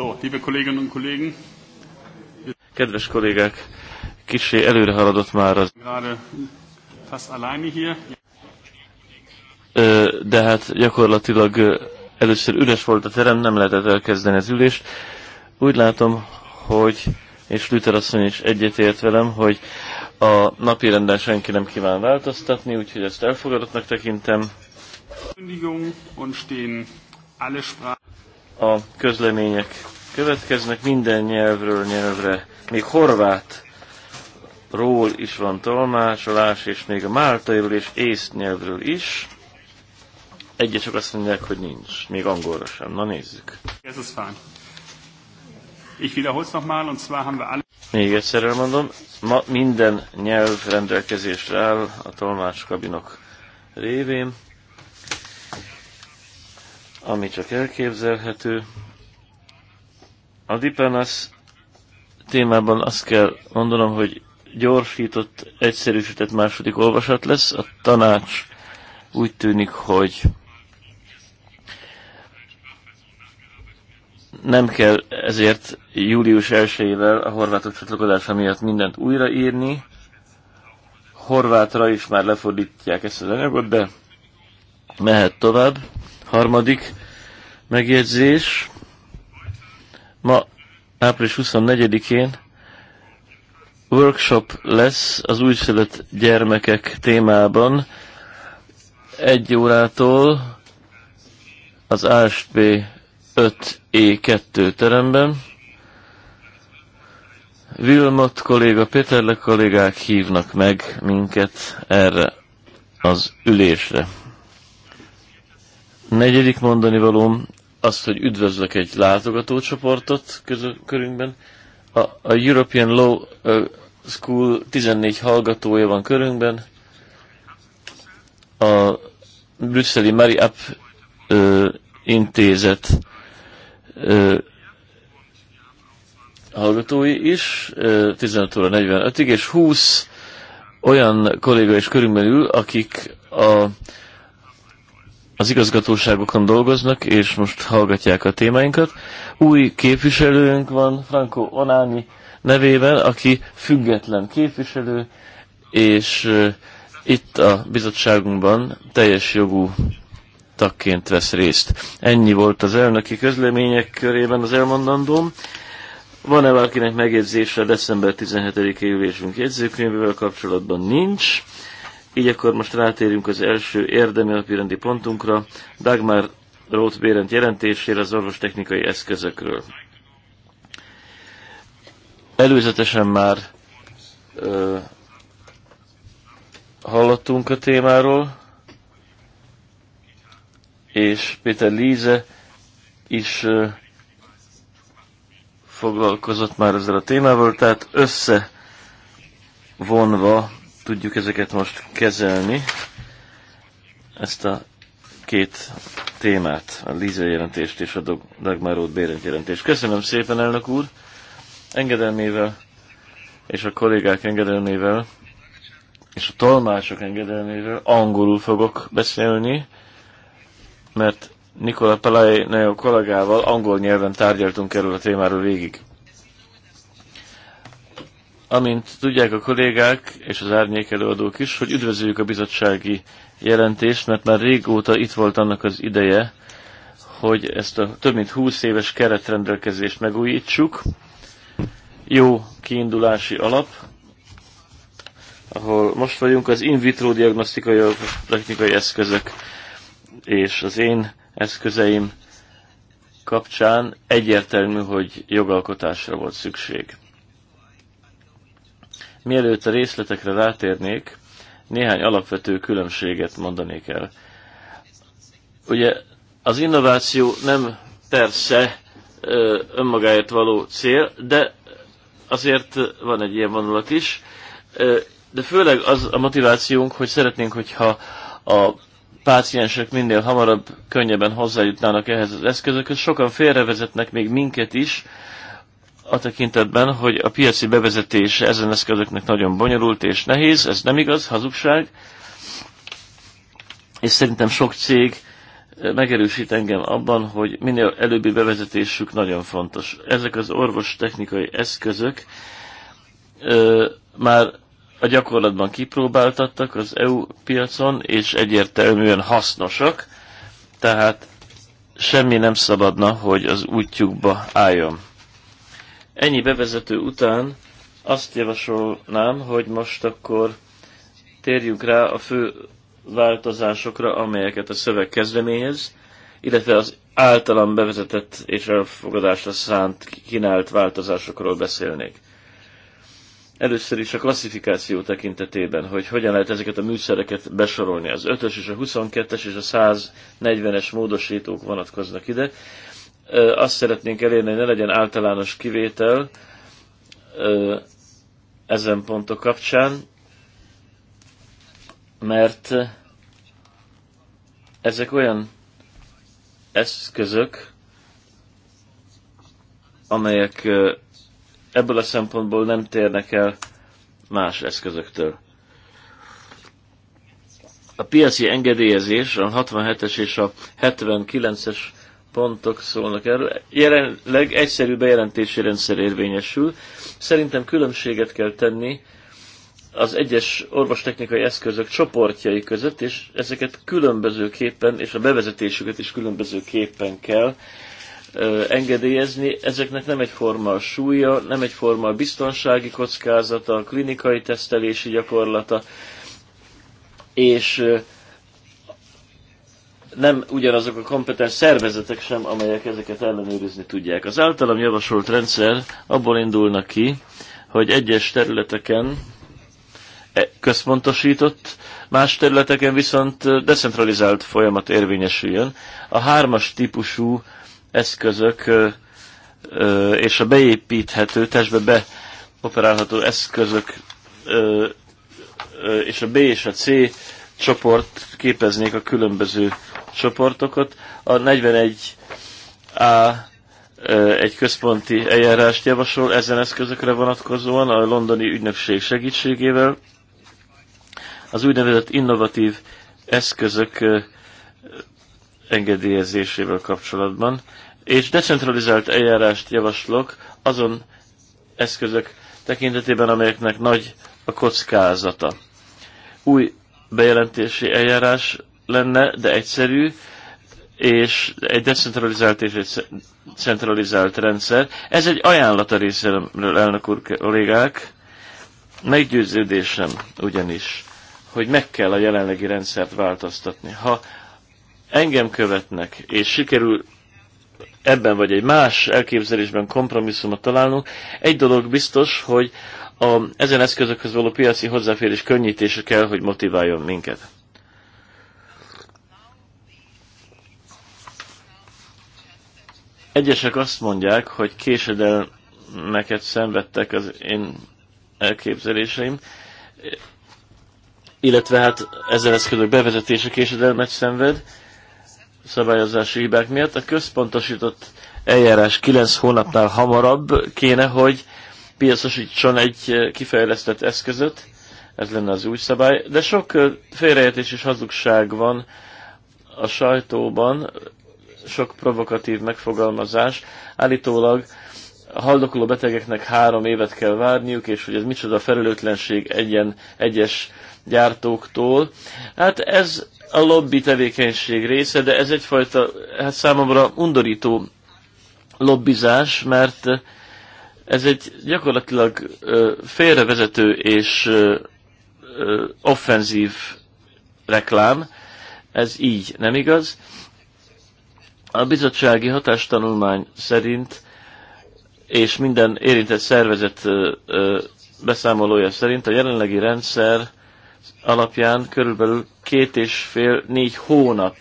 So, liebe Kolleginnen und Kollegen. Kedves kollégák, kicsi előre haladott már az. De hát gyakorlatilag először üres volt a terem, nem lehetett elkezdeni az ülést. Úgy látom, hogy, és Luther asszony is egyetért velem, hogy a napi renden senki nem kíván változtatni, úgyhogy ezt elfogadottnak tekintem a közlemények következnek minden nyelvről nyelvre, még horvát ról is van tolmácsolás, és még a máltairól és ész nyelvről is. Egyesek azt mondják, hogy nincs, még angolra sem. Na nézzük. Ez az fán. Ich wiederhol's nochmal, und zwar haben wir alle... Még egyszer elmondom, ma minden nyelv rendelkezésre áll a tolmácskabinok révén ami csak elképzelhető. A Dipenas témában azt kell mondanom, hogy gyorsított, egyszerűsített második olvasat lesz. A tanács úgy tűnik, hogy nem kell ezért július 1-ével a horvátok csatlakozása miatt mindent újraírni. Horvátra is már lefordítják ezt az anyagot, de mehet tovább. Harmadik megjegyzés. Ma április 24-én workshop lesz az újszülött gyermekek témában. Egy órától az ASP 5E2 teremben. Vilmot kolléga, Péterle kollégák hívnak meg minket erre az ülésre. Negyedik mondani valóm az, hogy üdvözlök egy látogatócsoportot közö, körünkben. A, a European Law School 14 hallgatója van körünkben. A brüsszeli Mary App ö, intézet ö, hallgatói is, 15 óra 45-ig, és 20 olyan kolléga is körülbelül, akik a az igazgatóságokon dolgoznak, és most hallgatják a témáinkat. Új képviselőnk van, Franco Onáni nevében, aki független képviselő, és itt a bizottságunkban teljes jogú tagként vesz részt. Ennyi volt az elnöki közlemények körében az elmondandóm. Van-e valakinek megjegyzése december 17-i ülésünk jegyzőkönyvével kapcsolatban? Nincs. Így akkor most rátérünk az első érdemi napirendi pontunkra, Dagmar Roth Bérent jelentésére az orvostechnikai eszközökről. Előzetesen már ö, hallottunk a témáról, és Péter Líze is ö, foglalkozott már ezzel a témával, tehát összevonva tudjuk ezeket most kezelni, ezt a két témát, a Líze jelentést és a Dagmarót Bérent jelentést. Köszönöm szépen, elnök úr! Engedelmével és a kollégák engedelmével és a tolmások engedelmével angolul fogok beszélni, mert Nikola Palai nagyon kollégával angol nyelven tárgyaltunk erről a témáról végig. Amint tudják a kollégák és az árnyék előadók is, hogy üdvözöljük a bizottsági jelentést, mert már régóta itt volt annak az ideje, hogy ezt a több mint 20 éves keretrendelkezést megújítsuk. Jó kiindulási alap, ahol most vagyunk az in vitro diagnosztikai technikai eszközök és az én eszközeim kapcsán egyértelmű, hogy jogalkotásra volt szükség. Mielőtt a részletekre rátérnék, néhány alapvető különbséget mondanék el. Ugye az innováció nem persze önmagáért való cél, de azért van egy ilyen vonulat is, de főleg az a motivációnk, hogy szeretnénk, hogyha a páciensek minél hamarabb, könnyebben hozzájutnának ehhez az eszközökhöz. Sokan félrevezetnek még minket is, a tekintetben, hogy a piaci bevezetés ezen eszközöknek nagyon bonyolult és nehéz, ez nem igaz, hazugság, és szerintem sok cég eh, megerősít engem abban, hogy minél előbbi bevezetésük nagyon fontos. Ezek az orvostechnikai eszközök ö, eh, már a gyakorlatban kipróbáltattak az EU piacon, és egyértelműen hasznosak, tehát semmi nem szabadna, hogy az útjukba álljon. Ennyi bevezető után azt javasolnám, hogy most akkor térjünk rá a fő változásokra, amelyeket a szöveg kezdeményez, illetve az általam bevezetett és elfogadásra szánt kínált változásokról beszélnék. Először is a klasszifikáció tekintetében, hogy hogyan lehet ezeket a műszereket besorolni. Az 5-ös és a 22-es és a 140-es módosítók vonatkoznak ide. Azt szeretnénk elérni, hogy ne legyen általános kivétel ezen pontok kapcsán, mert ezek olyan eszközök, amelyek ebből a szempontból nem térnek el más eszközöktől. A piaci engedélyezés a 67-es és a 79-es pontok szólnak erről. Jelenleg egyszerű bejelentési rendszer érvényesül. Szerintem különbséget kell tenni az egyes orvostechnikai eszközök csoportjai között, és ezeket különbözőképpen, és a bevezetésüket is különbözőképpen kell ö, engedélyezni. Ezeknek nem egyforma a súlya, nem egyforma a biztonsági kockázata, a klinikai tesztelési gyakorlata, és nem ugyanazok a kompetens szervezetek sem, amelyek ezeket ellenőrizni tudják. Az általam javasolt rendszer abból indulna ki, hogy egyes területeken e, központosított, más területeken viszont decentralizált folyamat érvényesüljön. A hármas típusú eszközök és a beépíthető, testbe beoperálható eszközök és a B és a C csoport képeznék a különböző csoportokat. A 41A egy központi eljárást javasol ezen eszközökre vonatkozóan a londoni ügynökség segítségével. Az úgynevezett innovatív eszközök engedélyezésével kapcsolatban, és decentralizált eljárást javaslok azon eszközök tekintetében, amelyeknek nagy a kockázata. Új bejelentési eljárás lenne, de egyszerű, és egy decentralizált és egy centralizált rendszer. Ez egy ajánlat a részemről, elnök úr kollégák. Meggyőződésem ugyanis, hogy meg kell a jelenlegi rendszert változtatni. Ha engem követnek, és sikerül ebben vagy egy más elképzelésben kompromisszumot találnunk, egy dolog biztos, hogy a, ezen eszközökhöz való piaci hozzáférés könnyítése kell, hogy motiváljon minket. Egyesek azt mondják, hogy késedelmeket szenvedtek az én elképzeléseim, illetve hát ezzel eszközök bevezetése késedelmet szenved szabályozási hibák miatt. A központosított eljárás 9 hónapnál hamarabb kéne, hogy piacosítson egy kifejlesztett eszközöt, ez lenne az új szabály, de sok félreértés és hazugság van a sajtóban, sok provokatív megfogalmazás. Állítólag a haldokuló betegeknek három évet kell várniuk, és hogy ez micsoda felelőtlenség egyen, egyes gyártóktól. Hát ez a lobby tevékenység része, de ez egyfajta, hát számomra undorító lobbizás, mert ez egy gyakorlatilag félrevezető és offenzív reklám, ez így nem igaz. A bizottsági hatástanulmány szerint és minden érintett szervezet beszámolója szerint a jelenlegi rendszer alapján körülbelül két és fél, négy hónap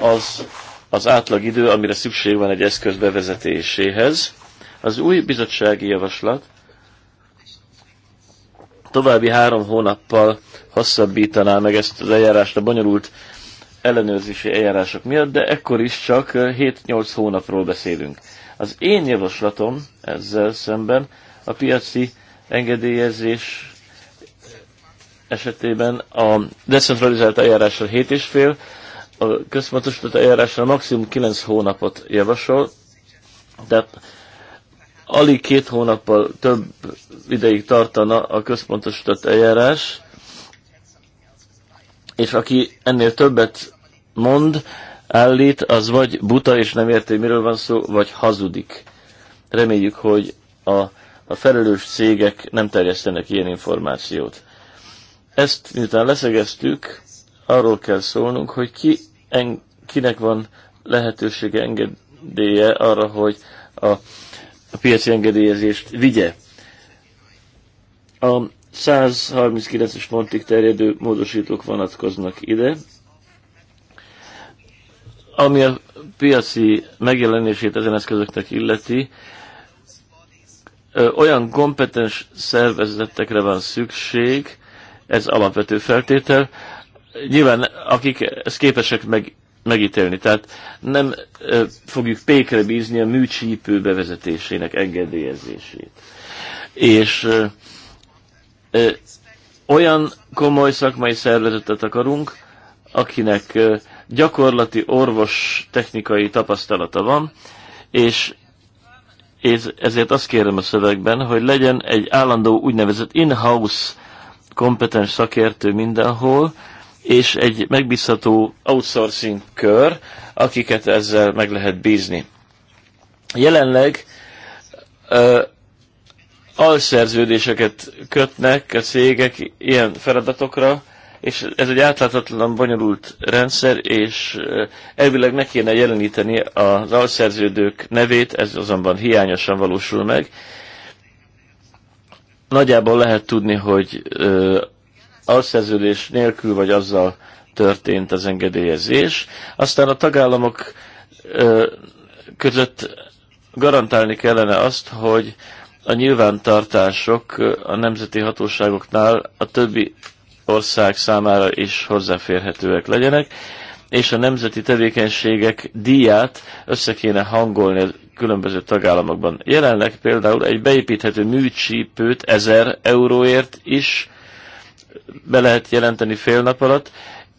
az az átlag idő, amire szükség van egy eszköz bevezetéséhez. Az új bizottsági javaslat további három hónappal hosszabbítaná meg ezt az a bonyolult ellenőrzési eljárások miatt, de ekkor is csak 7-8 hónapról beszélünk. Az én javaslatom ezzel szemben a piaci engedélyezés esetében a decentralizált eljárásra 7,5, a központosított eljárásra maximum 9 hónapot javasol, tehát alig két hónappal több ideig tartana a központosított eljárás, és aki ennél többet mond, állít, az vagy buta és nem érti, miről van szó, vagy hazudik. Reméljük, hogy a, a felelős cégek nem terjesztenek ilyen információt. Ezt miután leszegeztük, arról kell szólnunk, hogy ki, en, kinek van lehetősége, engedélye arra, hogy a, a piaci engedélyezést vigye. A 139-es pontig terjedő módosítók vonatkoznak ide. Ami a piaci megjelenését ezen eszközöknek illeti, olyan kompetens szervezetekre van szükség, ez alapvető feltétel, nyilván akik ezt képesek meg, megítélni, tehát nem fogjuk pékre bízni a műcsípő bevezetésének engedélyezését. És olyan komoly szakmai szervezetet akarunk, akinek gyakorlati orvos technikai tapasztalata van, és ezért azt kérem a szövegben, hogy legyen egy állandó úgynevezett in-house kompetens szakértő mindenhol, és egy megbízható outsourcing kör, akiket ezzel meg lehet bízni. Jelenleg alszerződéseket kötnek a cégek ilyen feladatokra, és ez egy átláthatatlan, bonyolult rendszer, és eh, elvileg ne kéne jeleníteni az alszerződők nevét, ez azonban hiányosan valósul meg. Nagyjából lehet tudni, hogy eh, alszerződés nélkül vagy azzal történt az engedélyezés. Aztán a tagállamok eh, között garantálni kellene azt, hogy a nyilvántartások a nemzeti hatóságoknál a többi ország számára is hozzáférhetőek legyenek, és a nemzeti tevékenységek díját össze kéne hangolni a különböző tagállamokban. Jelenleg például egy beépíthető műcsípőt 1000 euróért is be lehet jelenteni fél nap alatt,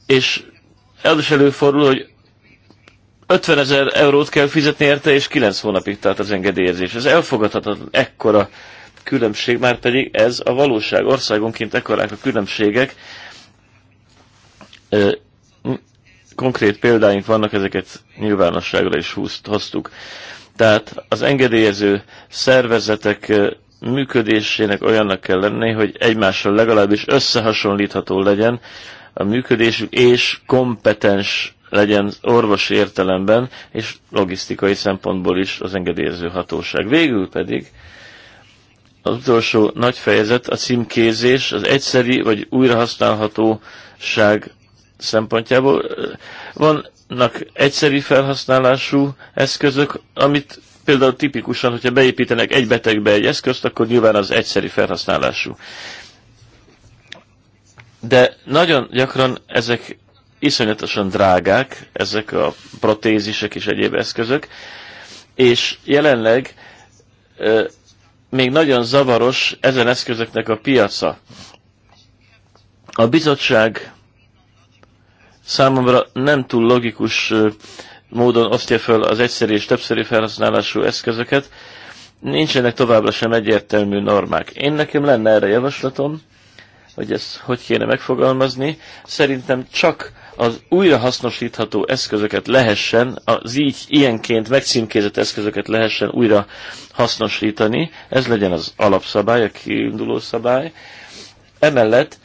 és az is előfordul, hogy 50 ezer eurót kell fizetni érte, és 9 hónapig tart az engedélyezés. Ez elfogadhatatlan, ekkora különbség, már pedig ez a valóság. Országonként ekkorák a különbségek. Konkrét példáink vannak, ezeket nyilvánosságra is hoztuk. Tehát az engedélyező szervezetek működésének olyannak kell lenni, hogy egymással legalábbis összehasonlítható legyen a működésük, és kompetens legyen orvosi értelemben, és logisztikai szempontból is az engedélyező hatóság. Végül pedig az utolsó nagy fejezet a címkézés, az egyszeri vagy újrahasználhatóság szempontjából. Vannak egyszeri felhasználású eszközök, amit például tipikusan, hogyha beépítenek egy betegbe egy eszközt, akkor nyilván az egyszeri felhasználású. De nagyon gyakran ezek iszonyatosan drágák ezek a protézisek és egyéb eszközök, és jelenleg még nagyon zavaros ezen eszközöknek a piaca. A bizottság számomra nem túl logikus módon osztja föl az egyszerű és többszörű felhasználású eszközöket, nincsenek továbbra sem egyértelmű normák. Én nekem lenne erre javaslatom, hogy ezt hogy kéne megfogalmazni. Szerintem csak az újrahasznosítható eszközöket lehessen, az így ilyenként megcímkézett eszközöket lehessen újra hasznosítani, ez legyen az alapszabály, a kiinduló szabály. Emellett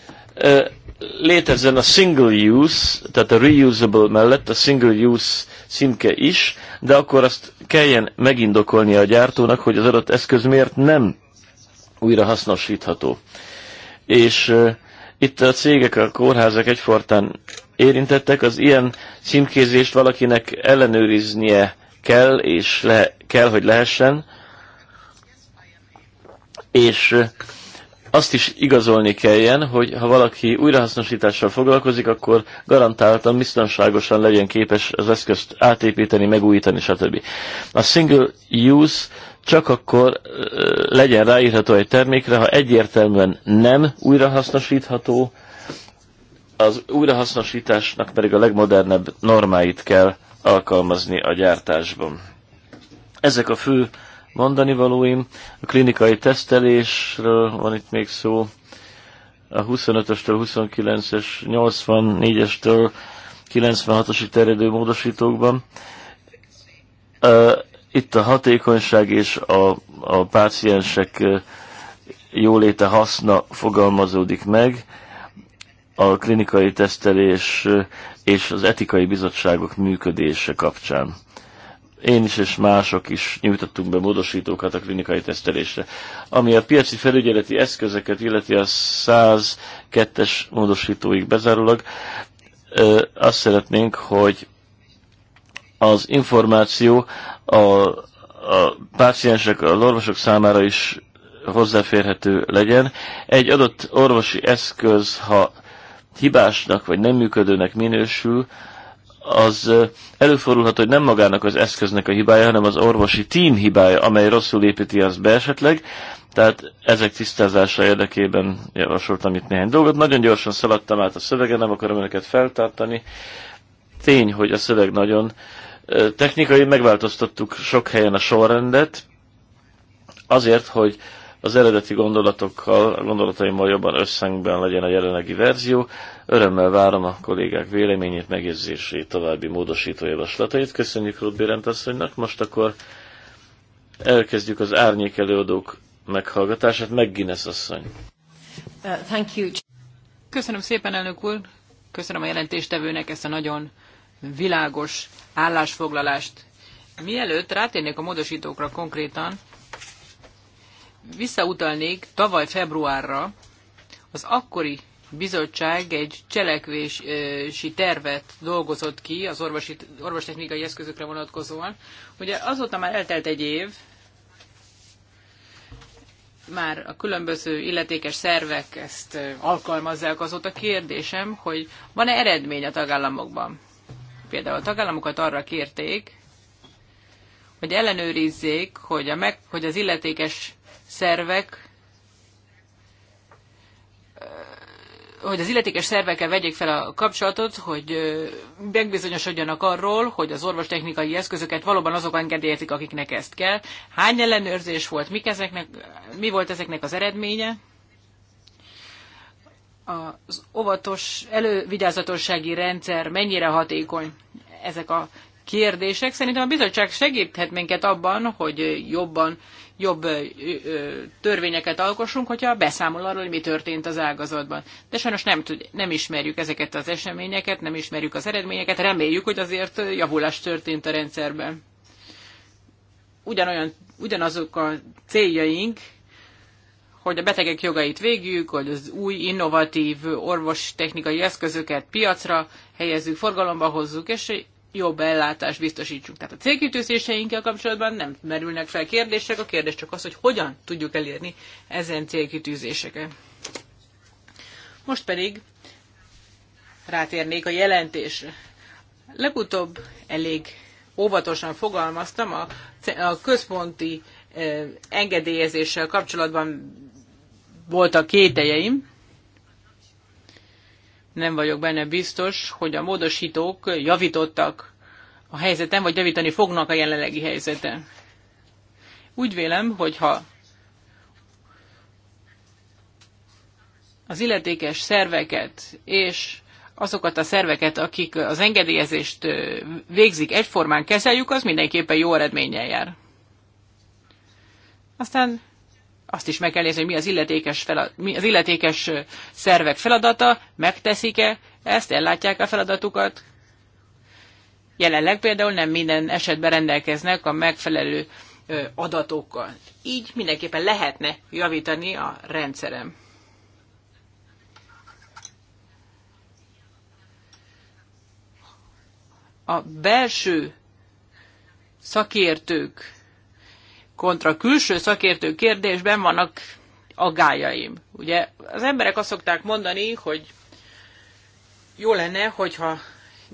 létezzen a single use, tehát a reusable mellett a single use címke is, de akkor azt kelljen megindokolnia a gyártónak, hogy az adott eszköz miért nem újra hasznosítható. És uh, itt a cégek, a kórházak egyfortán érintettek, az ilyen címkézést valakinek ellenőriznie kell, és le, kell, hogy lehessen, és azt is igazolni kelljen, hogy ha valaki újrahasznosítással foglalkozik, akkor garantáltan biztonságosan legyen képes az eszközt átépíteni, megújítani, stb. A single use csak akkor legyen ráírható egy termékre, ha egyértelműen nem újrahasznosítható, az újrahasznosításnak pedig a legmodernebb normáit kell alkalmazni a gyártásban. Ezek a fő mondani valóim. A klinikai tesztelésről van itt még szó, a 25-östől 29-es, 84-estől 96 osi terjedő módosítókban. Itt a hatékonyság és a, a páciensek jóléte haszna fogalmazódik meg a klinikai tesztelés és az etikai bizottságok működése kapcsán. Én is és mások is nyújtottunk be módosítókat a klinikai tesztelésre. Ami a piaci felügyeleti eszközeket illeti a 102-es módosítóig bezárólag, azt szeretnénk, hogy az információ a, a páciensek, a orvosok számára is hozzáférhető legyen. Egy adott orvosi eszköz, ha hibásnak vagy nem működőnek minősül, az előfordulhat, hogy nem magának az eszköznek a hibája, hanem az orvosi tím hibája, amely rosszul építi az be esetleg. Tehát ezek tisztázása érdekében javasoltam itt néhány dolgot. Nagyon gyorsan szaladtam át a szövegen, nem akarom önöket feltartani. Tény, hogy a szöveg nagyon technikai, megváltoztattuk sok helyen a sorrendet, azért, hogy az eredeti gondolatokkal, gondolataimmal jobban összhangban legyen a jelenlegi verzió. Örömmel várom a kollégák véleményét, megjegyzését, további módosító javaslatait. Köszönjük Ruth Bérent asszonynak. Most akkor elkezdjük az árnyék előadók meghallgatását. Guinness asszony. Uh, thank you. Köszönöm szépen, elnök úr. Köszönöm a jelentéstevőnek ezt a nagyon világos állásfoglalást. Mielőtt rátérnék a módosítókra konkrétan, visszautalnék tavaly februárra, az akkori bizottság egy cselekvési tervet dolgozott ki az orvosi, orvostechnikai eszközökre vonatkozóan. Ugye azóta már eltelt egy év, már a különböző illetékes szervek ezt alkalmazzák, azóta kérdésem, hogy van-e eredmény a tagállamokban? Például a tagállamokat arra kérték, hogy ellenőrizzék, hogy, a meg, hogy az illetékes szervek, hogy az illetékes szervekkel vegyék fel a kapcsolatot, hogy megbizonyosodjanak arról, hogy az orvostechnikai eszközöket valóban azok engedélyezik, akiknek ezt kell. Hány ellenőrzés volt, mik ezeknek, mi volt ezeknek az eredménye? Az óvatos elővigyázatossági rendszer mennyire hatékony? Ezek a kérdések. Szerintem a bizottság segíthet minket abban, hogy jobban jobb törvényeket alkossunk, hogyha beszámol arról, hogy mi történt az ágazatban. De sajnos nem, tud, nem ismerjük ezeket az eseményeket, nem ismerjük az eredményeket, reméljük, hogy azért javulás történt a rendszerben. Ugyanolyan, ugyanazok a céljaink, hogy a betegek jogait végjük, hogy az új innovatív orvostechnikai eszközöket piacra helyezzük, forgalomba hozzuk, és jobb ellátást biztosítsunk. Tehát a célkitűzéseinkkel kapcsolatban nem merülnek fel kérdések, a kérdés csak az, hogy hogyan tudjuk elérni ezen célkitűzéseket. Most pedig rátérnék a jelentésre. Legutóbb elég óvatosan fogalmaztam a, a központi eh, engedélyezéssel kapcsolatban voltak kételjeim, nem vagyok benne biztos, hogy a módosítók javítottak a helyzeten, vagy javítani fognak a jelenlegi helyzeten. Úgy vélem, hogyha az illetékes szerveket és azokat a szerveket, akik az engedélyezést végzik, egyformán kezeljük, az mindenképpen jó eredménnyel jár. Aztán azt is meg kell nézni, hogy mi az illetékes, feladat, mi az illetékes szervek feladata, megteszik-e ezt, ellátják a feladatukat. Jelenleg például nem minden esetben rendelkeznek a megfelelő adatokkal. Így mindenképpen lehetne javítani a rendszerem. A belső szakértők kontra külső szakértő kérdésben vannak aggájaim. Ugye az emberek azt szokták mondani, hogy jó lenne, hogyha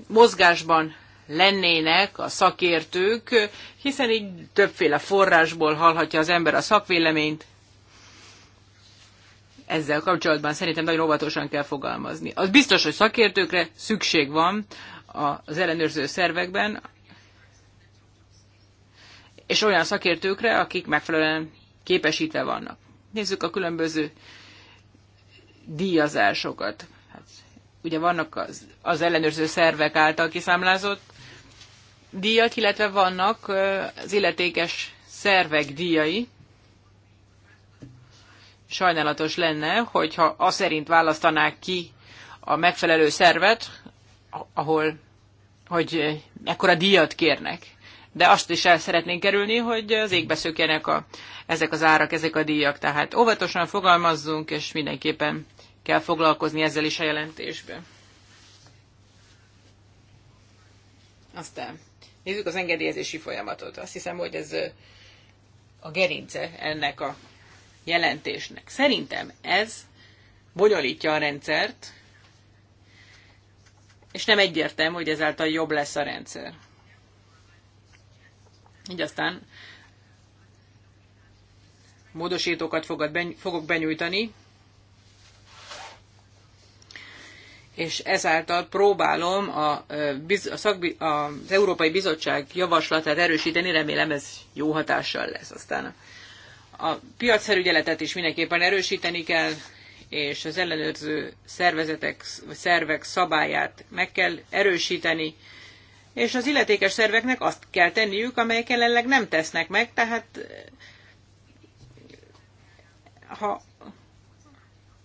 mozgásban lennének a szakértők, hiszen így többféle forrásból hallhatja az ember a szakvéleményt. Ezzel kapcsolatban szerintem nagyon óvatosan kell fogalmazni. Az biztos, hogy szakértőkre szükség van az ellenőrző szervekben, és olyan szakértőkre, akik megfelelően képesítve vannak. Nézzük a különböző díjazásokat. Hát, ugye vannak az, az ellenőrző szervek által kiszámlázott díjak, illetve vannak az illetékes szervek díjai. Sajnálatos lenne, hogyha az szerint választanák ki a megfelelő szervet, ahol, hogy ekkora díjat kérnek de azt is el szeretnénk kerülni, hogy az égbe szökjenek a, ezek az árak, ezek a díjak. Tehát óvatosan fogalmazzunk, és mindenképpen kell foglalkozni ezzel is a jelentésben. Aztán nézzük az engedélyezési folyamatot. Azt hiszem, hogy ez a gerince ennek a jelentésnek. Szerintem ez bonyolítja a rendszert, és nem egyértelmű, hogy ezáltal jobb lesz a rendszer. Így aztán módosítókat fogok benyújtani, és ezáltal próbálom a, a szakbi, a, az Európai Bizottság javaslatát erősíteni, remélem ez jó hatással lesz aztán. A piacfelügyeletet is mindenképpen erősíteni kell, és az ellenőrző szervezetek, szervek szabályát meg kell erősíteni, és az illetékes szerveknek azt kell tenniük, amelyek jelenleg nem tesznek meg, tehát eh, ha,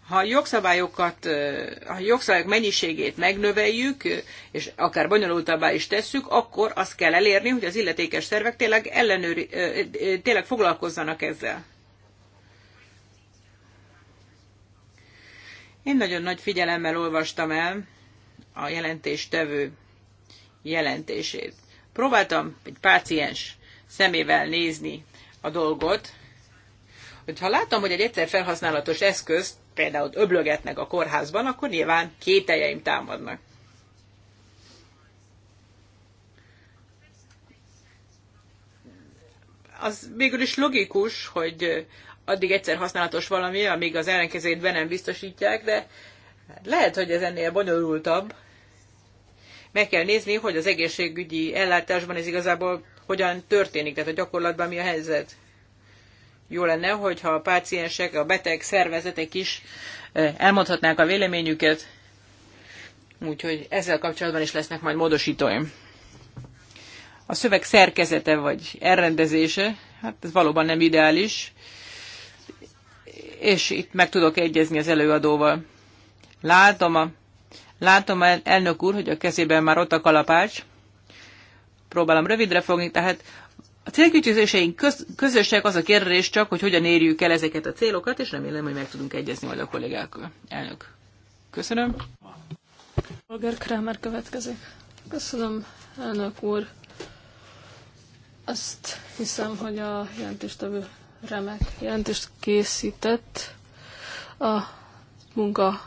ha jogszabályokat, eh, ha jogszabályok mennyiségét megnöveljük, eh, és akár bonyolultabbá is tesszük, akkor azt kell elérni, hogy az illetékes szervek tényleg, ellenőri, tényleg foglalkozzanak ezzel. Én nagyon nagy figyelemmel olvastam el a jelentéstevő jelentését. Próbáltam egy páciens szemével nézni a dolgot, hogyha látom, hogy egy egyszer felhasználatos eszközt például öblögetnek a kórházban, akkor nyilván kételjeim támadnak. Az végül is logikus, hogy addig egyszer használatos valami, amíg az ellenkezőjét be nem biztosítják, de lehet, hogy ez ennél bonyolultabb meg kell nézni, hogy az egészségügyi ellátásban ez igazából hogyan történik, tehát a gyakorlatban mi a helyzet. Jó lenne, hogyha a páciensek, a beteg szervezetek is eh, elmondhatnák a véleményüket, úgyhogy ezzel kapcsolatban is lesznek majd módosítóim. A szöveg szerkezete vagy elrendezése, hát ez valóban nem ideális, és itt meg tudok egyezni az előadóval. Látom a Látom, elnök úr, hogy a kezében már ott a kalapács. Próbálom rövidre fogni, tehát a célkütőzéseink köz, közösek az a kérdés csak, hogy hogyan érjük el ezeket a célokat, és remélem, hogy meg tudunk egyezni majd a kollégákkal. Elnök. Köszönöm. Holger Kramer következik. Köszönöm, elnök úr. Azt hiszem, hogy a jelentéstevő remek jelentést készített. A munka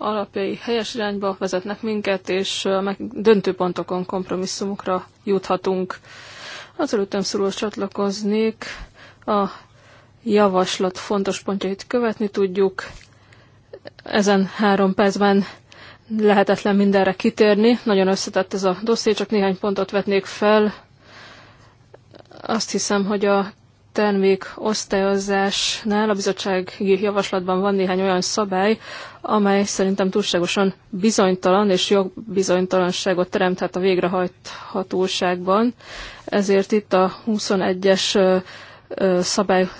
alapjai helyes irányba vezetnek minket, és meg döntő pontokon kompromisszumokra juthatunk. Azelőtt nem szóló csatlakoznék, a javaslat fontos pontjait követni tudjuk. Ezen három percben lehetetlen mindenre kitérni. Nagyon összetett ez a dosszé, csak néhány pontot vetnék fel. Azt hiszem, hogy a termék osztályozásnál a bizottsági javaslatban van néhány olyan szabály, amely szerintem túlságosan bizonytalan és jogbizonytalanságot teremthet a végrehajthatóságban. Ezért itt a 21-es szabályt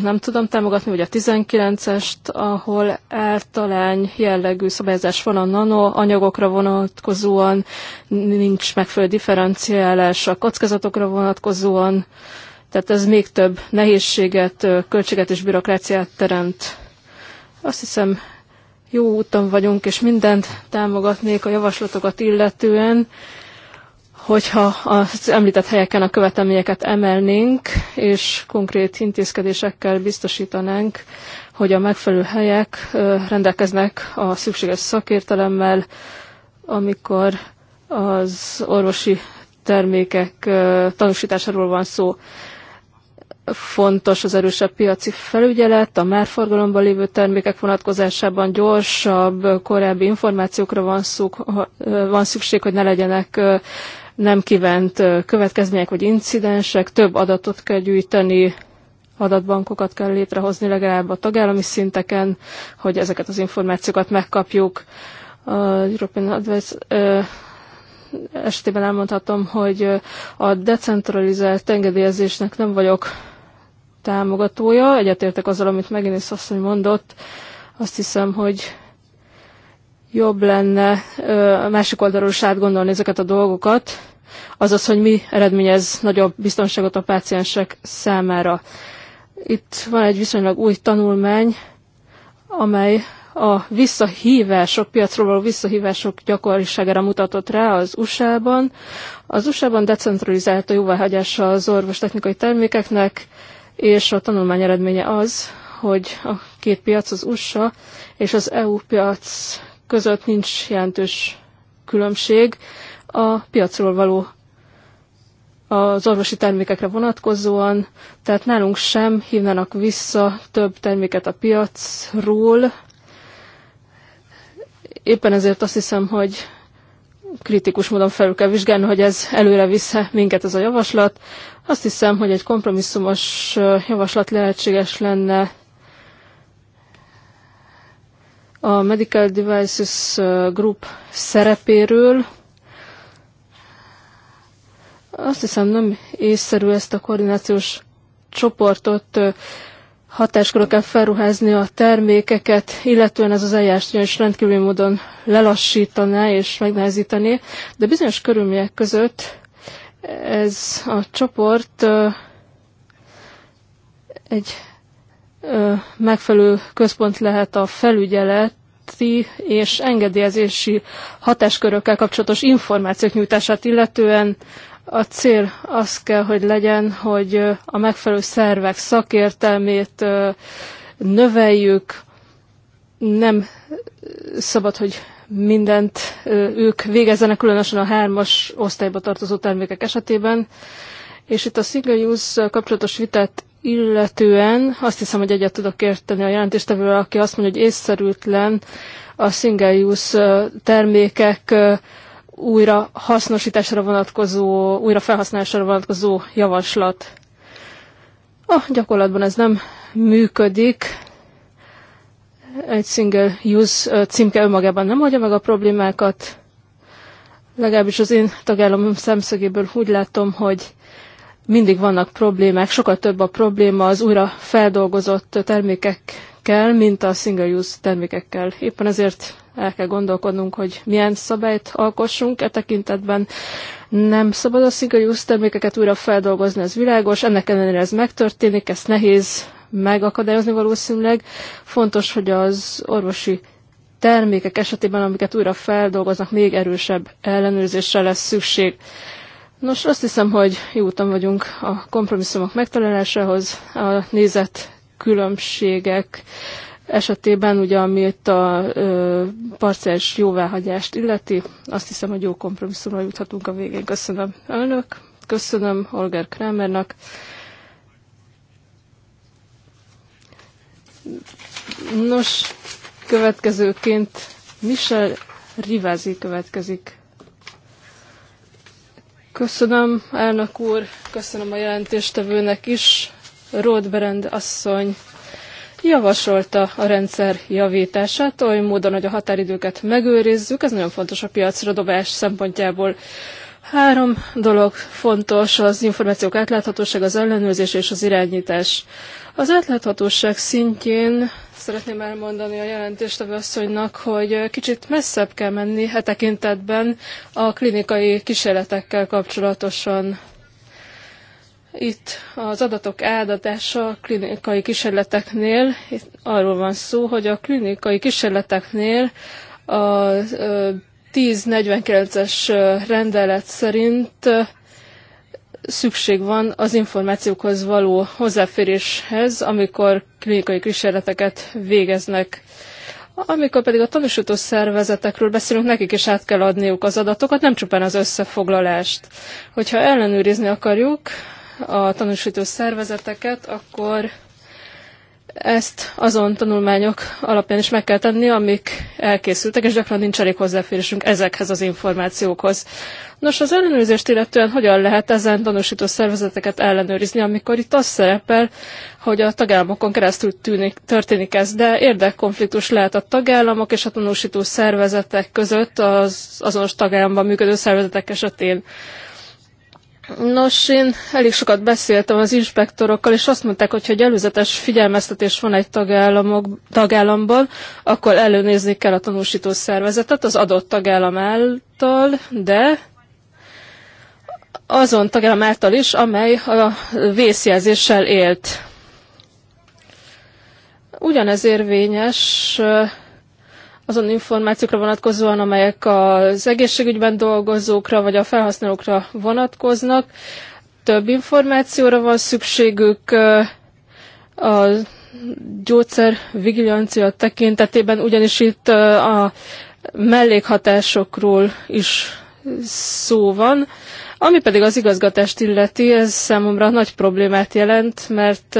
nem tudom támogatni, vagy a 19-est, ahol eltalány jellegű szabályozás van a nano anyagokra vonatkozóan, nincs megfelelő differenciálás a kockázatokra vonatkozóan, tehát ez még több nehézséget, költséget és bürokráciát teremt. Azt hiszem, jó úton vagyunk, és mindent támogatnék a javaslatokat illetően, hogyha az említett helyeken a követelményeket emelnénk, és konkrét intézkedésekkel biztosítanánk, hogy a megfelelő helyek rendelkeznek a szükséges szakértelemmel, amikor az orvosi termékek tanúsításáról van szó fontos az erősebb piaci felügyelet, a már forgalomban lévő termékek vonatkozásában gyorsabb, korábbi információkra van, szuk, van szükség, hogy ne legyenek nem kívánt következmények vagy incidensek, több adatot kell gyűjteni, adatbankokat kell létrehozni legalább a tagállami szinteken, hogy ezeket az információkat megkapjuk. A European Advice esetében elmondhatom, hogy a decentralizált engedélyezésnek nem vagyok támogatója. Egyetértek azzal, amit Meginész asszony mondott. Azt hiszem, hogy jobb lenne a másik oldalról is átgondolni ezeket a dolgokat, azaz, hogy mi eredményez nagyobb biztonságot a páciensek számára. Itt van egy viszonylag új tanulmány, amely a visszahívások, piacról való visszahívások gyakoriságára mutatott rá az USA-ban. Az USA-ban decentralizált a jóváhagyása az orvostechnikai termékeknek, és a tanulmány eredménye az, hogy a két piac, az USA és az EU piac között nincs jelentős különbség a piacról való az orvosi termékekre vonatkozóan, tehát nálunk sem hívnának vissza több terméket a piacról. Éppen ezért azt hiszem, hogy kritikus módon felül kell vizsgálni, hogy ez előre vissza minket ez a javaslat. Azt hiszem, hogy egy kompromisszumos javaslat lehetséges lenne a Medical Devices Group szerepéről. Azt hiszem, nem észszerű ezt a koordinációs csoportot hatáskor kell felruházni a termékeket, illetően ez az eljárást is rendkívüli módon lelassítaná és megnehezítené, de bizonyos körülmények között ez a csoport egy megfelelő központ lehet a felügyeleti és engedélyezési hatáskörökkel kapcsolatos információk nyújtását illetően a cél az kell, hogy legyen, hogy a megfelelő szervek szakértelmét növeljük, nem szabad, hogy mindent ők végezzenek, különösen a hármas osztályba tartozó termékek esetében. És itt a single use kapcsolatos vitát illetően azt hiszem, hogy egyet tudok érteni a jelentéstevővel, aki azt mondja, hogy észszerűtlen a single use termékek újra hasznosításra vonatkozó, újra felhasználásra vonatkozó javaslat. A gyakorlatban ez nem működik. Egy single use címke önmagában nem oldja meg a problémákat. Legalábbis az én tagállamom szemszögéből úgy látom, hogy mindig vannak problémák, sokkal több a probléma az újra feldolgozott termékekkel, mint a single use termékekkel. Éppen ezért el kell gondolkodnunk, hogy milyen szabályt alkossunk e tekintetben. Nem szabad a szigorú termékeket újra feldolgozni, ez világos, ennek ellenére ez megtörténik, ezt nehéz megakadályozni valószínűleg. Fontos, hogy az orvosi termékek esetében, amiket újra feldolgoznak, még erősebb ellenőrzésre lesz szükség. Nos, azt hiszem, hogy jó úton vagyunk a kompromisszumok megtalálásához, a nézet különbségek esetében, ugye, itt a ö, parciális jóváhagyást illeti, azt hiszem, hogy jó kompromisszumra juthatunk a végén. Köszönöm önök, köszönöm Holger Kramernak. Nos, következőként Michel Rivázi következik. Köszönöm, elnök úr, köszönöm a jelentéstevőnek is, Rodberend asszony javasolta a rendszer javítását, oly módon, hogy a határidőket megőrizzük, ez nagyon fontos a piacra dobás szempontjából. Három dolog fontos, az információk átláthatóság, az ellenőrzés és az irányítás. Az átláthatóság szintjén szeretném elmondani a jelentéstevő asszonynak, hogy kicsit messzebb kell menni e tekintetben a klinikai kísérletekkel kapcsolatosan. Itt az adatok áldatása a klinikai kísérleteknél, itt arról van szó, hogy a klinikai kísérleteknél a 1049-es rendelet szerint szükség van az információkhoz való hozzáféréshez, amikor klinikai kísérleteket végeznek. Amikor pedig a tanúsító szervezetekről beszélünk, nekik is át kell adniuk az adatokat, nem csupán az összefoglalást. Hogyha ellenőrizni akarjuk, a tanúsító szervezeteket, akkor ezt azon tanulmányok alapján is meg kell tenni, amik elkészültek, és gyakran nincs elég hozzáférésünk ezekhez az információkhoz. Nos, az ellenőrzést illetően hogyan lehet ezen tanúsító szervezeteket ellenőrizni, amikor itt az szerepel, hogy a tagállamokon keresztül tűnik, történik ez, de érdekkonfliktus lehet a tagállamok és a tanúsító szervezetek között az azonos tagállamban működő szervezetek esetén. Nos, én elég sokat beszéltem az inspektorokkal, és azt mondták, hogy ha egy előzetes figyelmeztetés van egy tagállamok, tagállamban, akkor előnézni kell a tanúsító szervezetet az adott tagállam által, de azon tagállam által is, amely a vészjelzéssel élt. Ugyanez érvényes azon információkra vonatkozóan, amelyek az egészségügyben dolgozókra vagy a felhasználókra vonatkoznak. Több információra van szükségük a gyógyszer vigilancia tekintetében, ugyanis itt a mellékhatásokról is szó van. Ami pedig az igazgatást illeti, ez számomra nagy problémát jelent, mert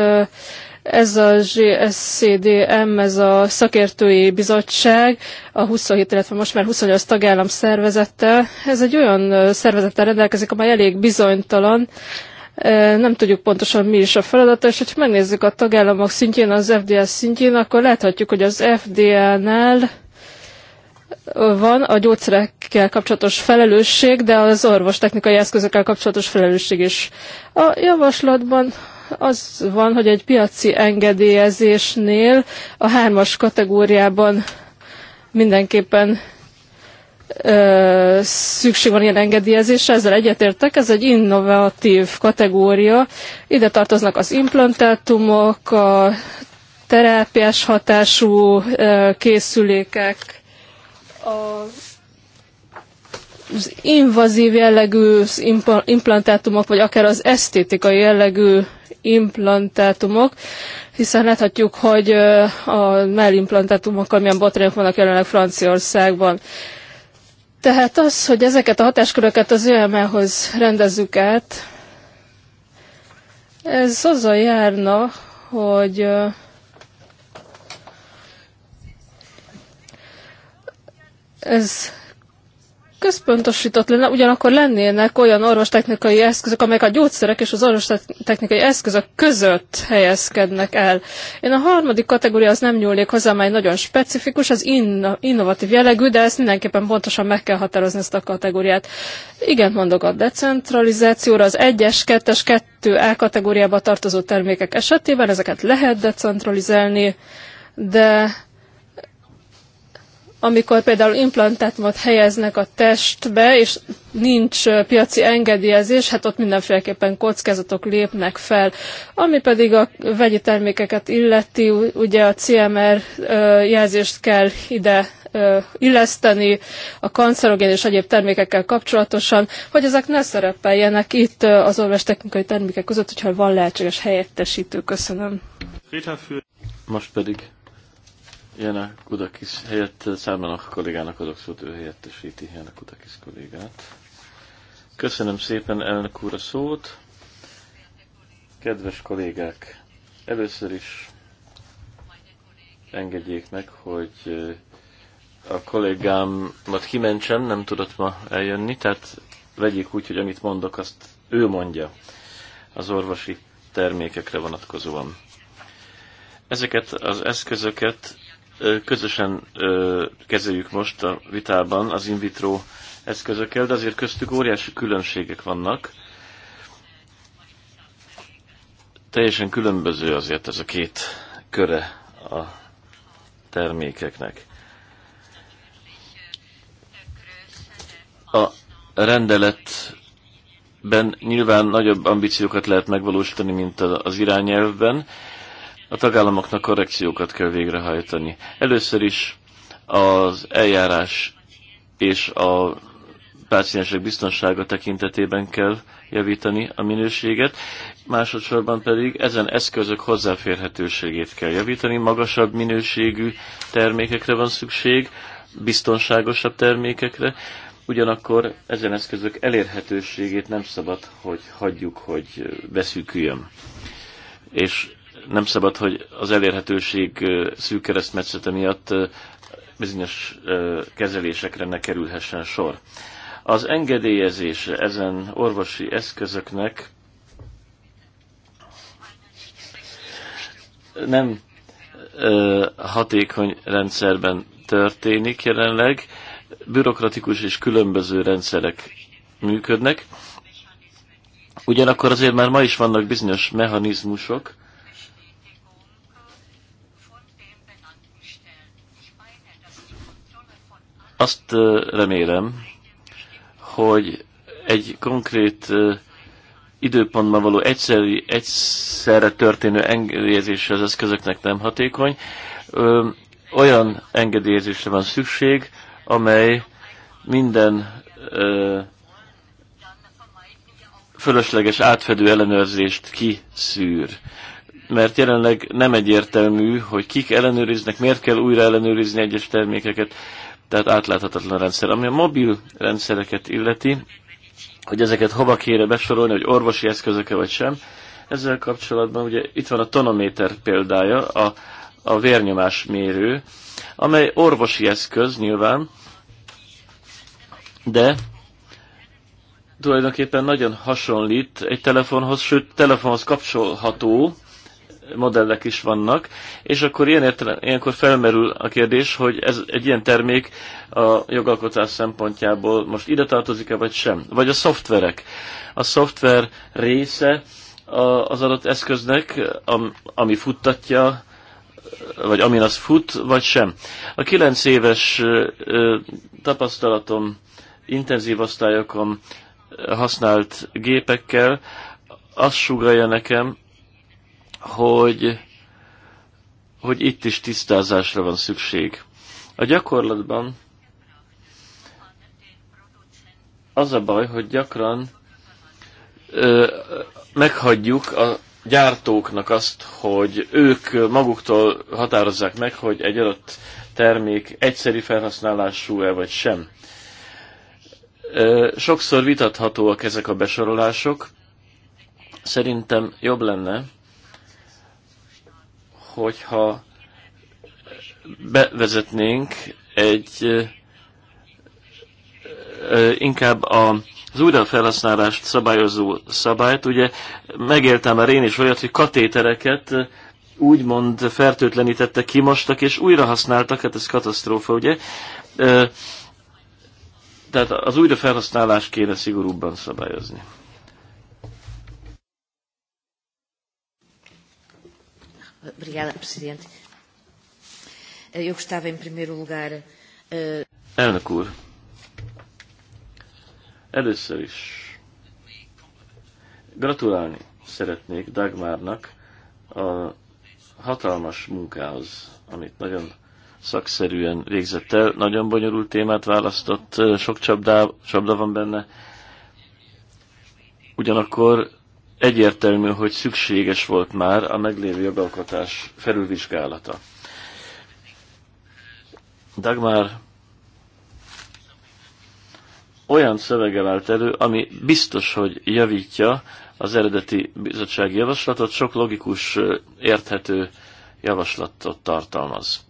ez a GSCDM, ez a szakértői bizottság, a 27, illetve most már 28 tagállam szervezete, ez egy olyan szervezettel rendelkezik, amely elég bizonytalan, nem tudjuk pontosan mi is a feladata, és hogyha megnézzük a tagállamok szintjén, az FDS szintjén, akkor láthatjuk, hogy az FDA-nál van a gyógyszerekkel kapcsolatos felelősség, de az orvostechnikai eszközökkel kapcsolatos felelősség is. A javaslatban az van, hogy egy piaci engedélyezésnél a hármas kategóriában mindenképpen ö, szükség van ilyen engedélyezésre, ezzel egyetértek, ez egy innovatív kategória. Ide tartoznak az implantátumok, a terápiás hatású ö, készülékek, a az invazív jellegű implantátumok, vagy akár az esztétikai jellegű implantátumok, hiszen láthatjuk, hogy a mellimplantátumok, milyen botrányok vannak jelenleg Franciaországban. Tehát az, hogy ezeket a hatásköröket az ÖML-hoz rendezzük át, ez azzal járna, hogy ez központosított lenne, ugyanakkor lennének olyan orvostechnikai eszközök, amelyek a gyógyszerek és az orvostechnikai eszközök között helyezkednek el. Én a harmadik kategória az nem nyúlnék hozzá, amely nagyon specifikus, az inno- innovatív jellegű, de ezt mindenképpen pontosan meg kell határozni ezt a kategóriát. Igen, mondok a decentralizációra, az 1-es, 2-es, 2 e kategóriába tartozó termékek esetében ezeket lehet decentralizálni, de amikor például implantátumot helyeznek a testbe, és nincs piaci engedélyezés, hát ott mindenféleképpen kockázatok lépnek fel. Ami pedig a vegyi termékeket illeti, ugye a CMR jelzést kell ide illeszteni a kancerogén és egyéb termékekkel kapcsolatosan, hogy ezek ne szerepeljenek itt az technikai termékek között, hogyha van lehetséges helyettesítő. Köszönöm. Most pedig Jana Kudakis helyett a kollégának adok szót, ő helyettesíti Jana Kudakis kollégát. Köszönöm szépen elnök úr a szót. Kedves kollégák, először is engedjék meg, hogy eh, a kollégámat kimentsem, nem tudott ma eljönni, tehát vegyék úgy, hogy amit mondok, azt ő mondja az orvosi termékekre vonatkozóan. Ezeket az eszközöket közösen kezeljük most a vitában az in vitro eszközökkel, de azért köztük óriási különbségek vannak. Teljesen különböző azért ez a két köre a termékeknek. A rendeletben nyilván nagyobb ambíciókat lehet megvalósítani, mint az irányelvben, a tagállamoknak korrekciókat kell végrehajtani. Először is az eljárás és a páciensek biztonsága tekintetében kell javítani a minőséget, másodszorban pedig ezen eszközök hozzáférhetőségét kell javítani, magasabb minőségű termékekre van szükség, biztonságosabb termékekre, ugyanakkor ezen eszközök elérhetőségét nem szabad, hogy hagyjuk, hogy beszűküljön. És nem szabad, hogy az elérhetőség szűk keresztmetszete miatt bizonyos kezelésekre ne kerülhessen sor. Az engedélyezése ezen orvosi eszközöknek nem hatékony rendszerben történik jelenleg, bürokratikus és különböző rendszerek működnek. Ugyanakkor azért már ma is vannak bizonyos mechanizmusok, Azt remélem, hogy egy konkrét időpontban való egyszerű, egyszerre történő engedélyezés az eszközöknek nem hatékony. olyan engedélyezésre van szükség, amely minden fölösleges átfedő ellenőrzést kiszűr. Mert jelenleg nem egyértelmű, hogy kik ellenőriznek, miért kell újra ellenőrizni egyes termékeket tehát átláthatatlan rendszer. Ami a mobil rendszereket illeti, hogy ezeket hova kére besorolni, hogy orvosi eszközöke vagy sem, ezzel kapcsolatban ugye itt van a tonométer példája, a, a vérnyomás mérő, amely orvosi eszköz nyilván, de tulajdonképpen nagyon hasonlít egy telefonhoz, sőt telefonhoz kapcsolható, modellek is vannak, és akkor ilyen értelen, ilyenkor felmerül a kérdés, hogy ez egy ilyen termék a jogalkotás szempontjából most ide tartozik-e, vagy sem. Vagy a szoftverek. A szoftver része az adott eszköznek, ami futtatja, vagy amin az fut, vagy sem. A kilenc éves tapasztalatom intenzív osztályokon használt gépekkel azt sugalja nekem, hogy, hogy itt is tisztázásra van szükség. A gyakorlatban az a baj, hogy gyakran ö, meghagyjuk a gyártóknak azt, hogy ők maguktól határozzák meg, hogy egy adott termék egyszeri felhasználású-e vagy sem. sokszor vitathatóak ezek a besorolások. Szerintem jobb lenne, hogyha bevezetnénk egy inkább a az újrafelhasználást szabályozó szabályt, ugye megéltem már én is olyat, hogy katétereket úgymond fertőtlenítettek, kimostak és újra használtak, hát ez katasztrófa, ugye? Tehát az újrafelhasználást kéne szigorúbban szabályozni. Obrigada, Presidente. Eh, eu gostava, em primeiro lugar... Eh, Elnök úr, először is gratulálni szeretnék Dagmárnak a hatalmas munkához, amit nagyon szakszerűen végzett el. Nagyon bonyolult témát választott, eh, sok csapdá, csapda van benne. Ugyanakkor egyértelmű, hogy szükséges volt már a meglévő jogalkotás felülvizsgálata. Dagmar olyan szöveggel állt elő, ami biztos, hogy javítja az eredeti bizottsági javaslatot, sok logikus, érthető javaslatot tartalmaz.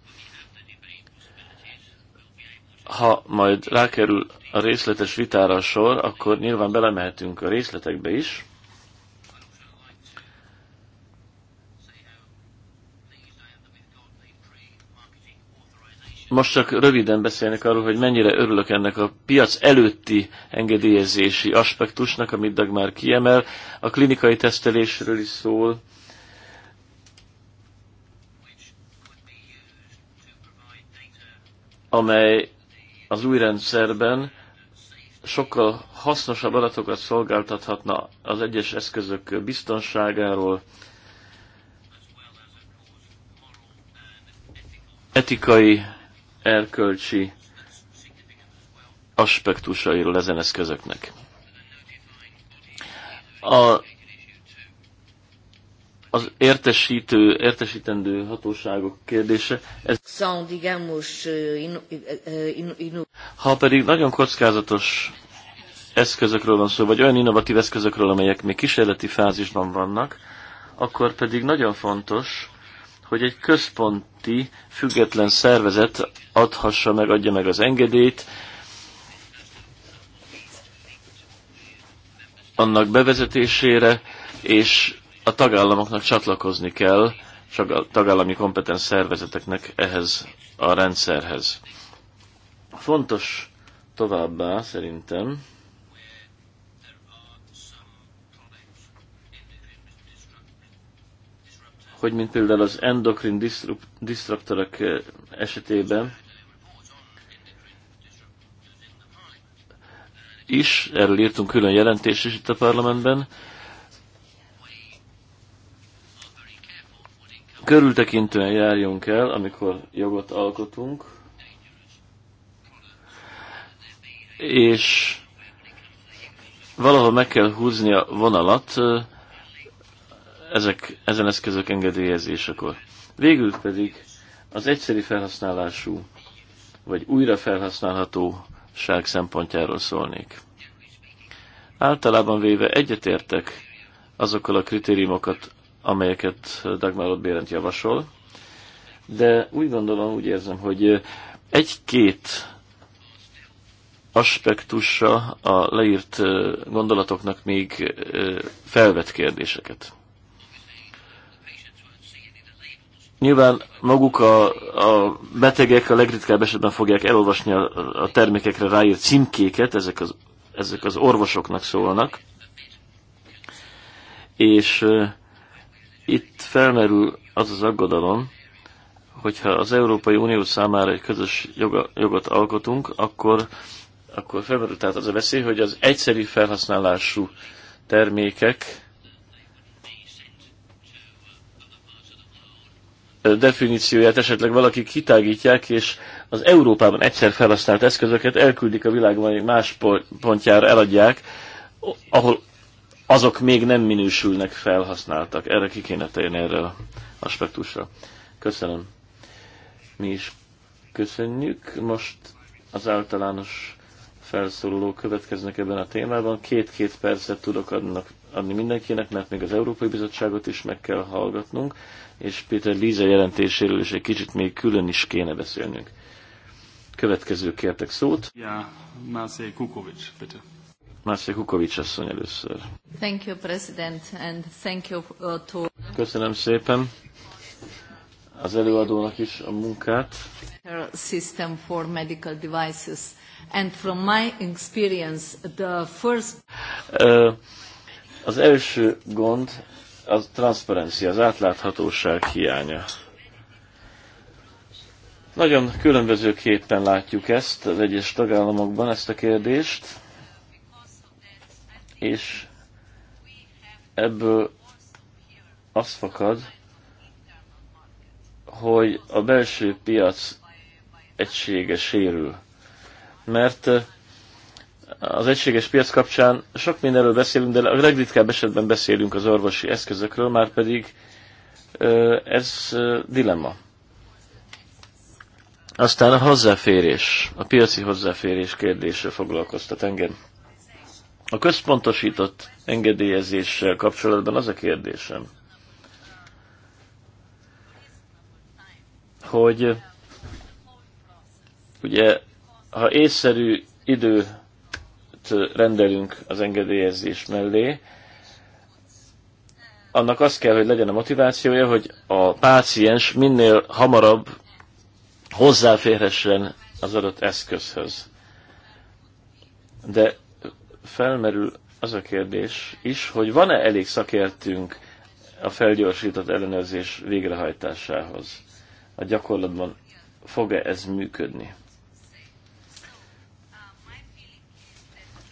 Ha majd rákerül a részletes vitára a sor, akkor nyilván belemehetünk a részletekbe is, Most csak röviden beszélnek arról, hogy mennyire örülök ennek a piac előtti engedélyezési aspektusnak, amit Dagmar kiemel. A klinikai tesztelésről is szól. amely az új rendszerben sokkal hasznosabb adatokat szolgáltathatna az egyes eszközök biztonságáról, etikai erkölcsi aspektusairól ezen eszközöknek. A, az értesítő, értesítendő hatóságok kérdése. Ez, eh, eh, eh, ha pedig nagyon kockázatos eszközökről van szó, vagy olyan innovatív eszközökről, amelyek még kísérleti fázisban vannak, akkor pedig nagyon fontos, hogy egy központi, független szervezet adhassa meg, adja meg az engedélyt, annak bevezetésére, és a tagállamoknak csatlakozni kell, csak a tagállami kompetens szervezeteknek ehhez a rendszerhez. Fontos továbbá szerintem, hogy mint például az endokrin disruptorok eh, esetében is, erről írtunk külön jelentést is itt a parlamentben, körültekintően járjunk el, amikor jogot alkotunk, és valahol meg kell húzni a vonalat, eh, ezek, ezen eszközök engedélyezésekor. Végül pedig az egyszerű felhasználású vagy újra felhasználhatóság szempontjáról szólnék. Általában véve egyetértek azokkal a kritériumokat, amelyeket Dagmar Bérent javasol, de úgy gondolom, úgy érzem, hogy egy-két aspektusa a leírt gondolatoknak még felvet kérdéseket. Nyilván maguk a, a betegek a legritkább esetben fogják elolvasni a, a termékekre ráírt címkéket, ezek az, ezek az orvosoknak szólnak. És uh, itt felmerül az az aggodalom, hogyha az Európai Unió számára egy közös joga, jogot alkotunk, akkor, akkor felmerül tehát az a veszély, hogy az egyszerű felhasználású termékek definícióját esetleg valaki kitágítják, és az Európában egyszer felhasznált eszközöket elküldik a világ más pontjára, eladják, ahol azok még nem minősülnek felhasználtak. Erre ki kéne tenni erre a aspektusra. Köszönöm. Mi is köszönjük. Most az általános felszóló következnek ebben a témában. Két-két percet tudok adnak, adni mindenkinek, mert még az Európai Bizottságot is meg kell hallgatnunk, és Péter Líze jelentéséről is egy kicsit még külön is kéne beszélnünk. Következő kértek szót. Ja, Mászé Kukovics, bitte. Mászé Kukovics asszony először. Thank you, President, and thank you uh, to... Köszönöm szépen az előadónak is a munkát. System for medical devices. And from my experience, the first... Uh, az első gond a transzparencia, az átláthatóság hiánya. Nagyon különbözőképpen látjuk ezt az egyes tagállamokban, ezt a kérdést, és ebből az fakad, hogy a belső piac egysége sérül. Mert az egységes piac kapcsán sok mindenről beszélünk, de a legritkább esetben beszélünk az orvosi eszközökről, már pedig ez dilemma. Aztán a hozzáférés, a piaci hozzáférés kérdése foglalkoztat engem. A központosított engedélyezéssel kapcsolatban az a kérdésem, hogy ugye, ha észszerű idő rendelünk az engedélyezés mellé, annak az kell, hogy legyen a motivációja, hogy a páciens minél hamarabb hozzáférhessen az adott eszközhöz. De felmerül az a kérdés is, hogy van-e elég szakértünk a felgyorsított ellenőrzés végrehajtásához? A gyakorlatban fog-e ez működni?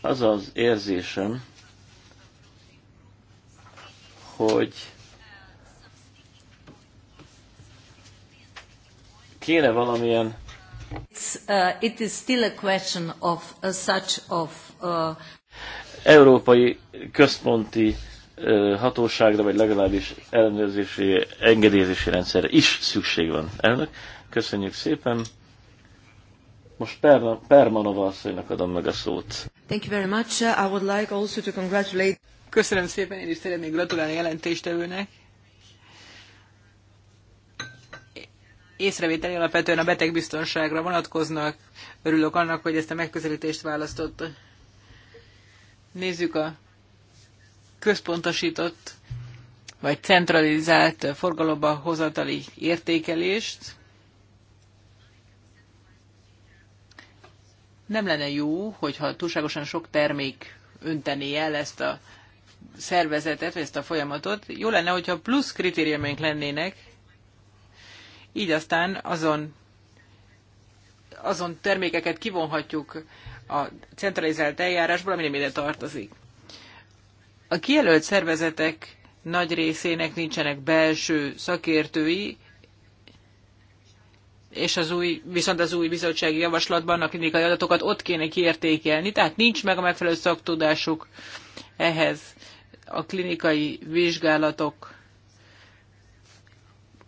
Az az érzésem, hogy kéne valamilyen Uh, it is still a question of uh, such of uh... európai központi uh, hatóságra, vagy legalábbis ellenőrzési, engedélyezési rendszerre is szükség van. Elnök, köszönjük szépen! Most per, Permanova asszonynak adom meg a szót. Thank you very much. I would like also to congratulate... Köszönöm szépen, én is szeretnék gratulálni a jelentéstevőnek. Észrevételi alapvetően a betegbiztonságra vonatkoznak. Örülök annak, hogy ezt a megközelítést választotta. Nézzük a központosított vagy centralizált forgalomba hozatali értékelést nem lenne jó, hogyha túlságosan sok termék öntené el ezt a szervezetet, vagy ezt a folyamatot. Jó lenne, hogyha plusz kritériumaink lennének, így aztán azon, azon termékeket kivonhatjuk a centralizált eljárásból, ami nem ide tartozik. A kijelölt szervezetek nagy részének nincsenek belső szakértői, és az új, viszont az új bizottsági javaslatban a klinikai adatokat ott kéne kiértékelni, tehát nincs meg a megfelelő szaktudásuk ehhez a klinikai vizsgálatok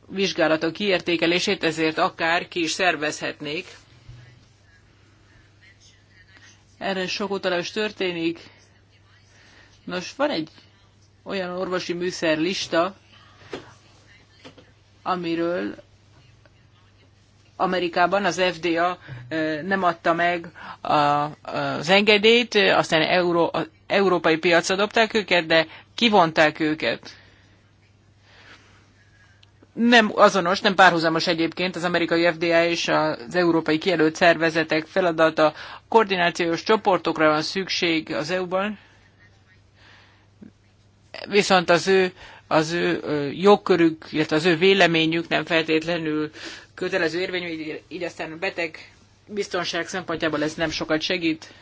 vizsgálatok kiértékelését, ezért akár ki is szervezhetnék. Erre sok utalás történik. Nos, van egy olyan orvosi műszer lista, amiről Amerikában az FDA nem adta meg az engedélyt, aztán euró, az európai piacra dobták őket, de kivonták őket. Nem azonos, nem párhuzamos egyébként az amerikai FDA és az európai kijelölt szervezetek feladata. Koordinációs csoportokra van szükség az EU-ban, viszont az ő az ő jogkörük, illetve az ő véleményük nem feltétlenül kötelező érvényű, így aztán a beteg biztonság szempontjából ez nem sokat segít.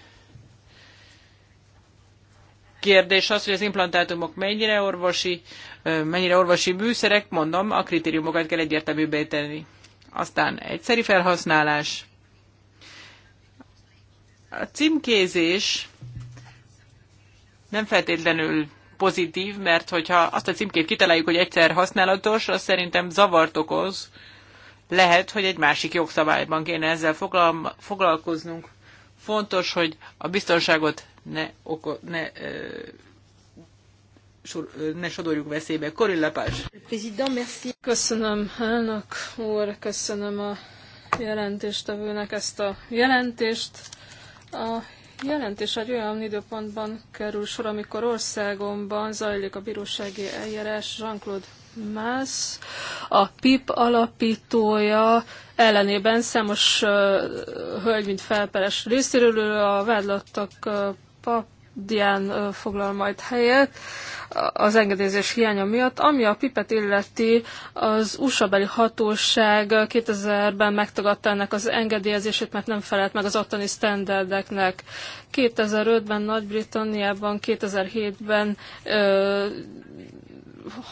Kérdés az, hogy az implantátumok mennyire orvosi, mennyire orvosi bűszerek, mondom, a kritériumokat kell egyértelműbbé tenni. Aztán egyszeri felhasználás. A címkézés nem feltétlenül pozitív, mert hogyha azt a címkét kitaláljuk, hogy egyszer használatos, az szerintem zavart okoz, lehet, hogy egy másik jogszabályban kéne ezzel foglal, foglalkoznunk. Fontos, hogy a biztonságot ne, oko, ne, ö, sor, ne sodorjuk veszélybe. Korin Lepás. Köszönöm elnök úr, köszönöm a jelentéstevőnek ezt a jelentést. A jelentés egy olyan időpontban kerül sor, amikor országomban zajlik a bírósági eljárás Jean-Claude Mász, a PIP alapítója ellenében számos uh, hölgy, mint felperes részéről a vádlottak uh, pap Dián foglal majd helyet az engedélyezés hiánya miatt, ami a pipet illeti az USA beli hatóság 2000-ben megtagadta ennek az engedélyezését, mert nem felelt meg az ottani standardeknek. 2005-ben Nagy-Britanniában, 2007-ben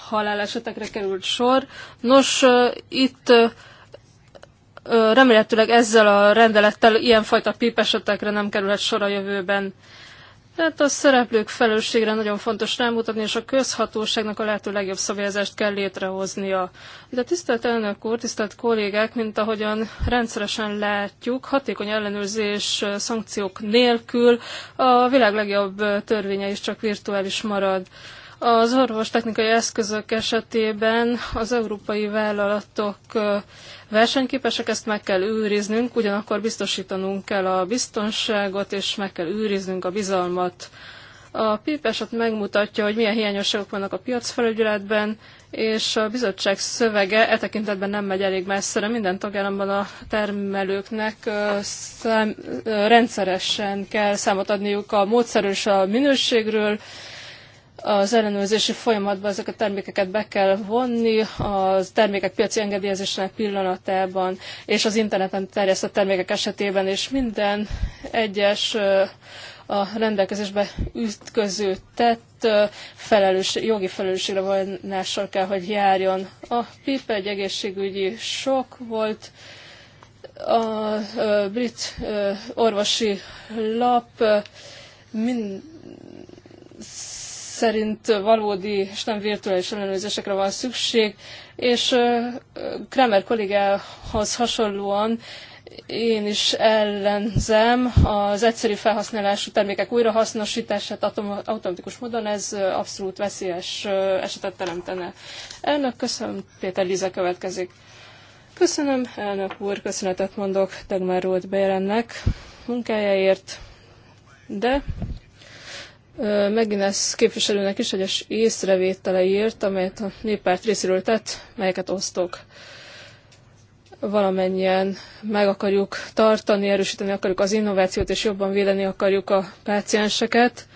halálesetekre került sor. Nos, itt remélhetőleg ezzel a rendelettel ilyenfajta pípesetekre nem kerülhet sor a jövőben. Tehát a szereplők felelősségre nagyon fontos rámutatni, és a közhatóságnak a lehető legjobb szabályozást kell létrehoznia. De tisztelt elnök úr, tisztelt kollégák, mint ahogyan rendszeresen látjuk, hatékony ellenőrzés szankciók nélkül a világ legjobb törvénye is csak virtuális marad. Az orvostechnikai eszközök esetében az európai vállalatok versenyképesek, ezt meg kell őriznünk, ugyanakkor biztosítanunk kell a biztonságot, és meg kell őriznünk a bizalmat. A PIP eset megmutatja, hogy milyen hiányosságok vannak a piacfelügyeletben, és a bizottság szövege e tekintetben nem megy elég messzere. Minden tagállamban a termelőknek szám, rendszeresen kell számot adniuk a módszerről és a minőségről, az ellenőrzési folyamatba ezeket a termékeket be kell vonni, a termékek piaci engedélyezésének pillanatában, és az interneten terjesztett termékek esetében, és minden egyes a rendelkezésbe ütköző tett felelős, jogi felelősségre vonással kell, hogy járjon. A PIP egy egészségügyi sok volt, a brit orvosi lap mind szerint valódi és nem virtuális ellenőrzésekre van szükség, és Kramer kollégához hasonlóan én is ellenzem az egyszerű felhasználású termékek újrahasznosítását automatikus módon, ez abszolút veszélyes esetet teremtene. Elnök, köszönöm, Péter Liza következik. Köszönöm, elnök úr, köszönetet mondok Dagmar Rót Bérennek munkájáért, de Megines képviselőnek is egyes észrevételeiért, amelyet a néppárt részéről tett, melyeket osztok. Valamennyien meg akarjuk tartani, erősíteni akarjuk az innovációt, és jobban védeni akarjuk a pácienseket.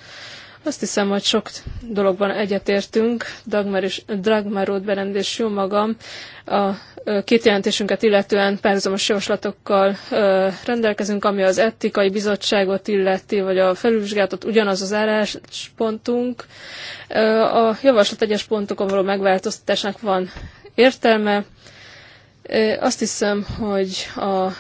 Azt hiszem, hogy sok dologban egyetértünk, Dagmar és Dragmar Rothberend és jó magam a két jelentésünket illetően párhuzamos javaslatokkal rendelkezünk, ami az etikai bizottságot illeti, vagy a felülvizsgálatot ugyanaz az álláspontunk. A javaslat egyes pontokon való megváltoztatásnak van értelme, azt hiszem, hogy a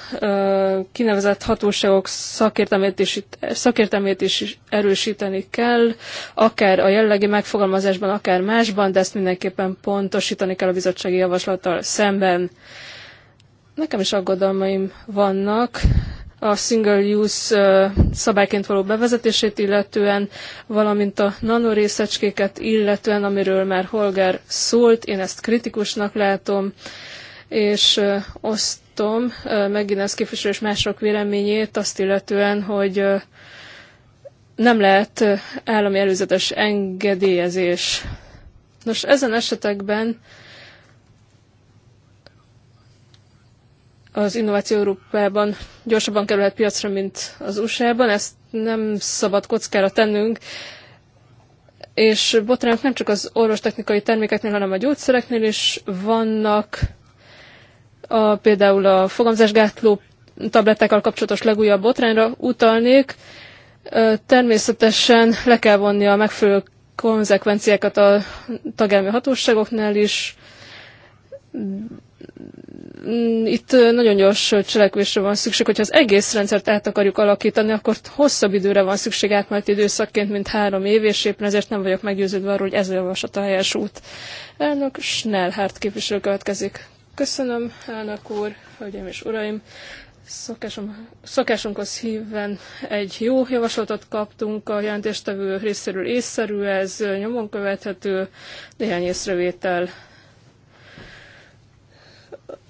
kinevezett hatóságok szakértelmét is, szakértelmét is erősíteni kell, akár a jellegi megfogalmazásban, akár másban, de ezt mindenképpen pontosítani kell a bizottsági javaslattal szemben. Nekem is aggodalmaim vannak a single-use szabályként való bevezetését illetően, valamint a nanorészecskéket illetően, amiről már Holger szólt, én ezt kritikusnak látom és osztom Megines képviselő és mások véleményét azt illetően, hogy nem lehet állami előzetes engedélyezés. Nos, ezen esetekben az innováció Európában gyorsabban kerülhet piacra, mint az USA-ban. Ezt nem szabad kockára tennünk, és botrányok nem csak az orvostechnikai termékeknél, hanem a gyógyszereknél is vannak a, például a fogamzásgátló tablettákkal kapcsolatos legújabb botrányra utalnék. Természetesen le kell vonni a megfelelő konzekvenciákat a tagállami hatóságoknál is. Itt nagyon gyors cselekvésre van szükség, hogyha az egész rendszert át akarjuk alakítani, akkor hosszabb időre van szükség átmeneti időszakként, mint három év, és éppen ezért nem vagyok meggyőződve arról, hogy ez a javaslat a helyes út. Elnök Schnellhardt képviselő következik. Köszönöm, elnök úr, hölgyeim és uraim! Szokásom, szokásunkhoz híven egy jó javaslatot kaptunk a jelentéstevő részéről észszerű, ez nyomon követhető, néhány észrevétel.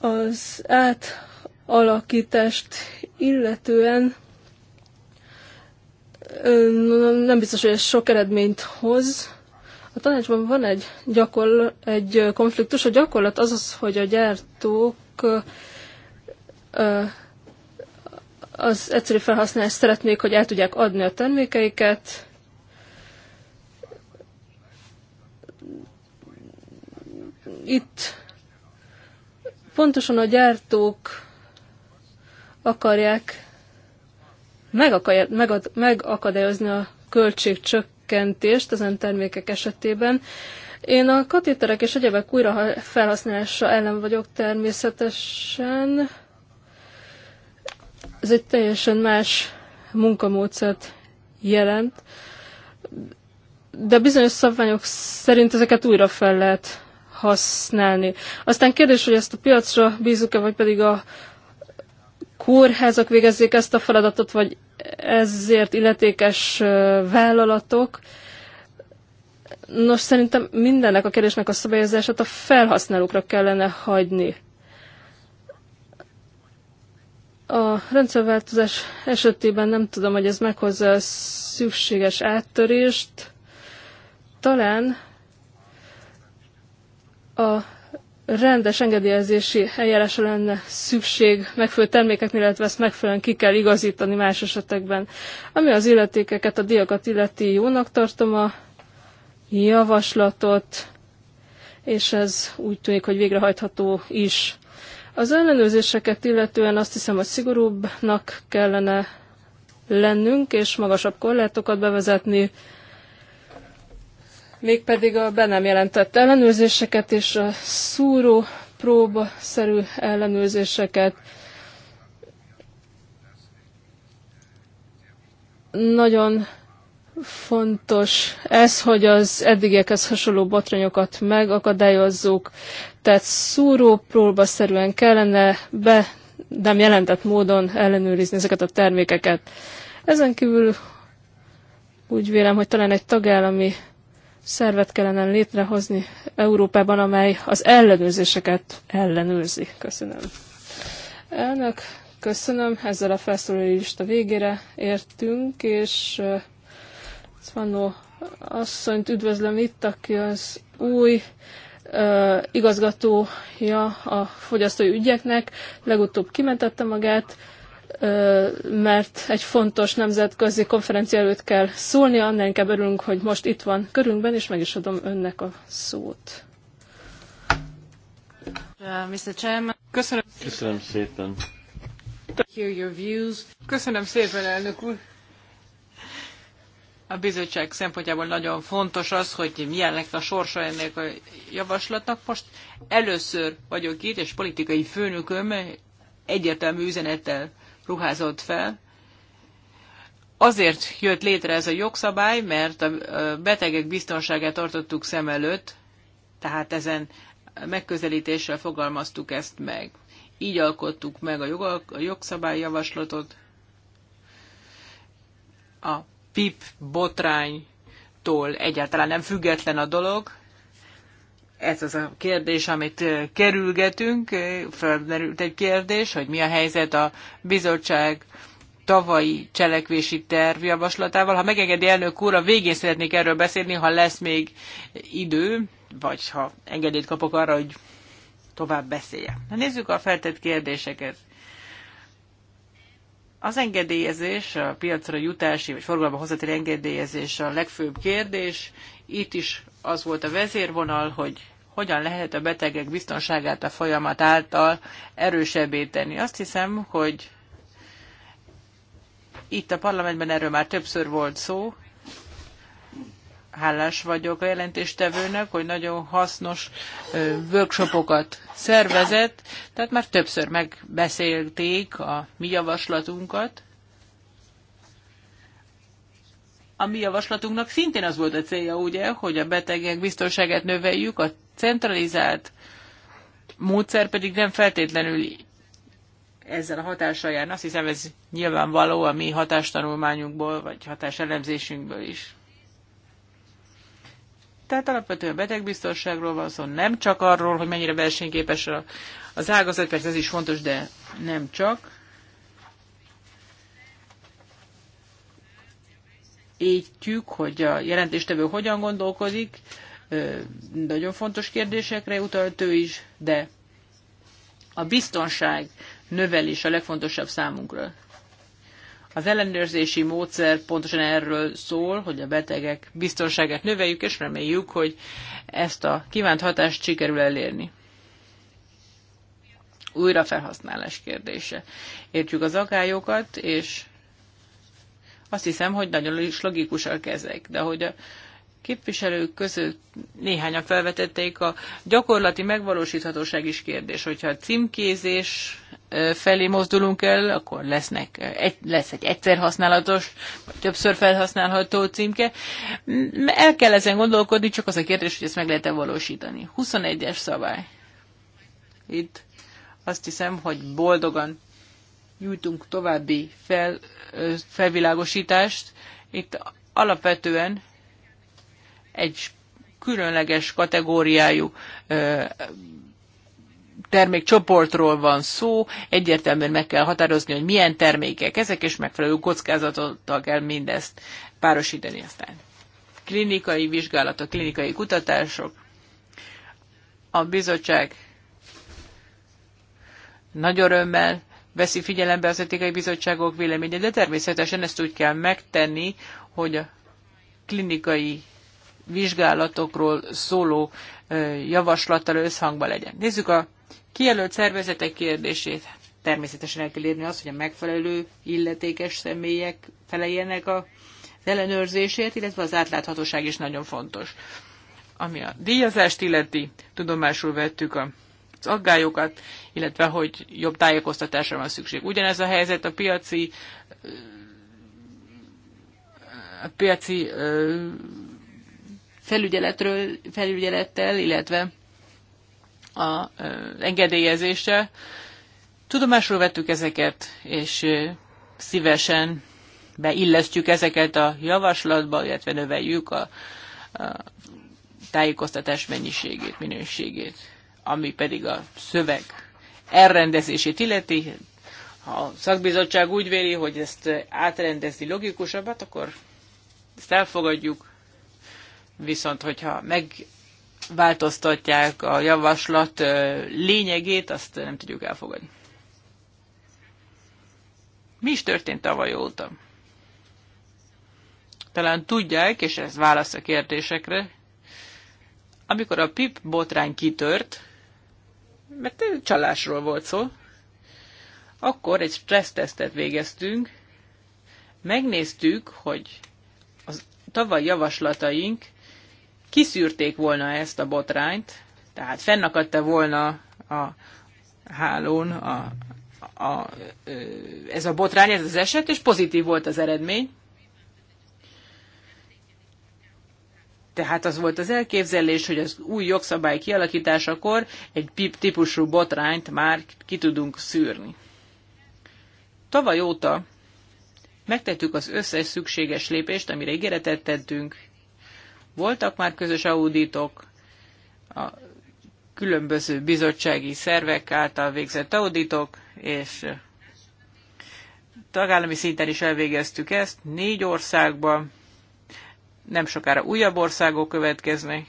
Az átalakítást illetően nem biztos, hogy ez sok eredményt hoz, a tanácsban van egy, gyakorl- egy konfliktus. A gyakorlat az az, hogy a gyártók az egyszerű felhasználás szeretnék, hogy el tudják adni a termékeiket, itt pontosan a gyártók akarják megakadályozni a költségcsökkentést, csökkentést ezen termékek esetében. Én a katéterek és egyebek újra felhasználása ellen vagyok természetesen. Ez egy teljesen más munkamódszert jelent, de bizonyos szabványok szerint ezeket újra fel lehet használni. Aztán kérdés, hogy ezt a piacra bízunk-e, vagy pedig a kórházak végezzék ezt a feladatot, vagy ezért illetékes vállalatok. Nos, szerintem mindennek a kérdésnek a szabályozását a felhasználókra kellene hagyni. A rendszerváltozás esetében nem tudom, hogy ez meghozza a szükséges áttörést. Talán a rendes engedélyezési eljárásra lenne szükség megfelelő termékeknél, illetve ezt megfelelően ki kell igazítani más esetekben. Ami az illetékeket, a diakat illeti jónak tartom a javaslatot, és ez úgy tűnik, hogy végrehajtható is. Az ellenőrzéseket illetően azt hiszem, hogy szigorúbbnak kellene lennünk, és magasabb korlátokat bevezetni, mégpedig a be nem jelentett ellenőrzéseket és a szúró próbaszerű ellenőrzéseket. Nagyon fontos ez, hogy az eddigiekhez hasonló botrányokat megakadályozzuk, tehát szúró próbaszerűen kellene be nem jelentett módon ellenőrizni ezeket a termékeket. Ezen kívül úgy vélem, hogy talán egy tagállami szervet kellene létrehozni Európában, amely az ellenőrzéseket ellenőrzi. Köszönöm. Elnök, köszönöm. Ezzel a felszólalói a végére értünk, és uh, Szvannó asszonyt üdvözlöm itt, aki az új uh, igazgatója a fogyasztói ügyeknek. Legutóbb kimentette magát, mert egy fontos nemzetközi konferencia előtt kell szólni, annál inkább örülünk, hogy most itt van körünkben, és meg is adom önnek a szót. Uh, Köszönöm, Köszönöm szépen. Köszönöm szépen, elnök úr. A bizottság szempontjából nagyon fontos az, hogy milyennek a sorsa ennek a javaslatnak. Most először vagyok itt, és politikai főnököm egyértelmű üzenettel ruházott fel. Azért jött létre ez a jogszabály, mert a betegek biztonságát tartottuk szem előtt, tehát ezen megközelítéssel fogalmaztuk ezt meg. Így alkottuk meg a, jogalk- a jogszabályjavaslatot. A PIP botránytól egyáltalán nem független a dolog, ez az a kérdés, amit kerülgetünk. Felmerült egy kérdés, hogy mi a helyzet a bizottság tavalyi cselekvési terv javaslatával. Ha megengedi elnök úr, a végén szeretnék erről beszélni, ha lesz még idő, vagy ha engedélyt kapok arra, hogy tovább beszélje. Na nézzük a feltett kérdéseket. Az engedélyezés, a piacra jutási vagy forgalomba hozatali engedélyezés a legfőbb kérdés. Itt is az volt a vezérvonal, hogy hogyan lehet a betegek biztonságát a folyamat által erősebbé tenni. Azt hiszem, hogy itt a parlamentben erről már többször volt szó. Hálás vagyok a jelentéstevőnek, hogy nagyon hasznos workshopokat szervezett, tehát már többször megbeszélték a mi javaslatunkat. a mi javaslatunknak szintén az volt a célja, ugye, hogy a betegek biztonságát növeljük, a centralizált módszer pedig nem feltétlenül ezzel a hatással jár. Azt hiszem, ez nyilvánvaló a mi hatástanulmányunkból, vagy hatáselemzésünkből is. Tehát alapvetően betegbiztonságról van szó, nem csak arról, hogy mennyire versenyképes az ágazat, persze ez is fontos, de nem csak. értjük, hogy a jelentéstevő hogyan gondolkodik, nagyon fontos kérdésekre utalt ő is, de a biztonság növelés a legfontosabb számunkra. Az ellenőrzési módszer pontosan erről szól, hogy a betegek biztonságát növeljük, és reméljük, hogy ezt a kívánt hatást sikerül elérni. Újra felhasználás kérdése. Értjük az akályokat, és azt hiszem, hogy nagyon is logikusak ezek, de hogy a képviselők között néhányan felvetették a gyakorlati megvalósíthatóság is kérdés, hogyha a címkézés felé mozdulunk el, akkor lesznek, egy, lesz egy egyszer használatos, vagy többször felhasználható címke. El kell ezen gondolkodni, csak az a kérdés, hogy ezt meg lehet-e valósítani. 21-es szabály. Itt azt hiszem, hogy boldogan nyújtunk további fel, felvilágosítást. Itt alapvetően egy különleges kategóriájú termékcsoportról van szó, egyértelműen meg kell határozni, hogy milyen termékek ezek, és megfelelő kockázatokkal kell mindezt párosítani aztán. Klinikai vizsgálatok, klinikai kutatások. A bizottság nagy örömmel veszi figyelembe az etikai bizottságok véleményét, de természetesen ezt úgy kell megtenni, hogy a klinikai vizsgálatokról szóló javaslattal összhangban legyen. Nézzük a kijelölt szervezetek kérdését. Természetesen el kell érni azt, hogy a megfelelő illetékes személyek feleljenek az ellenőrzését, illetve az átláthatóság is nagyon fontos. Ami a díjazást illeti, tudomásul vettük a az aggályokat, illetve hogy jobb tájékoztatásra van szükség. Ugyanez a helyzet a piaci a piaci felügyeletről, felügyelettel, illetve a engedélyezéssel. Tudomásul vettük ezeket, és szívesen beillesztjük ezeket a javaslatba, illetve növeljük a, a tájékoztatás mennyiségét, minőségét ami pedig a szöveg elrendezését illeti. Ha a szakbizottság úgy véli, hogy ezt átrendezni logikusabbat, hát akkor ezt elfogadjuk. Viszont, hogyha megváltoztatják a javaslat lényegét, azt nem tudjuk elfogadni. Mi is történt tavaly óta? Talán tudják, és ez válasz a kérdésekre, amikor a PIP botrány kitört, mert csalásról volt szó. Akkor egy stressztesztet végeztünk, megnéztük, hogy az tavaly javaslataink kiszűrték volna ezt a botrányt, tehát fennakadta volna a hálón a, a, ez a botrány, ez az eset, és pozitív volt az eredmény. Tehát az volt az elképzelés, hogy az új jogszabály kialakításakor egy PIP típusú botrányt már ki tudunk szűrni. Tavaly óta megtettük az összes szükséges lépést, amire ígéretet tettünk. Voltak már közös auditok, a különböző bizottsági szervek által végzett auditok, és tagállami szinten is elvégeztük ezt, négy országban, nem sokára újabb országok következnek.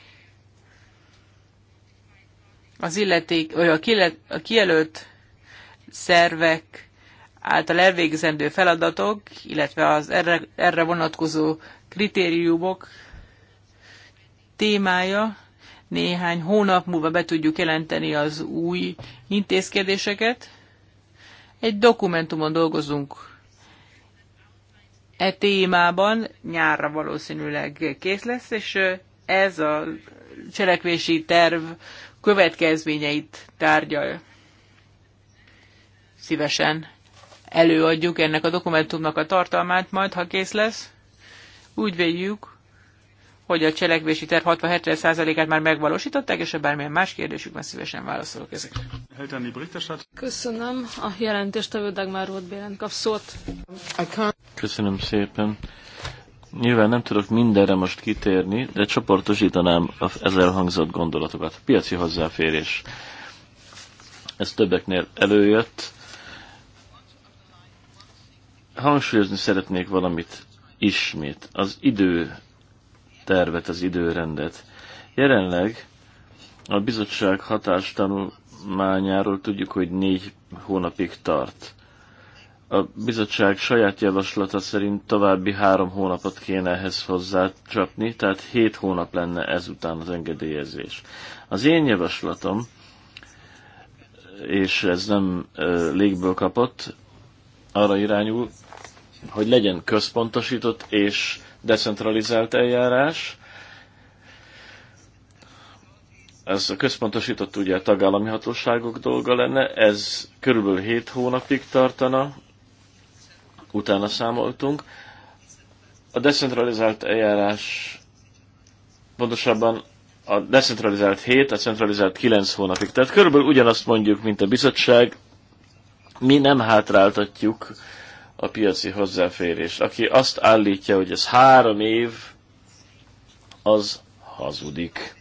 Az illeték, vagy a, kilet, a kijelölt szervek által elvégzendő feladatok, illetve az erre, erre vonatkozó kritériumok témája néhány hónap múlva be tudjuk jelenteni az új intézkedéseket. Egy dokumentumon dolgozunk e témában nyárra valószínűleg kész lesz, és ez a cselekvési terv következményeit tárgyal. Szívesen előadjuk ennek a dokumentumnak a tartalmát majd, ha kész lesz. Úgy véljük, hogy a cselekvési terv 60-70%-át már megvalósították, és ha bármilyen más kérdésük kérdésükben szívesen válaszolok ezekre. Köszönöm. A jelentéstevő Dagmar Rothbélen kap szót. Köszönöm szépen. Nyilván nem tudok mindenre most kitérni, de csoportosítanám az elhangzott hangzott gondolatokat. Piaci hozzáférés. Ez többeknél előjött. Hangsúlyozni szeretnék valamit ismét. Az idő tervet, az időrendet. Jelenleg a bizottság hatástanulmányáról tudjuk, hogy négy hónapig tart. A bizottság saját javaslata szerint további három hónapot kéne ehhez hozzácsapni, tehát hét hónap lenne ezután az engedélyezés. Az én javaslatom, és ez nem légből kapott, arra irányul, hogy legyen központosított és decentralizált eljárás. Ez a központosított ugye a tagállami hatóságok dolga lenne, ez körülbelül 7 hónapig tartana, utána számoltunk. A decentralizált eljárás, pontosabban a decentralizált 7, a centralizált 9 hónapig. Tehát körülbelül ugyanazt mondjuk, mint a bizottság, mi nem hátráltatjuk a piaci hozzáférés. Aki azt állítja, hogy ez három év, az hazudik.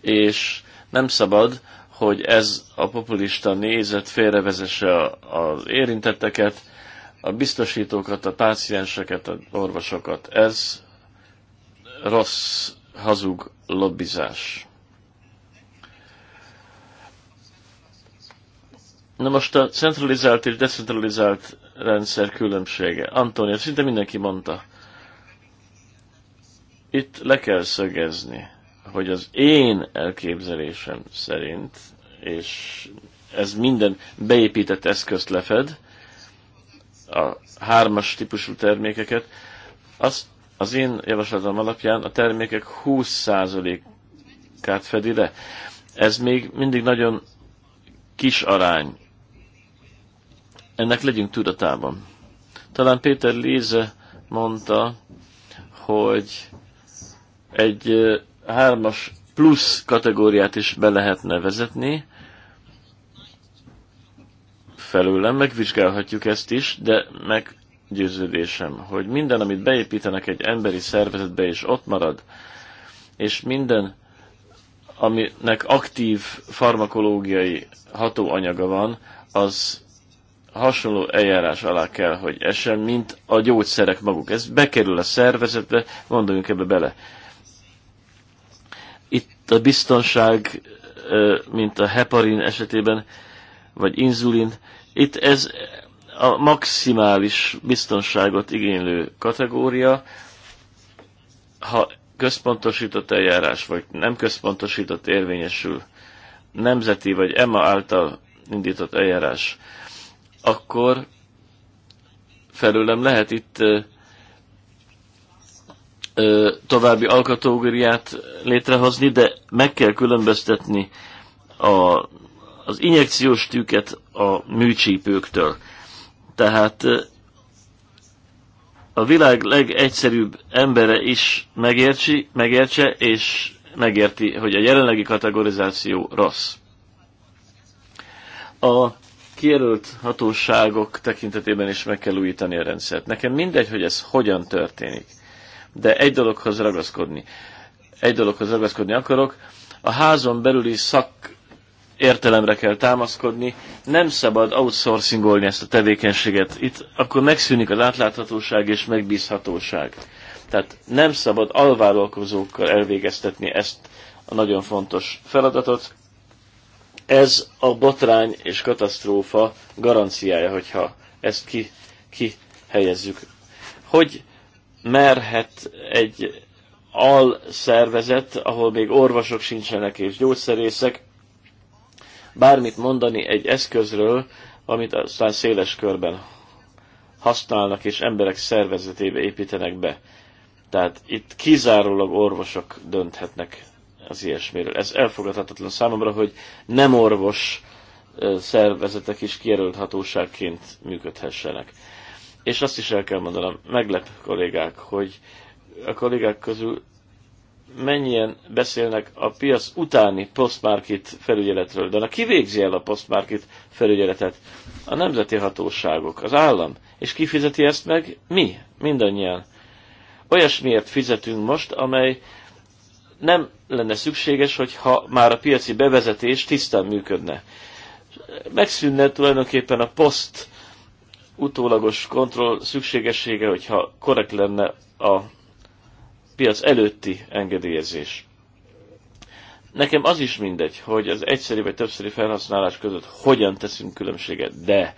És nem szabad, hogy ez a populista nézet félrevezesse az érintetteket, a biztosítókat, a pácienseket, a orvosokat. Ez rossz, hazug lobbizás. Na most a centralizált és decentralizált rendszer különbsége. Antónia, szinte mindenki mondta. Itt le kell szögezni, hogy az én elképzelésem szerint, és ez minden beépített eszközt lefed, a hármas típusú termékeket, az, az én javaslatom alapján a termékek 20%-át fedi le. Ez még mindig nagyon kis arány ennek legyünk tudatában. Talán Péter Léze mondta, hogy egy hármas plusz kategóriát is be lehetne vezetni, felőlem, megvizsgálhatjuk ezt is, de meggyőződésem, hogy minden, amit beépítenek egy emberi szervezetbe, és ott marad, és minden, aminek aktív farmakológiai hatóanyaga van, az hasonló eljárás alá kell, hogy essen, mint a gyógyszerek maguk. Ez bekerül a szervezetbe, gondoljunk ebbe bele. Itt a biztonság, mint a heparin esetében, vagy inzulin, itt ez a maximális biztonságot igénylő kategória, ha központosított eljárás, vagy nem központosított érvényesül, nemzeti vagy EMA által indított eljárás akkor felőlem lehet itt ö, ö, további alkatógriát létrehozni, de meg kell különböztetni a, az injekciós tűket a műcsípőktől. Tehát ö, a világ legegyszerűbb embere is megértsi, megértse, és megérti, hogy a jelenlegi kategorizáció rossz. A kijelölt hatóságok tekintetében is meg kell újítani a rendszert. Nekem mindegy, hogy ez hogyan történik. De egy dologhoz ragaszkodni. Egy dologhoz ragaszkodni akarok. A házon belüli szak értelemre kell támaszkodni. Nem szabad outsourcingolni ezt a tevékenységet. Itt akkor megszűnik az átláthatóság és megbízhatóság. Tehát nem szabad alvállalkozókkal elvégeztetni ezt a nagyon fontos feladatot. Ez a botrány és katasztrófa garanciája, hogyha ezt ki, ki helyezzük. Hogy merhet egy alszervezet, ahol még orvosok sincsenek és gyógyszerészek, bármit mondani egy eszközről, amit aztán széles körben használnak és emberek szervezetébe építenek be. Tehát itt kizárólag orvosok dönthetnek az ilyesmiről. Ez elfogadhatatlan számomra, hogy nem orvos szervezetek is kijelölt hatóságként működhessenek. És azt is el kell mondanom, meglep kollégák, hogy a kollégák közül mennyien beszélnek a piac utáni postmarket felügyeletről, de a kivégzi el a postmarket felügyeletet? A nemzeti hatóságok, az állam. És ki fizeti ezt meg? Mi, mindannyian. Olyasmiért fizetünk most, amely nem lenne szükséges, hogyha már a piaci bevezetés tisztán működne. Megszűnne tulajdonképpen a poszt utólagos kontroll szükségessége, hogyha korrekt lenne a piac előtti engedélyezés. Nekem az is mindegy, hogy az egyszerű vagy többszeri felhasználás között hogyan teszünk különbséget, de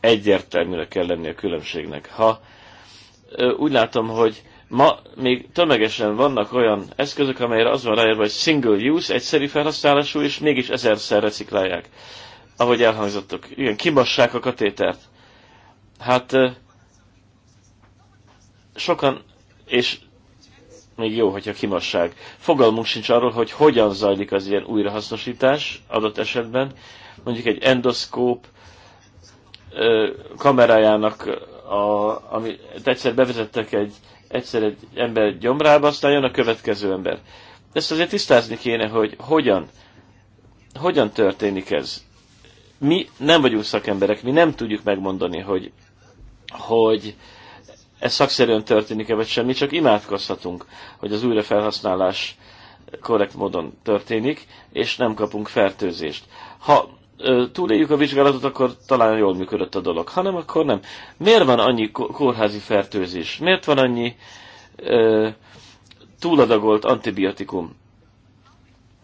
egyértelműre kell lenni a különbségnek. Ha úgy látom, hogy Ma még tömegesen vannak olyan eszközök, amelyre az van ráírva, hogy single use, egyszerű felhasználású, és mégis ezerszer reciklálják. Ahogy elhangzottuk. Igen, kimassák a katétert. Hát sokan, és még jó, hogyha kimasság. Fogalmunk sincs arról, hogy hogyan zajlik az ilyen újrahasznosítás adott esetben. Mondjuk egy endoszkóp kamerájának, a, amit egyszer bevezettek egy egyszer egy ember gyomrába, aztán jön a következő ember. Ezt azért tisztázni kéne, hogy hogyan, hogyan történik ez. Mi nem vagyunk szakemberek, mi nem tudjuk megmondani, hogy, hogy ez szakszerűen történik-e vagy sem, mi csak imádkozhatunk, hogy az újrafelhasználás korrekt módon történik, és nem kapunk fertőzést. Ha túléljük a vizsgálatot, akkor talán jól működött a dolog, hanem akkor nem. Miért van annyi kórházi fertőzés? Miért van annyi ö, túladagolt antibiotikum?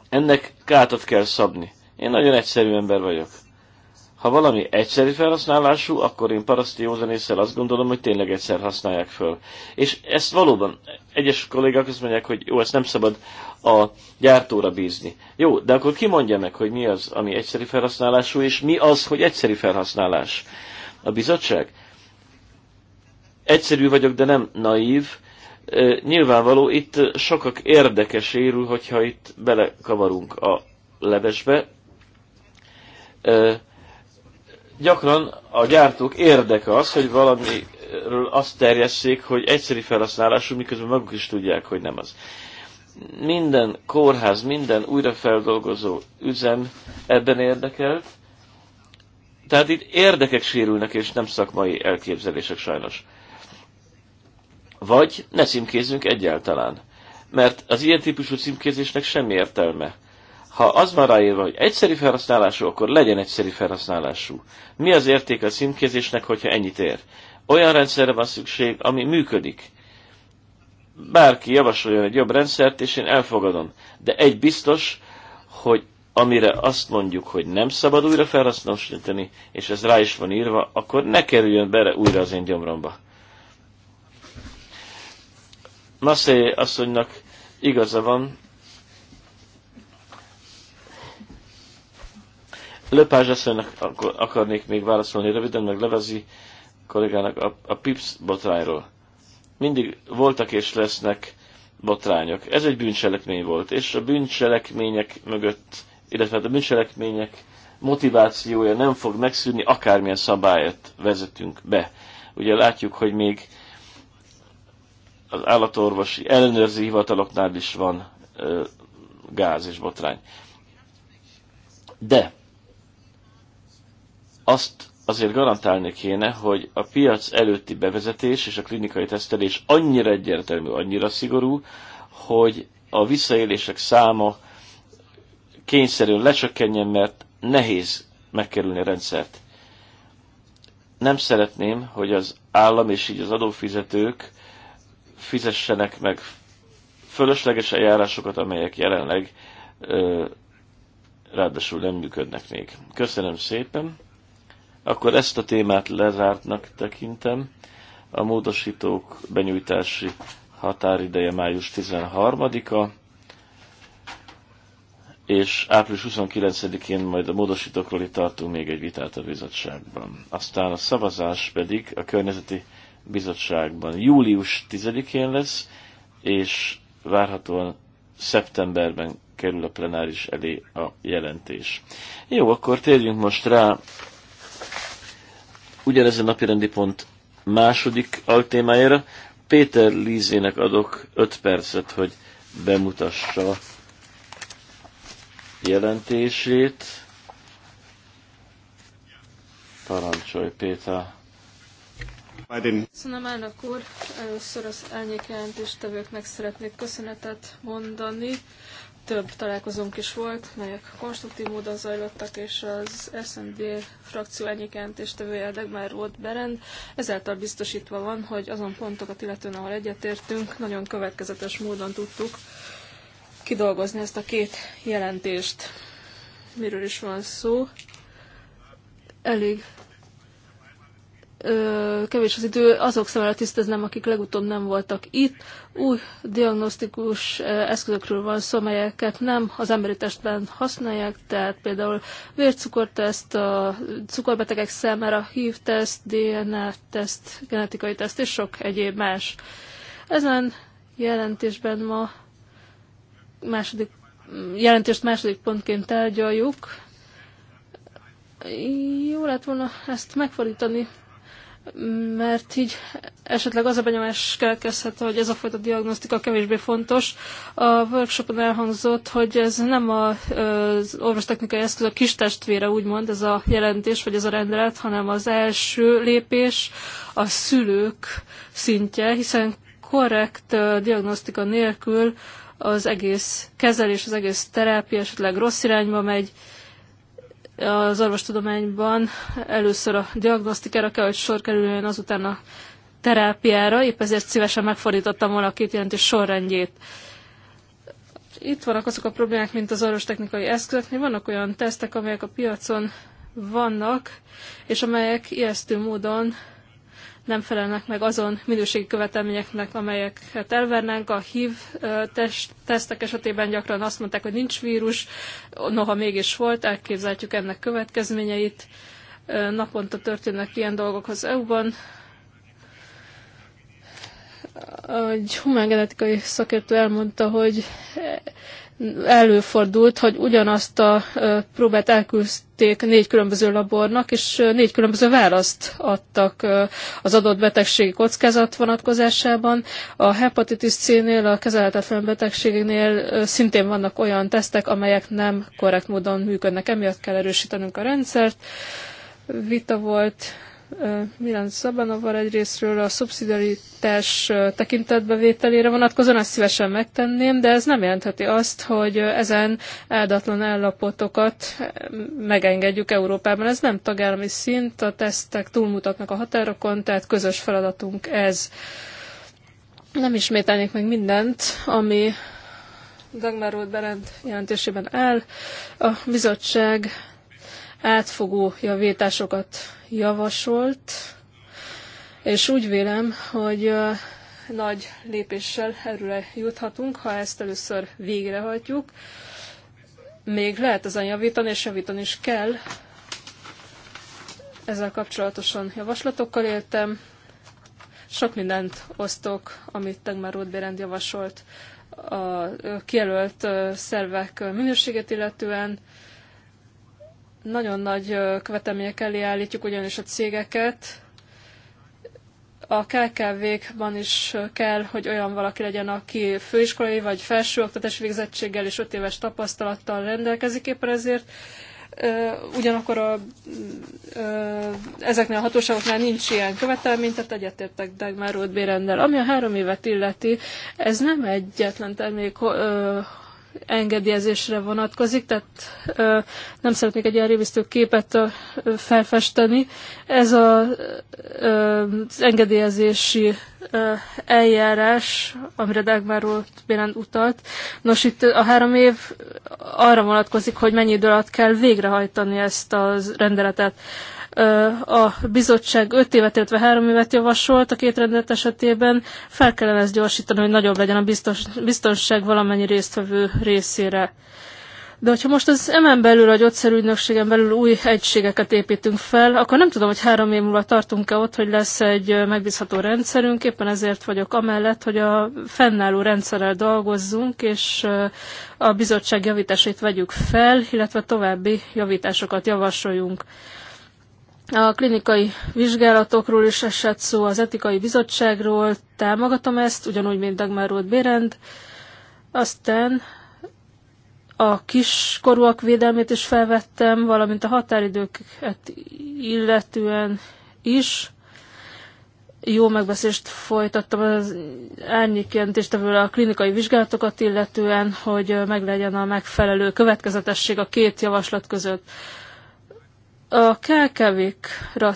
Ennek kátot kell szabni. Én nagyon egyszerű ember vagyok. Ha valami egyszerű felhasználású, akkor én paraszti józanésszel azt gondolom, hogy tényleg egyszer használják föl. És ezt valóban egyes kollégák azt mondják, hogy jó, ezt nem szabad a gyártóra bízni. Jó, de akkor ki mondja meg, hogy mi az, ami egyszeri felhasználású, és mi az, hogy egyszeri felhasználás? A bizottság? Egyszerű vagyok, de nem naív. Nyilvánvaló, itt sokak érdekes érül, hogyha itt belekavarunk a levesbe. Gyakran a gyártók érdeke az, hogy valami azt terjesszék, hogy egyszeri felhasználású, miközben maguk is tudják, hogy nem az minden kórház, minden újrafeldolgozó üzem ebben érdekelt. Tehát itt érdekek sérülnek, és nem szakmai elképzelések sajnos. Vagy ne címkézzünk egyáltalán. Mert az ilyen típusú címkézésnek semmi értelme. Ha az van ráírva, hogy egyszerű felhasználású, akkor legyen egyszerű felhasználású. Mi az értéke a címkézésnek, hogyha ennyit ér? Olyan rendszerre van szükség, ami működik bárki javasoljon egy jobb rendszert, és én elfogadom. De egy biztos, hogy amire azt mondjuk, hogy nem szabad újra felhasználni, és ez rá is van írva, akkor ne kerüljön bele újra az én gyomromba. Nasszé asszonynak igaza van. Löpázs asszonynak akarnék még válaszolni röviden, meg levezi kollégának a, a PIPS botrányról mindig voltak és lesznek botrányok. Ez egy bűncselekmény volt, és a bűncselekmények mögött, illetve hát a bűncselekmények motivációja nem fog megszűnni, akármilyen szabályt vezetünk be. Ugye látjuk, hogy még az állatorvosi ellenőrző hivataloknál is van ö, gáz és botrány. De azt azért garantálni kéne, hogy a piac előtti bevezetés és a klinikai tesztelés annyira egyértelmű, annyira szigorú, hogy a visszaélések száma kényszerűen lecsökkenjen, mert nehéz megkerülni a rendszert. Nem szeretném, hogy az állam és így az adófizetők fizessenek meg fölösleges eljárásokat, amelyek jelenleg ö, ráadásul nem működnek még. Köszönöm szépen! Akkor ezt a témát lezártnak tekintem. A módosítók benyújtási határideje május 13-a, és április 29-én majd a módosítókról itt tartunk még egy vitát a bizottságban. Aztán a szavazás pedig a környezeti bizottságban július 10-én lesz, és várhatóan szeptemberben kerül a plenáris elé a jelentés. Jó, akkor térjünk most rá ugyanez a napirendi pont második altémájára. Péter Lízének adok 5 percet, hogy bemutassa jelentését. Parancsolj, Péter! Köszönöm, elnök úr! Először az elnyék jelentéstevőknek szeretnék köszönetet mondani több találkozónk is volt, melyek konstruktív módon zajlottak, és az SND frakció egyik és tevője Degmár volt Berend. Ezáltal biztosítva van, hogy azon pontokat illetően, ahol egyetértünk, nagyon következetes módon tudtuk kidolgozni ezt a két jelentést. Miről is van szó? Elég ö, kevés az idő, azok számára tisztáznám, akik legutóbb nem voltak itt. Új diagnosztikus eszközökről van szó, amelyeket nem az emberi testben használják, tehát például vércukorteszt, a cukorbetegek számára HIV-teszt, DNA-teszt, genetikai teszt és sok egyéb más. Ezen jelentésben ma második, jelentést második pontként tárgyaljuk. Jó lett volna ezt megfordítani, mert így esetleg az a benyomás keletkezhet, hogy ez a fajta diagnosztika kevésbé fontos. A workshopon elhangzott, hogy ez nem az orvostechnikai eszköz a kis testvére, úgymond ez a jelentés, vagy ez a rendelet, hanem az első lépés a szülők szintje, hiszen korrekt diagnosztika nélkül az egész kezelés, az egész terápia esetleg rossz irányba megy, az orvostudományban először a diagnosztikára kell, hogy sor kerüljön, azután a terápiára, épp ezért szívesen megfordítottam volna a két jelentés sorrendjét. Itt vannak azok a problémák, mint az technikai eszközöknél, vannak olyan tesztek, amelyek a piacon vannak, és amelyek ijesztő módon nem felelnek meg azon minőségi követelményeknek, amelyeket elvernánk. A HIV tesztek esetében gyakran azt mondták, hogy nincs vírus, noha mégis volt, elképzelhetjük ennek következményeit. Naponta történnek ilyen dolgok az EU-ban. Egy humán genetikai szakértő elmondta, hogy előfordult, hogy ugyanazt a próbát elküldték négy különböző labornak, és négy különböző választ adtak az adott betegségi kockázat vonatkozásában. A hepatitis C-nél, a kezelhetetlen betegségnél szintén vannak olyan tesztek, amelyek nem korrekt módon működnek, emiatt kell erősítenünk a rendszert. Vita volt Milan Szabanovar egyrésztről a szubszidiaritás tekintetbevételére vonatkozóan, ezt szívesen megtenném, de ez nem jelentheti azt, hogy ezen áldatlan állapotokat megengedjük Európában. Ez nem tagállami szint, a tesztek túlmutatnak a határokon, tehát közös feladatunk ez. Nem ismételnék meg mindent, ami Dagmar Roth Berend jelentésében áll. A bizottság átfogó javításokat javasolt, és úgy vélem, hogy nagy lépéssel erőre juthatunk, ha ezt először végrehajtjuk. Még lehet ezen javítani, és javítani is kell. Ezzel kapcsolatosan javaslatokkal éltem. Sok mindent osztok, amit Tegmár Rothbérend javasolt a kijelölt szervek minőségét illetően, nagyon nagy követelmények elé állítjuk ugyanis a cégeket. A KKV-kban is kell, hogy olyan valaki legyen, aki főiskolai vagy felsőoktatási végzettséggel és öt éves tapasztalattal rendelkezik éppen ezért. Ugyanakkor a, ezeknél a hatóságoknál nincs ilyen követelmény, tehát egyetértek Dagmar Roth Ami a három évet illeti, ez nem egyetlen termék engedélyezésre vonatkozik, tehát ö, nem szeretnék egy elrévisztő képet ö, felfesteni. Ez a, ö, az engedélyezési ö, eljárás, amire Dagmarról Bélen utalt. Nos, itt a három év arra vonatkozik, hogy mennyi idő alatt kell végrehajtani ezt a rendeletet a bizottság 5 évet, illetve 3 évet javasolt a két rendelet esetében, fel kellene ezt gyorsítani, hogy nagyobb legyen a biztos, biztonság valamennyi résztvevő részére. De hogyha most az emen belül, a gyógyszerügynökségen belül új egységeket építünk fel, akkor nem tudom, hogy három év múlva tartunk-e ott, hogy lesz egy megbízható rendszerünk. Éppen ezért vagyok amellett, hogy a fennálló rendszerrel dolgozzunk, és a bizottság javításait vegyük fel, illetve további javításokat javasoljunk. A klinikai vizsgálatokról is esett szó, az etikai bizottságról, támogatom ezt, ugyanúgy, mint Dagmar Ruth Bérend. Aztán a kiskorúak védelmét is felvettem, valamint a határidőket illetően is. Jó megbeszést folytattam az árnyékjelentéstevőre a klinikai vizsgálatokat illetően, hogy meglegyen a megfelelő következetesség a két javaslat között. A kkv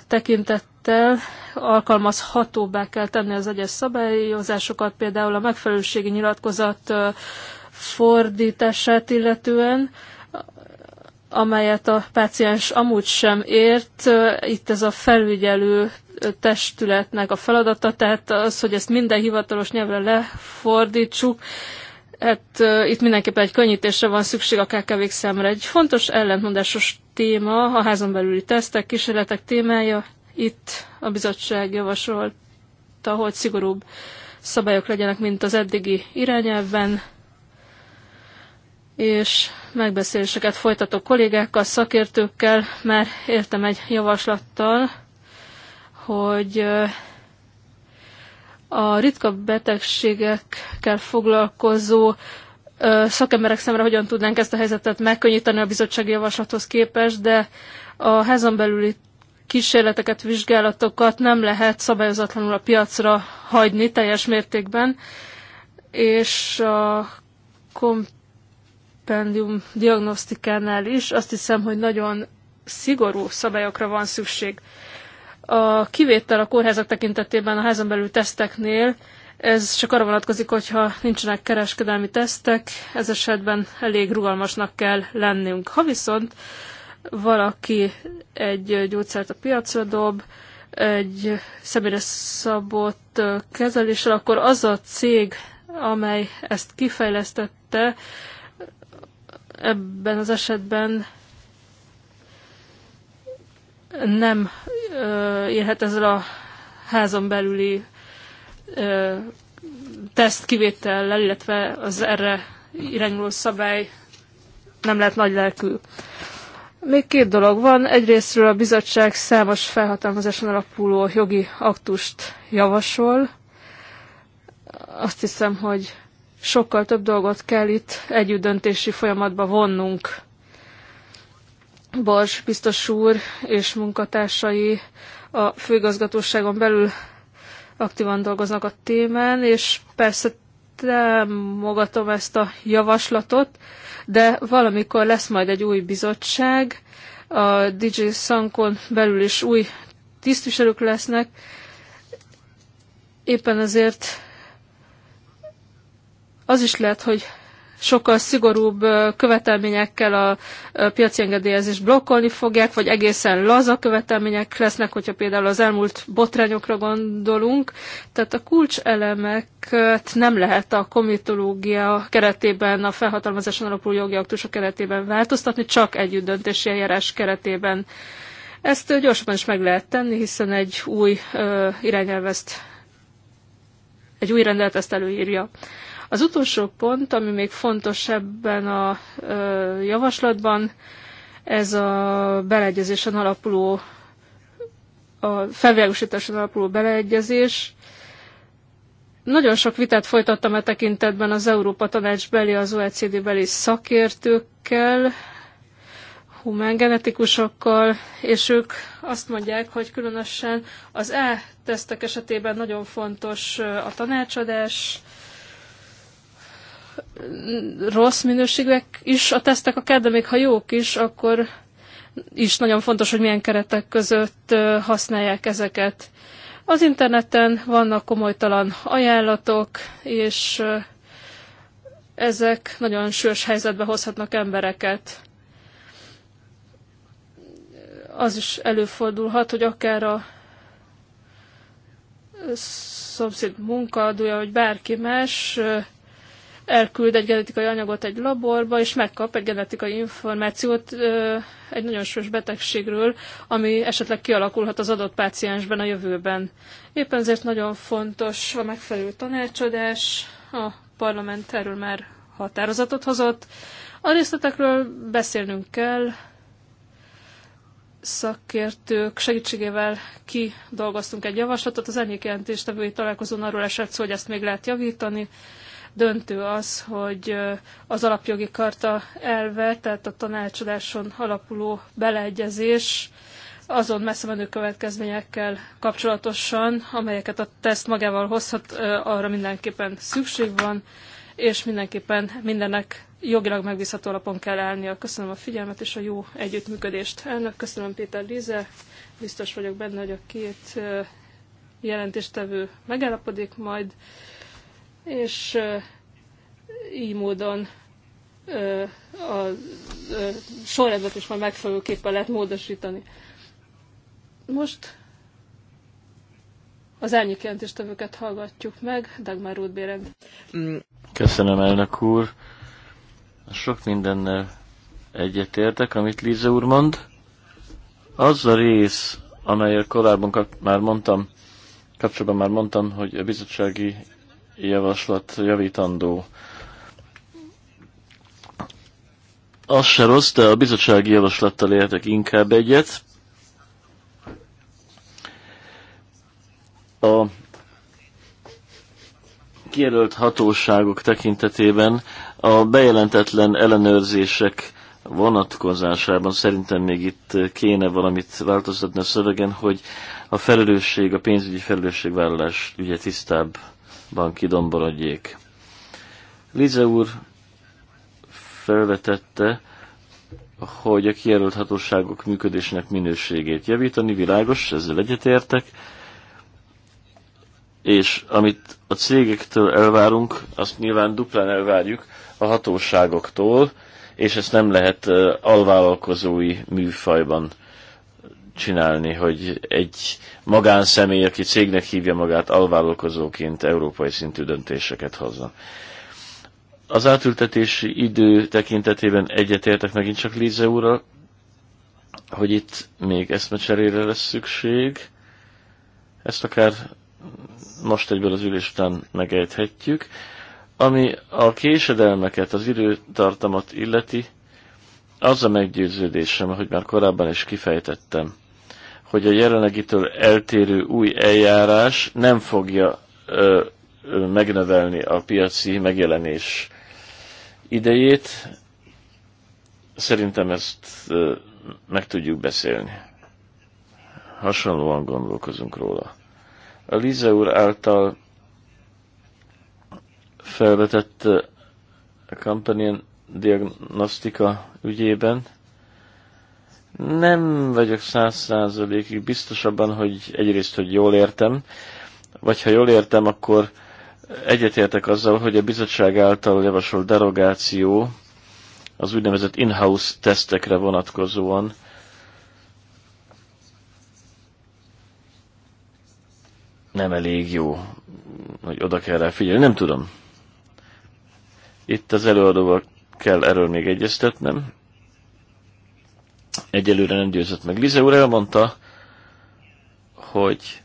tekintettel alkalmazhatóbbá kell tenni az egyes szabályozásokat, például a megfelelőségi nyilatkozat fordítását illetően, amelyet a páciens amúgy sem ért. Itt ez a felügyelő testületnek a feladata, tehát az, hogy ezt minden hivatalos nyelvre lefordítsuk, Hát itt mindenképpen egy könnyítésre van szükség a kkv számára. Egy fontos ellentmondásos téma a házon belüli tesztek, kísérletek témája. Itt a bizottság javasolta, hogy szigorúbb szabályok legyenek, mint az eddigi irányelvben, és megbeszéléseket folytatok kollégákkal, szakértőkkel, mert értem egy javaslattal, hogy a ritka betegségekkel foglalkozó szakemberek szemre hogyan tudnánk ezt a helyzetet megkönnyíteni a bizottsági javaslathoz képest, de a házon belüli kísérleteket, vizsgálatokat nem lehet szabályozatlanul a piacra hagyni teljes mértékben, és a kompendium diagnosztikánál is azt hiszem, hogy nagyon szigorú szabályokra van szükség. A kivétel a kórházak tekintetében a házon belül teszteknél, ez csak arra vonatkozik, hogyha nincsenek kereskedelmi tesztek, ez esetben elég rugalmasnak kell lennünk. Ha viszont valaki egy gyógyszert a piacra dob, egy személyre szabott kezeléssel, akkor az a cég, amely ezt kifejlesztette, ebben az esetben nem élhet ezzel a házon belüli ö, teszt kivétellel, illetve az erre irányuló szabály nem lehet nagy lelkű. Még két dolog van. Egyrésztről a bizottság számos felhatalmazáson alapuló jogi aktust javasol. Azt hiszem, hogy sokkal több dolgot kell itt döntési folyamatba vonnunk Bars biztos úr és munkatársai a főigazgatóságon belül aktívan dolgoznak a témán, és persze támogatom ezt a javaslatot, de valamikor lesz majd egy új bizottság, a DJ Sankon belül is új tisztviselők lesznek, éppen ezért az is lehet, hogy sokkal szigorúbb követelményekkel a piaci engedélyezést blokkolni fogják, vagy egészen laza követelmények lesznek, hogyha például az elmúlt botrányokra gondolunk. Tehát a kulcselemeket nem lehet a komitológia keretében, a felhatalmazáson alapuló jogi aktusok keretében változtatni, csak együtt döntési eljárás keretében. Ezt gyorsabban is meg lehet tenni, hiszen egy új irányelv ezt, egy új rendelet ezt előírja. Az utolsó pont, ami még fontos ebben a javaslatban, ez a beleegyezésen alapuló, a felvilágosításon alapuló beleegyezés. Nagyon sok vitát folytattam e tekintetben az Európa Tanács beli, az OECD beli szakértőkkel, humán genetikusokkal, és ők azt mondják, hogy különösen az E-tesztek esetében nagyon fontos a tanácsadás, rossz minőségűek is a tesztek, akár, de még ha jók is, akkor is nagyon fontos, hogy milyen keretek között használják ezeket. Az interneten vannak komolytalan ajánlatok, és ezek nagyon sűrűs helyzetbe hozhatnak embereket. Az is előfordulhat, hogy akár a szomszéd munkaadója, vagy bárki más elküld egy genetikai anyagot egy laborba, és megkap egy genetikai információt egy nagyon súlyos betegségről, ami esetleg kialakulhat az adott páciensben a jövőben. Éppen ezért nagyon fontos a megfelelő tanácsadás, a parlament erről már határozatot hozott. A részletekről beszélnünk kell, szakértők segítségével kidolgoztunk egy javaslatot. Az enyék jelentéstevői találkozón arról esett szó, hogy ezt még lehet javítani, Döntő az, hogy az alapjogi karta elve, tehát a tanácsadáson alapuló beleegyezés azon messze menő következményekkel kapcsolatosan, amelyeket a teszt magával hozhat, arra mindenképpen szükség van, és mindenképpen mindennek jogilag megbízható alapon kell állnia. Köszönöm a figyelmet és a jó együttműködést. Elnök, köszönöm Péter Líze, biztos vagyok benne, hogy a két jelentéstevő megállapodik majd és így módon a sorrendet is már megfelelőképpen lehet módosítani. Most az elnyikjelentéstevőket hallgatjuk meg, Dagmar Ruth Bérend. Köszönöm, elnök úr. Sok mindennel egyetértek, amit Líze úr mond. Az a rész, amelyet korábban kap, már mondtam, kapcsolatban már mondtam, hogy a bizottsági javaslat javítandó. Az se rossz, de a bizottsági javaslattal értek inkább egyet. A kijelölt hatóságok tekintetében a bejelentetlen ellenőrzések vonatkozásában szerintem még itt kéne valamit változtatni a szövegen, hogy a felelősség, a pénzügyi felelősségvállalás ügye tisztább ban kidomborodjék. Lize úr felvetette, hogy a kijelölt hatóságok működésének minőségét javítani, világos, ezzel egyetértek, és amit a cégektől elvárunk, azt nyilván duplán elvárjuk a hatóságoktól, és ezt nem lehet alvállalkozói műfajban csinálni, hogy egy magánszemély, aki cégnek hívja magát, alvállalkozóként európai szintű döntéseket hozzon. Az átültetési idő tekintetében egyetértek megint csak Líze úrral, hogy itt még eszmecserére lesz szükség. Ezt akár most egyből az ülés után megejthetjük. Ami a késedelmeket, az időtartamat illeti, az a meggyőződésem, hogy már korábban is kifejtettem, hogy a jelenlegitől eltérő új eljárás nem fogja ö, ö, megnövelni a piaci megjelenés idejét. Szerintem ezt ö, meg tudjuk beszélni. Hasonlóan gondolkozunk róla. A Lize úr által felvetett a Companion diagnosztika ügyében nem vagyok száz százalékig biztos abban, hogy egyrészt, hogy jól értem, vagy ha jól értem, akkor egyetértek azzal, hogy a bizottság által javasolt derogáció az úgynevezett in-house tesztekre vonatkozóan nem elég jó, hogy oda kell rá figyelni, nem tudom. Itt az előadóval kell erről még egyeztetnem egyelőre nem győzött meg. Lize úr elmondta, hogy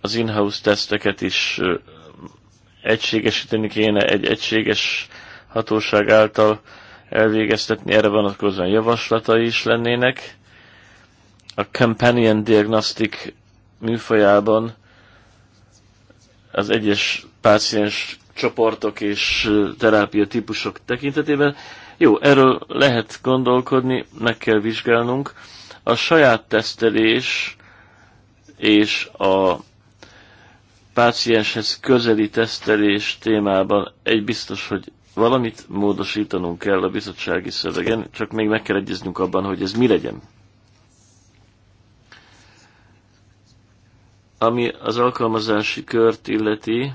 az in-house teszteket is egységesíteni kéne, egy egységes hatóság által elvégeztetni, erre vonatkozóan javaslatai is lennének. A companion diagnostic műfajában az egyes páciens csoportok és terápia típusok tekintetében jó, erről lehet gondolkodni, meg kell vizsgálnunk. A saját tesztelés és a pácienshez közeli tesztelés témában egy biztos, hogy valamit módosítanunk kell a bizottsági szövegen, csak még meg kell egyeznünk abban, hogy ez mi legyen. Ami az alkalmazási kört illeti,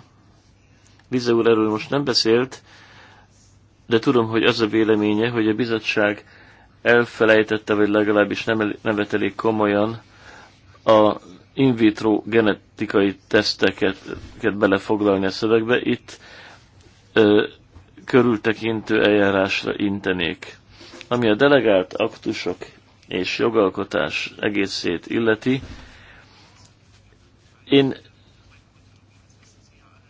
Vize úr erről most nem beszélt, de tudom, hogy az a véleménye, hogy a bizottság elfelejtette, vagy legalábbis nem, nem vett elég komolyan a in vitro genetikai teszteket belefoglalni a szövegbe. Itt ö, körültekintő eljárásra intenék. Ami a delegált aktusok és jogalkotás egészét illeti, én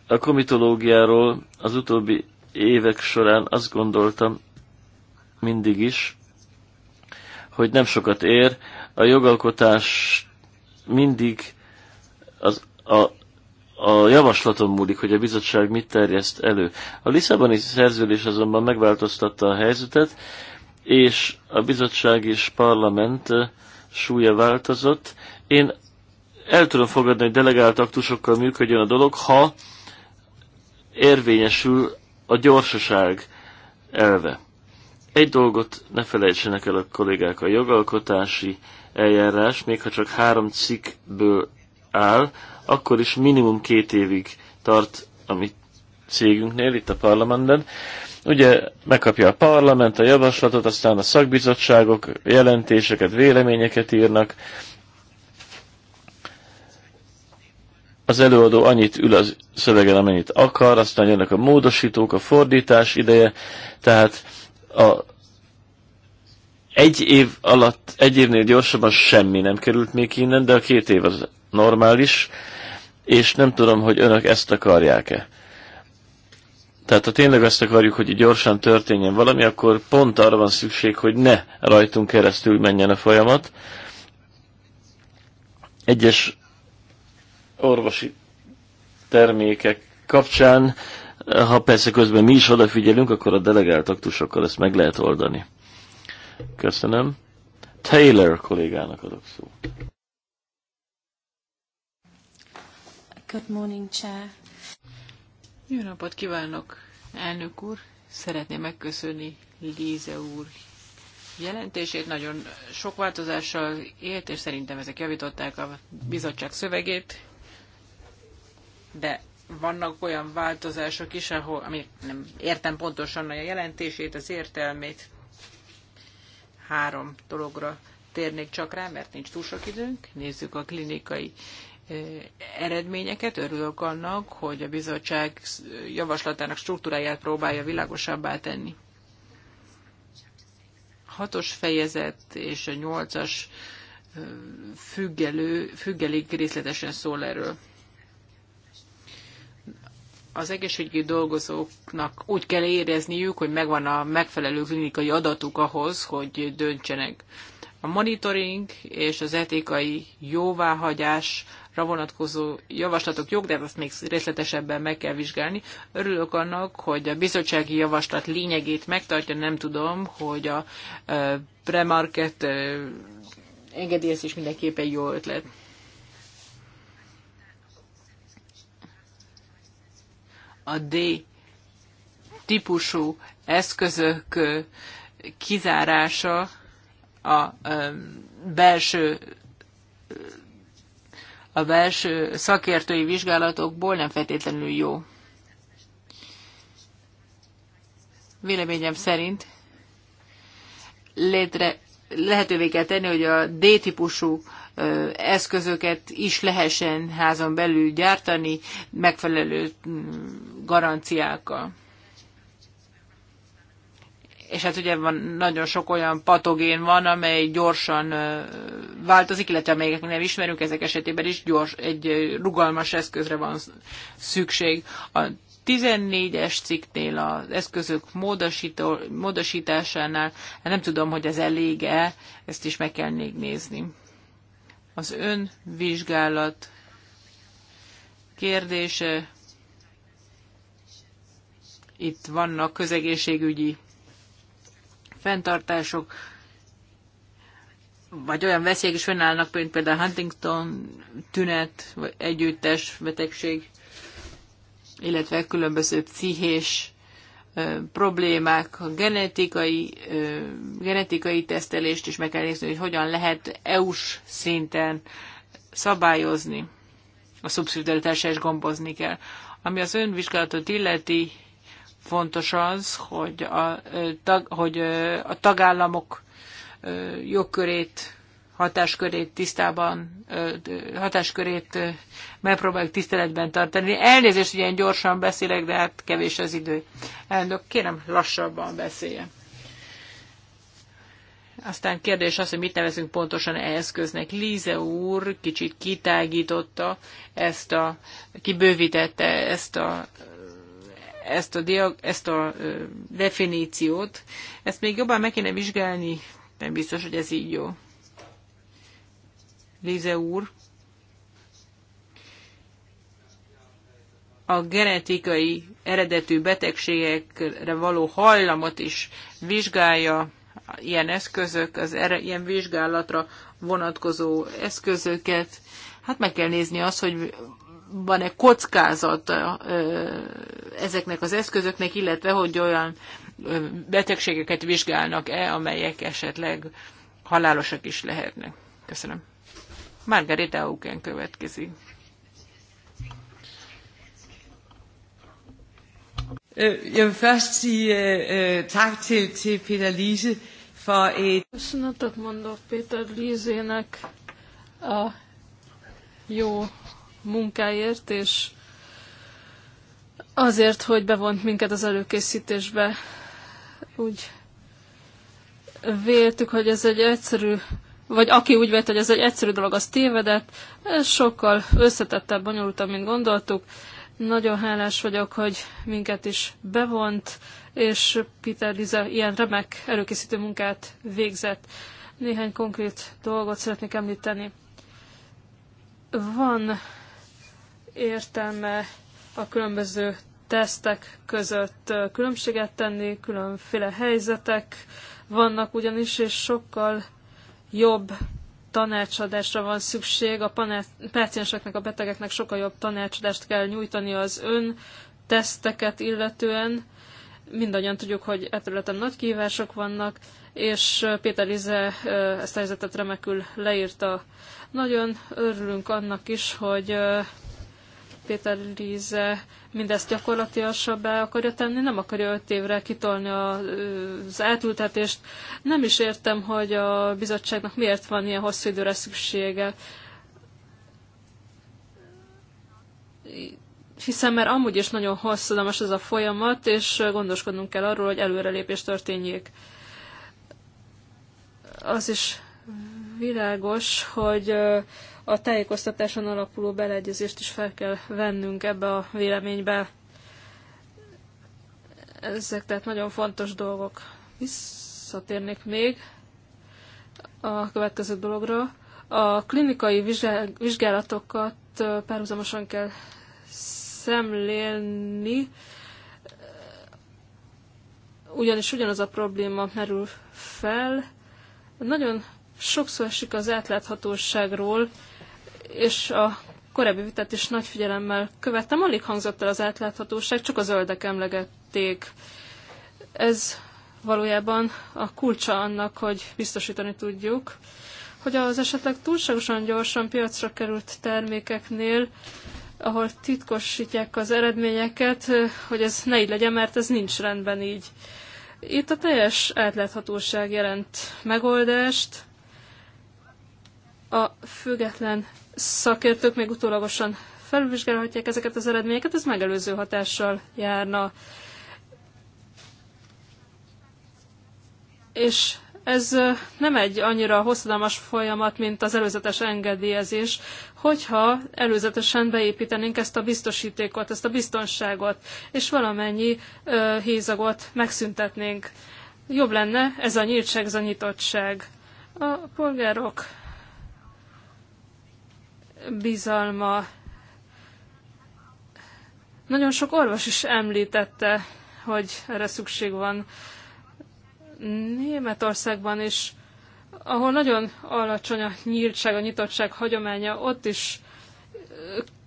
a komitológiáról az utóbbi évek során azt gondoltam mindig is, hogy nem sokat ér. A jogalkotás mindig az, a, a javaslaton múlik, hogy a bizottság mit terjeszt elő. A Lisszaboni szerződés azonban megváltoztatta a helyzetet, és a bizottság és parlament súlya változott. Én el tudom fogadni, hogy delegált aktusokkal működjön a dolog, ha érvényesül a gyorsaság elve. Egy dolgot ne felejtsenek el a kollégák, a jogalkotási eljárás, még ha csak három cikkből áll, akkor is minimum két évig tart a mi cégünknél, itt a parlamentben. Ugye megkapja a parlament a javaslatot, aztán a szakbizottságok jelentéseket, véleményeket írnak, az előadó annyit ül az szövegen, amennyit akar, aztán jönnek a módosítók, a fordítás ideje, tehát a egy év alatt, egy évnél gyorsabban semmi nem került még innen, de a két év az normális, és nem tudom, hogy önök ezt akarják-e. Tehát ha tényleg azt akarjuk, hogy gyorsan történjen valami, akkor pont arra van szükség, hogy ne rajtunk keresztül menjen a folyamat. Egyes orvosi termékek kapcsán, ha persze közben mi is odafigyelünk, akkor a delegált aktusokkal ezt meg lehet oldani. Köszönöm. Taylor kollégának adok szót. Good morning, Chair. Jó napot kívánok, elnök úr! Szeretném megköszönni Líze úr jelentését. Nagyon sok változással élt, és szerintem ezek javították a bizottság szövegét de vannak olyan változások is, ahol, ami nem értem pontosan a jelentését, az értelmét. Három dologra térnék csak rá, mert nincs túl sok időnk. Nézzük a klinikai eredményeket. Örülök annak, hogy a bizottság javaslatának struktúráját próbálja világosabbá tenni. Hatos fejezet és a nyolcas függelő, függelik részletesen szól erről az egészségügyi dolgozóknak úgy kell érezniük, hogy megvan a megfelelő klinikai adatuk ahhoz, hogy döntsenek. A monitoring és az etikai jóváhagyásra vonatkozó javaslatok jog, de ezt még részletesebben meg kell vizsgálni. Örülök annak, hogy a bizottsági javaslat lényegét megtartja, nem tudom, hogy a premarket engedélyezés mindenképpen jó ötlet. a D típusú eszközök kizárása a belső a belső szakértői vizsgálatokból nem feltétlenül jó. Véleményem szerint létre, lehetővé kell tenni, hogy a D-típusú eszközöket is lehessen házon belül gyártani megfelelő mm, garanciákkal. És hát ugye van, nagyon sok olyan patogén van, amely gyorsan változik, illetve amelyeket nem ismerünk, ezek esetében is gyors, egy rugalmas eszközre van szükség. A 14-es cikknél az eszközök módosításánál, hát nem tudom, hogy ez elég-e, ezt is meg kell még nézni az önvizsgálat kérdése. Itt vannak közegészségügyi fenntartások, vagy olyan veszélyek is fennállnak, mint például Huntington tünet, vagy együttes betegség, illetve különböző pszichés problémák, a genetikai, genetikai tesztelést is meg kell nézni, hogy hogyan lehet EU-s szinten szabályozni. A szubszidiaritásra is gombozni kell. Ami az önvizsgálatot illeti, fontos az, hogy a, tag, hogy a tagállamok jogkörét hatáskörét tisztában, hatáskörét megpróbáljuk tiszteletben tartani. Elnézést, hogy ilyen gyorsan beszélek, de hát kevés az idő. Elnök, kérem lassabban beszéljen. Aztán kérdés az, hogy mit nevezünk pontosan e eszköznek. Líze úr kicsit kitágította ezt a, kibővítette ezt a ezt a, diag, ezt a ö, definíciót. Ezt még jobban meg kéne vizsgálni, nem biztos, hogy ez így jó. Lize úr, a genetikai eredetű betegségekre való hajlamot is vizsgálja, ilyen eszközök, az erre, ilyen vizsgálatra vonatkozó eszközöket. Hát meg kell nézni azt, hogy van-e kockázata ezeknek az eszközöknek, illetve hogy olyan betegségeket vizsgálnak-e, amelyek esetleg halálosak is lehetnek. Köszönöm. Margarita Auken következik. Øh, jeg vil først sige uh, tak til, til Peter Lise for et... Köszönetet mondok Péter Lízének a jó munkáért, és azért, hogy bevont minket az előkészítésbe. Úgy véltük, hogy ez egy egyszerű vagy aki úgy vett, hogy ez egy egyszerű dolog, az tévedett. Ez sokkal összetettebb, bonyolultabb, mint gondoltuk. Nagyon hálás vagyok, hogy minket is bevont, és Peter Liza ilyen remek előkészítő munkát végzett. Néhány konkrét dolgot szeretnék említeni. Van értelme a különböző tesztek között különbséget tenni, különféle helyzetek vannak ugyanis, és sokkal jobb tanácsadásra van szükség, a pácienseknek, a betegeknek sokkal jobb tanácsadást kell nyújtani az ön teszteket illetően. Mindannyian tudjuk, hogy e területen nagy kihívások vannak, és Péter Ize ezt a helyzetet remekül leírta. Nagyon örülünk annak is, hogy Péter Líze mindezt gyakorlatilasabbá akarja tenni, nem akarja öt évre kitolni az átültetést. Nem is értem, hogy a bizottságnak miért van ilyen hosszú időre szüksége. Hiszen már amúgy is nagyon hosszadalmas ez a folyamat, és gondoskodnunk kell arról, hogy előrelépés történjék. Az is világos, hogy uh, a tájékoztatáson alapuló beleegyezést is fel kell vennünk ebbe a véleménybe. Ezek tehát nagyon fontos dolgok. Visszatérnék még a következő dologra. A klinikai vizsgálatokat párhuzamosan kell szemlélni, ugyanis ugyanaz a probléma merül fel. Nagyon sokszor esik az átláthatóságról, és a korábbi vitát is nagy figyelemmel követtem, alig hangzott el az átláthatóság, csak a zöldek emlegették. Ez valójában a kulcsa annak, hogy biztosítani tudjuk, hogy az esetleg túlságosan gyorsan piacra került termékeknél, ahol titkosítják az eredményeket, hogy ez ne így legyen, mert ez nincs rendben így. Itt a teljes átláthatóság jelent megoldást, a független szakértők még utólagosan felvizsgálhatják ezeket az eredményeket, ez megelőző hatással járna. És ez nem egy annyira hosszadalmas folyamat, mint az előzetes engedélyezés, hogyha előzetesen beépítenénk ezt a biztosítékot, ezt a biztonságot, és valamennyi ö, hézagot megszüntetnénk. Jobb lenne ez a nyíltság, ez a nyitottság. A polgárok bizalma. Nagyon sok orvos is említette, hogy erre szükség van Németországban is, ahol nagyon alacsony a nyíltság, a nyitottság hagyománya, ott is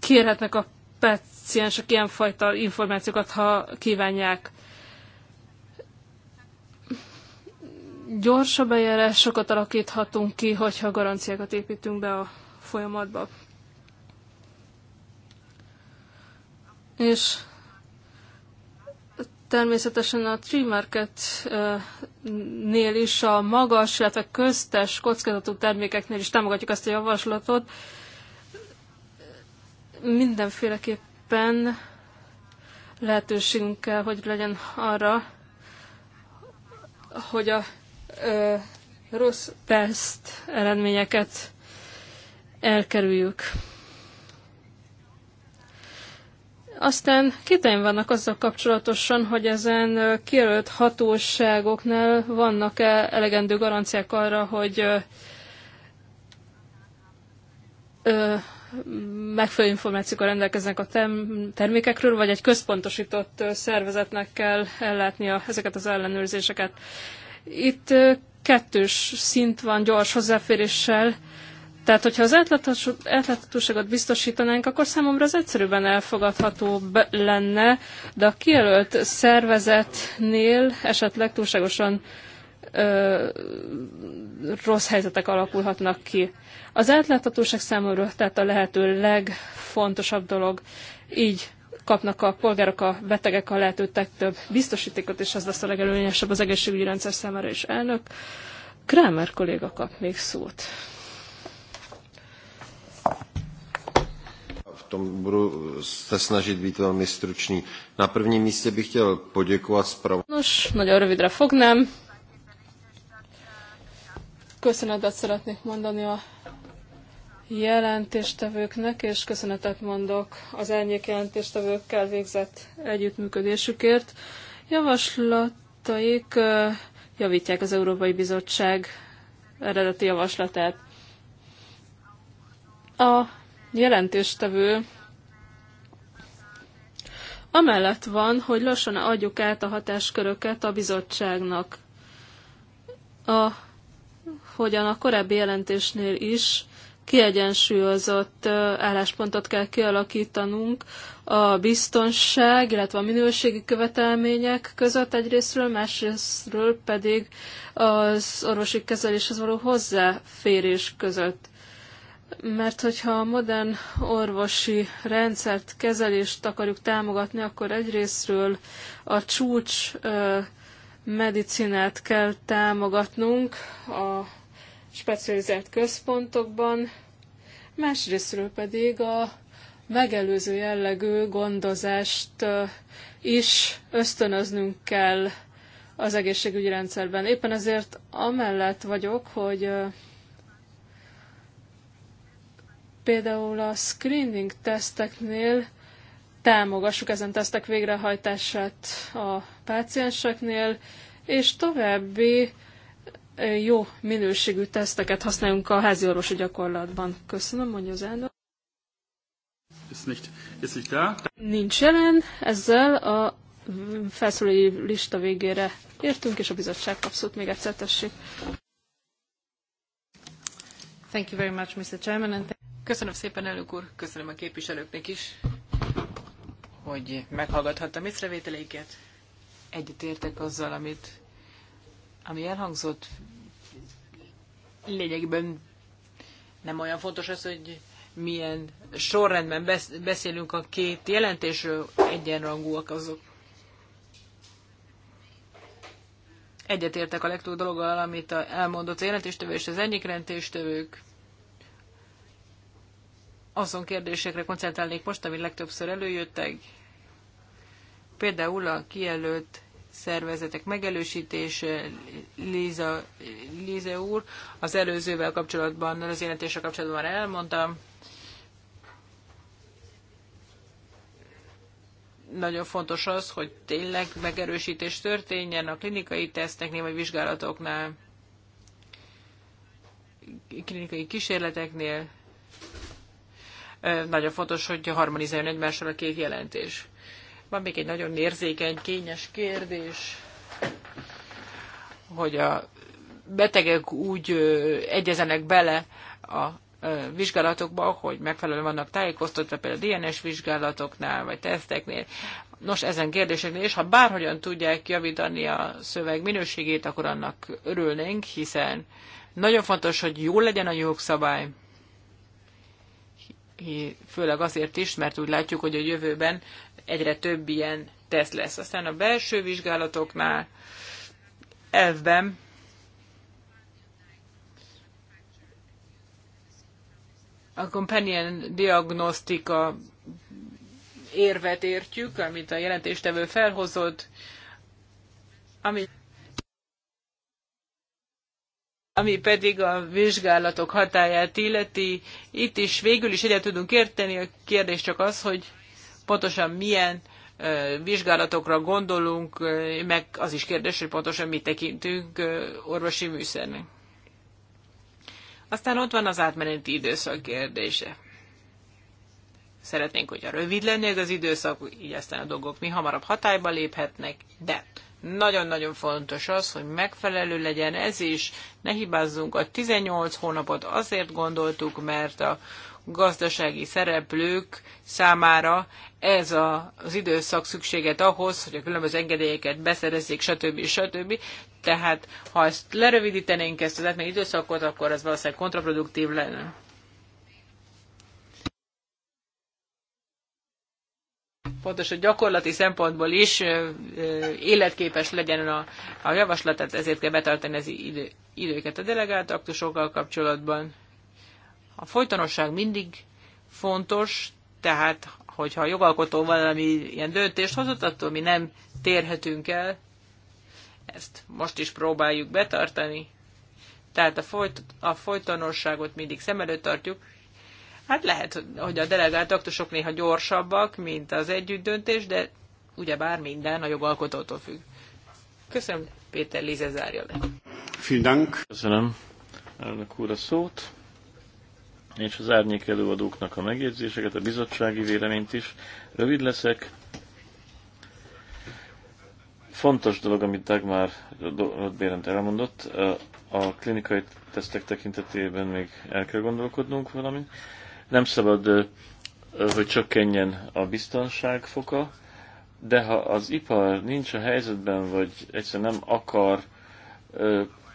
kérhetnek a paciensek ilyenfajta információkat, ha kívánják. Gyorsabb eljárásokat alakíthatunk ki, hogyha garanciákat építünk be a folyamatba. és természetesen a Tree Market-nél is a magas, illetve köztes kockázatú termékeknél is támogatjuk ezt a javaslatot. Mindenféleképpen lehetőségünk kell, hogy legyen arra, hogy a ö, rossz teszt eredményeket elkerüljük. Aztán kételjen vannak azzal kapcsolatosan, hogy ezen kijelölt hatóságoknál vannak-e elegendő garanciák arra, hogy megfelelő információkkal rendelkeznek a termékekről, vagy egy központosított szervezetnek kell ellátnia ezeket az ellenőrzéseket. Itt kettős szint van gyors hozzáféréssel, tehát, hogyha az átláthatóságot biztosítanánk, akkor számomra az egyszerűbben elfogadható lenne, de a kijelölt szervezetnél esetleg túlságosan ö, rossz helyzetek alakulhatnak ki. Az átláthatóság számomra tehát a lehető legfontosabb dolog. Így kapnak a polgárok, a betegek a lehető legtöbb biztosítékot, és ez lesz a legelőnyesebb az egészségügyi rendszer számára is elnök. Krámer kolléga kap még szót. tom budu se snažit být velmi stručný. Na prvním místě bych chtěl poděkovat zpravodaji. Nos, nagyon rövidre fognám. Köszönetet szeretnék mondani a jelentéstevőknek, és köszönetet mondok az elnyék jelentéstevőkkel végzett együttműködésükért. Javaslataik javítják az Európai Bizottság eredeti javaslatát. A jelentéstevő amellett van, hogy lassan adjuk át a hatásköröket a bizottságnak. A, hogyan a korábbi jelentésnél is kiegyensúlyozott álláspontot kell kialakítanunk a biztonság, illetve a minőségi követelmények között egyrésztről, másrésztről pedig az orvosi kezeléshez való hozzáférés között mert hogyha a modern orvosi rendszert, kezelést akarjuk támogatni, akkor egyrésztről a csúcs medicinát kell támogatnunk a specializált központokban, másrésztről pedig a megelőző jellegű gondozást is ösztönöznünk kell az egészségügyi rendszerben. Éppen ezért amellett vagyok, hogy Például a screening teszteknél támogassuk ezen tesztek végrehajtását a pácienseknél, és további jó minőségű teszteket használjunk a házi orvosi gyakorlatban. Köszönöm, mondja az elnök. Nincs jelen, ezzel a felszólói lista végére értünk, és a bizottság kapszót még egyszer tessék. Thank you very much, Mr. Chairman, and Köszönöm szépen, elnök úr, köszönöm a képviselőknek is, hogy meghallgathattam észrevételeiket. Egyetértek azzal, amit, ami elhangzott. Lényegben nem olyan fontos az, hogy milyen sorrendben beszélünk a két jelentésről, egyenrangúak azok. Egyetértek a legtöbb dologgal, amit elmondott a jelentéstevő és az egyik jelentéstevők azon kérdésekre koncentrálnék most, ami legtöbbször előjöttek. Például a kijelölt szervezetek megelősítése, Líza, Líze úr, az előzővel kapcsolatban, az jelentéssel kapcsolatban már elmondtam. Nagyon fontos az, hogy tényleg megerősítés történjen a klinikai teszteknél vagy vizsgálatoknál, klinikai kísérleteknél, nagyon fontos, hogy harmonizáljon egymással a két jelentés. Van még egy nagyon érzékeny, kényes kérdés, hogy a betegek úgy egyezenek bele a vizsgálatokba, hogy megfelelően vannak tájékoztatva, például DNS vizsgálatoknál, vagy teszteknél. Nos, ezen kérdéseknél, és ha bárhogyan tudják javítani a szöveg minőségét, akkor annak örülnénk, hiszen nagyon fontos, hogy jó legyen a jogszabály, főleg azért is, mert úgy látjuk, hogy a jövőben egyre több ilyen teszt lesz. Aztán a belső vizsgálatoknál elvben a companion diagnosztika érvet értjük, amit a jelentéstevő felhozott, amit ami pedig a vizsgálatok hatáját illeti, itt is végül is egyet tudunk érteni, a kérdés csak az, hogy pontosan milyen vizsgálatokra gondolunk, meg az is kérdés, hogy pontosan mit tekintünk orvosi műszernek. Aztán ott van az átmeneti időszak kérdése. Szeretnénk, hogyha rövid ez az időszak, így aztán a dolgok mi hamarabb hatályba léphetnek, de nagyon-nagyon fontos az, hogy megfelelő legyen ez is. Ne hibázzunk, a 18 hónapot azért gondoltuk, mert a gazdasági szereplők számára ez a, az időszak szükséget ahhoz, hogy a különböző engedélyeket beszerezzék, stb. stb. Tehát ha ezt lerövidítenénk ezt az átmeneti időszakot, akkor ez valószínűleg kontraproduktív lenne. fontos, hogy gyakorlati szempontból is életképes legyen a, a javaslat, tehát ezért kell betartani az idő, időket a delegált aktusokkal kapcsolatban. A folytonosság mindig fontos, tehát hogyha a jogalkotó valami ilyen döntést hozott, attól mi nem térhetünk el. Ezt most is próbáljuk betartani. Tehát a, folyt, a folytonosságot mindig szem előtt tartjuk, Hát lehet, hogy a delegált aktusok néha gyorsabbak, mint az együttdöntés, de ugyebár minden a jogalkotótól függ. Köszönöm, Péter Lize zárja le. Köszönöm elnök úr a szót, és az árnyék előadóknak a megjegyzéseket, a bizottsági véleményt is. Rövid leszek. Fontos dolog, amit Dagmar Bérent elmondott, a klinikai tesztek tekintetében még el kell gondolkodnunk valamit. Nem szabad, hogy csökkenjen a biztonság foka, de ha az ipar nincs a helyzetben, vagy egyszerűen nem akar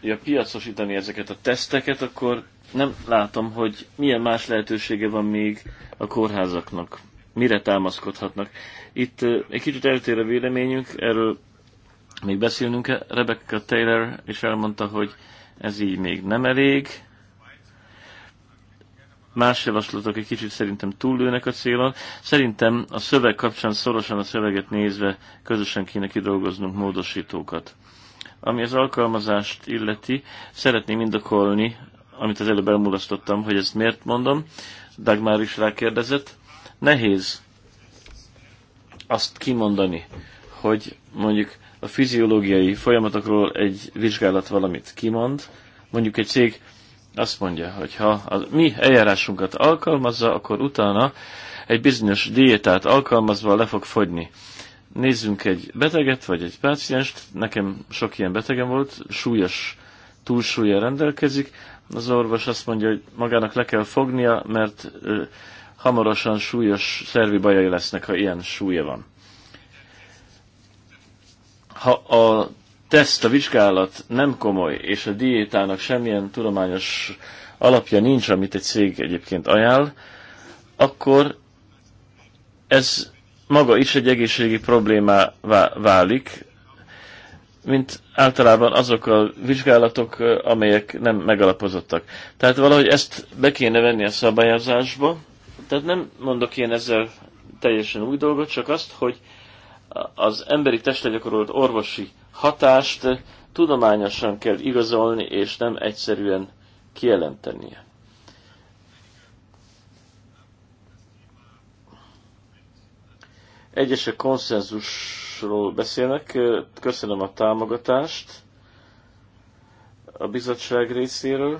ja, piacosítani ezeket a teszteket, akkor nem látom, hogy milyen más lehetősége van még a kórházaknak. Mire támaszkodhatnak. Itt egy kicsit eltér a véleményünk, erről még beszélnünk. Rebecca Taylor is elmondta, hogy ez így még nem elég más javaslatok egy kicsit szerintem túllőnek a célon. Szerintem a szöveg kapcsán szorosan a szöveget nézve közösen kéne kidolgoznunk módosítókat. Ami az alkalmazást illeti, szeretném indokolni, amit az előbb elmulasztottam, hogy ezt miért mondom. Dagmár is rákérdezett. Nehéz azt kimondani, hogy mondjuk a fiziológiai folyamatokról egy vizsgálat valamit kimond, mondjuk egy cég azt mondja, hogy ha a mi eljárásunkat alkalmazza, akkor utána egy bizonyos diétát alkalmazva le fog fogyni. Nézzünk egy beteget, vagy egy pácienst, nekem sok ilyen betegem volt, súlyos túlsúlya rendelkezik, az orvos azt mondja, hogy magának le kell fognia, mert ö, hamarosan súlyos szervi bajai lesznek, ha ilyen súlya van. Ha a teszt, a vizsgálat nem komoly, és a diétának semmilyen tudományos alapja nincs, amit egy cég egyébként ajánl, akkor ez maga is egy egészségi problémá válik, mint általában azok a vizsgálatok, amelyek nem megalapozottak. Tehát valahogy ezt be kéne venni a szabályozásba. Tehát nem mondok én ezzel teljesen új dolgot, csak azt, hogy az emberi testre gyakorolt orvosi hatást tudományosan kell igazolni, és nem egyszerűen kijelentenie. Egyesek konszenzusról beszélnek, köszönöm a támogatást a bizottság részéről.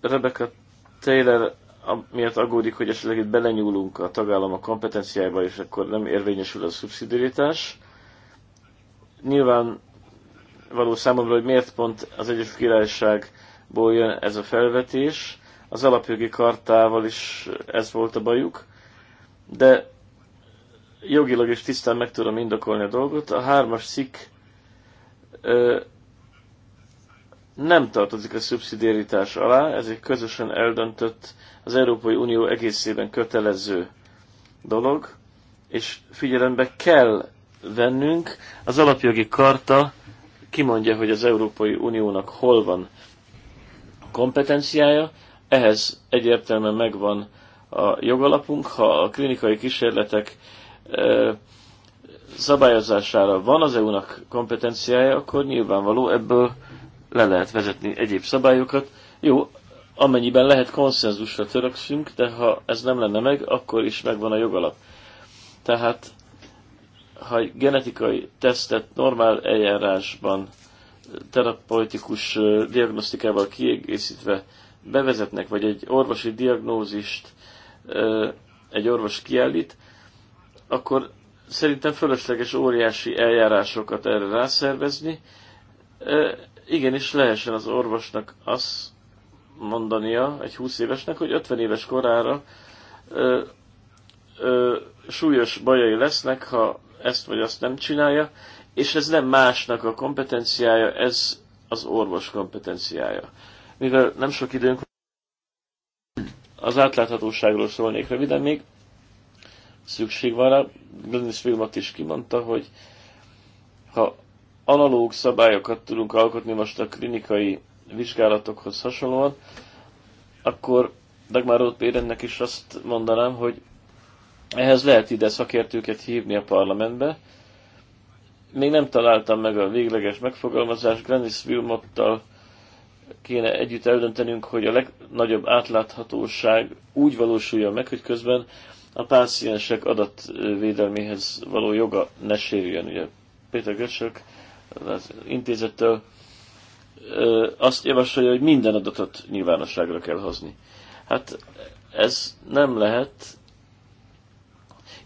Rebecca Taylor miatt aggódik, hogy esetleg itt belenyúlunk a tagállamok kompetenciájába, és akkor nem érvényesül a szubszidiaritás. Nyilván való számomra, hogy miért pont az Egyes Királyságból jön ez a felvetés. Az alapjogi kartával is ez volt a bajuk, de jogilag is tisztán meg tudom indokolni a dolgot. A hármas cikk nem tartozik a szubszidiaritás alá, ez egy közösen eldöntött, az Európai Unió egészében kötelező dolog, és figyelembe kell vennünk, az alapjogi karta kimondja, hogy az Európai Uniónak hol van kompetenciája, ehhez egyértelműen megvan a jogalapunk, ha a klinikai kísérletek szabályozására van az EU-nak kompetenciája, akkor nyilvánvaló ebből le lehet vezetni egyéb szabályokat. Jó, amennyiben lehet konszenzusra törökszünk, de ha ez nem lenne meg, akkor is megvan a jogalap. Tehát, ha genetikai tesztet normál eljárásban, terapeutikus diagnosztikával kiegészítve bevezetnek, vagy egy orvosi diagnózist egy orvos kiállít, akkor szerintem fölösleges óriási eljárásokat erre rászervezni igenis lehessen az orvosnak azt mondania egy 20 évesnek, hogy 50 éves korára ö, ö, súlyos bajai lesznek, ha ezt vagy azt nem csinálja, és ez nem másnak a kompetenciája, ez az orvos kompetenciája. Mivel nem sok időnk az átláthatóságról szólnék röviden még, szükség van rá. Glennis Wilmot is kimondta, hogy ha analóg szabályokat tudunk alkotni most a klinikai vizsgálatokhoz hasonlóan, akkor Dagmar Roth Bérennek is azt mondanám, hogy ehhez lehet ide szakértőket hívni a parlamentbe. Még nem találtam meg a végleges megfogalmazást, Glenis Wilmottal kéne együtt eldöntenünk, hogy a legnagyobb átláthatóság úgy valósuljon meg, hogy közben a páciensek adatvédelméhez való joga ne sérüljön. Ugye Péter Göcsök az intézettől azt javasolja, hogy minden adatot nyilvánosságra kell hozni. Hát ez nem lehet,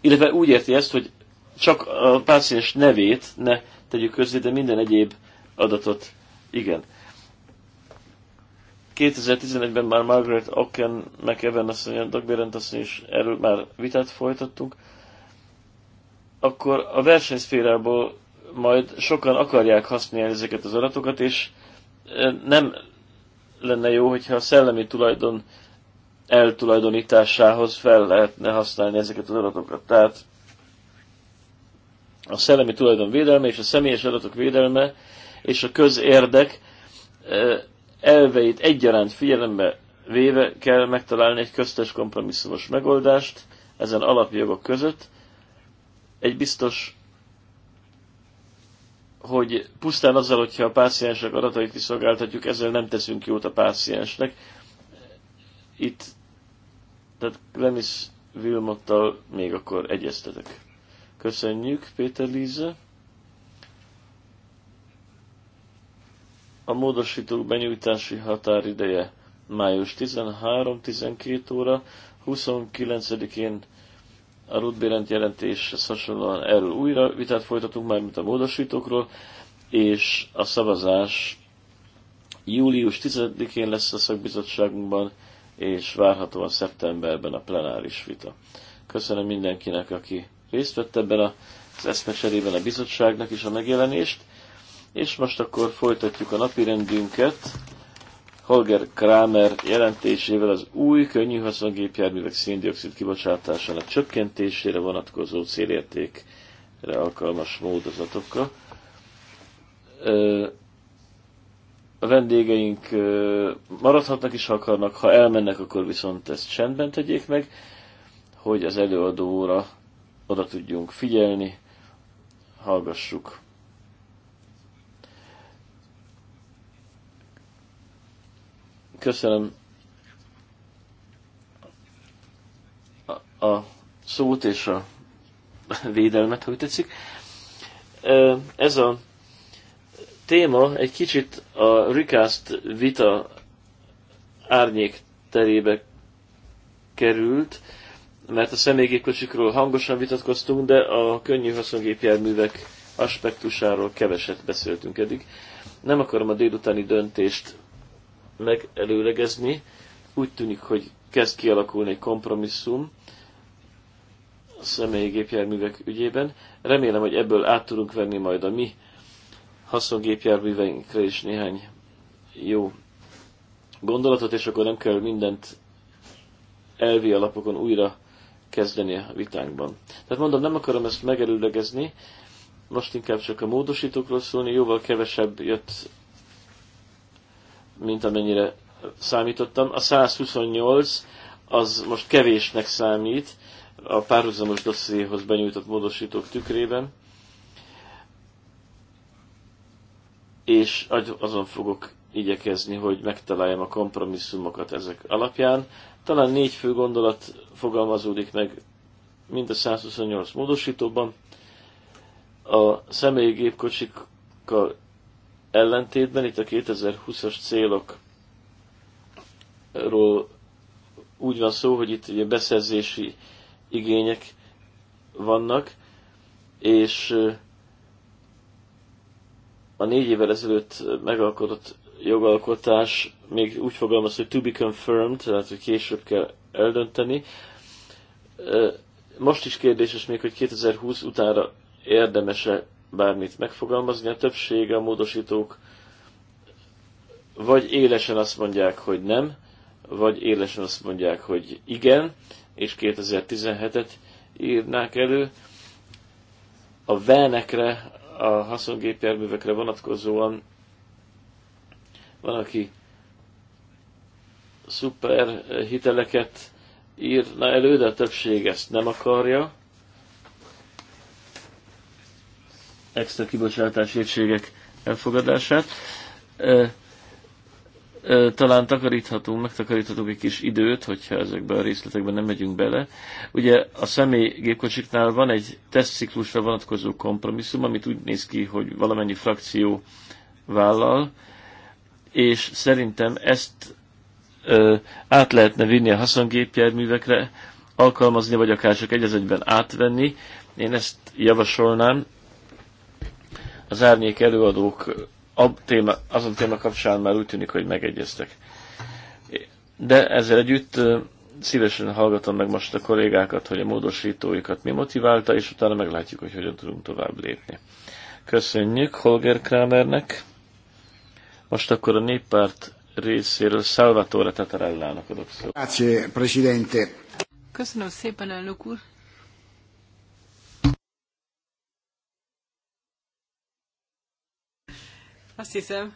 illetve úgy érti ezt, hogy csak a páciens nevét ne tegyük közé, de minden egyéb adatot igen. 2011-ben már Margaret Ocken, McEwen asszony, Doug Berent asszony is erről már vitát folytattunk, akkor a versenyszférából majd sokan akarják használni ezeket az adatokat, és nem lenne jó, hogyha a szellemi tulajdon eltulajdonításához fel lehetne használni ezeket az adatokat. Tehát a szellemi tulajdon védelme és a személyes adatok védelme és a közérdek elveit egyaránt figyelembe véve kell megtalálni egy köztes kompromisszumos megoldást ezen alapjogok között. Egy biztos hogy pusztán azzal, hogyha a páciensek adatait kiszolgáltatjuk, ezzel nem teszünk jót a páciensnek. Itt, tehát Glenis Vilmottal még akkor egyeztetek. Köszönjük, Péter Líze. A módosítók benyújtási határideje május 13-12 óra, 29-én a Rudbérent jelentés hasonlóan erről újra vitát folytatunk, már mint a módosítókról, és a szavazás július 10-én lesz a szakbizottságunkban, és várhatóan szeptemberben a plenáris vita. Köszönöm mindenkinek, aki részt vett ebben az eszmecserében, a bizottságnak is a megjelenést, és most akkor folytatjuk a rendünket. Holger Kramer jelentésével az új könnyű haszongépjárművek széndiokszid kibocsátásának csökkentésére vonatkozó célértékre alkalmas módozatokkal. A vendégeink maradhatnak is, ha akarnak, ha elmennek, akkor viszont ezt csendben tegyék meg, hogy az előadóra oda tudjunk figyelni, hallgassuk Köszönöm a szót és a védelmet, ha úgy tetszik. Ez a téma egy kicsit a Rikászt vita árnyék terébe került, mert a személygépkocsikról hangosan vitatkoztunk, de a könnyű haszongépjárművek aspektusáról keveset beszéltünk eddig. Nem akarom a délutáni döntést megelőlegezni. Úgy tűnik, hogy kezd kialakulni egy kompromisszum a személyi gépjárművek ügyében. Remélem, hogy ebből át tudunk venni majd a mi haszongépjárműveinkre is néhány jó gondolatot, és akkor nem kell mindent elvi alapokon újra kezdeni a vitánkban. Tehát mondom, nem akarom ezt megelőlegezni, most inkább csak a módosítókról szólni, jóval kevesebb jött mint amennyire számítottam. A 128 az most kevésnek számít a párhuzamos dossziéhoz benyújtott módosítók tükrében, és azon fogok igyekezni, hogy megtaláljam a kompromisszumokat ezek alapján. Talán négy fő gondolat fogalmazódik meg mind a 128 módosítóban. A személygépkocsikkal ellentétben itt a 2020-as célokról úgy van szó, hogy itt ugye beszerzési igények vannak, és a négy évvel ezelőtt megalkotott jogalkotás még úgy fogalmaz, hogy to be confirmed, tehát hogy később kell eldönteni. Most is kérdéses még, hogy 2020 utára érdemese bármit megfogalmazni. A többség a módosítók vagy élesen azt mondják, hogy nem, vagy élesen azt mondják, hogy igen, és 2017-et írnák elő. A venekre, a haszongépjárművekre vonatkozóan van, aki szuper hiteleket írna elő, de a többség ezt nem akarja. extra kibocsátási egységek elfogadását. Talán takaríthatunk, megtakaríthatunk egy kis időt, hogyha ezekben a részletekben nem megyünk bele. Ugye a személygépkocsiknál van egy tesztciklusra vonatkozó kompromisszum, amit úgy néz ki, hogy valamennyi frakció vállal, és szerintem ezt ö, át lehetne vinni a haszongépjárművekre, alkalmazni, vagy akár csak egy egyben átvenni. Én ezt javasolnám, az árnyék előadók azon téma kapcsán már úgy tűnik, hogy megegyeztek. De ezzel együtt szívesen hallgatom meg most a kollégákat, hogy a módosítóikat mi motiválta, és utána meglátjuk, hogy hogyan tudunk tovább lépni. Köszönjük Holger Kramernek. Most akkor a néppárt részéről Salvatore Tatarellának adok szó. Köszönöm szépen, elnök úr. Azt hiszem,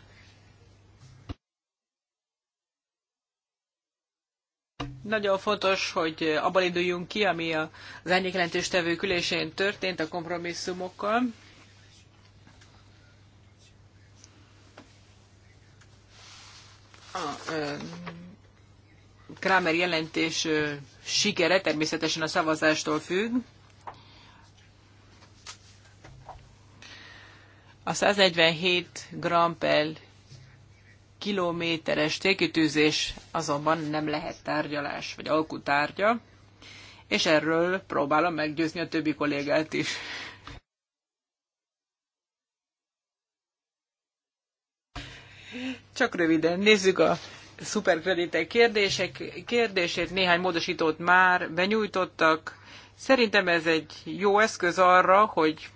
nagyon fontos, hogy abban induljunk ki, ami az jelentős tevő ülésén történt a kompromisszumokkal. A Kramer jelentés sikere természetesen a szavazástól függ. A 147 g per kilométeres tékütőzés azonban nem lehet tárgyalás vagy alkutárgya, és erről próbálom meggyőzni a többi kollégát is. Csak röviden nézzük a szuperkreditek kérdések, kérdését. Néhány módosítót már benyújtottak. Szerintem ez egy jó eszköz arra, hogy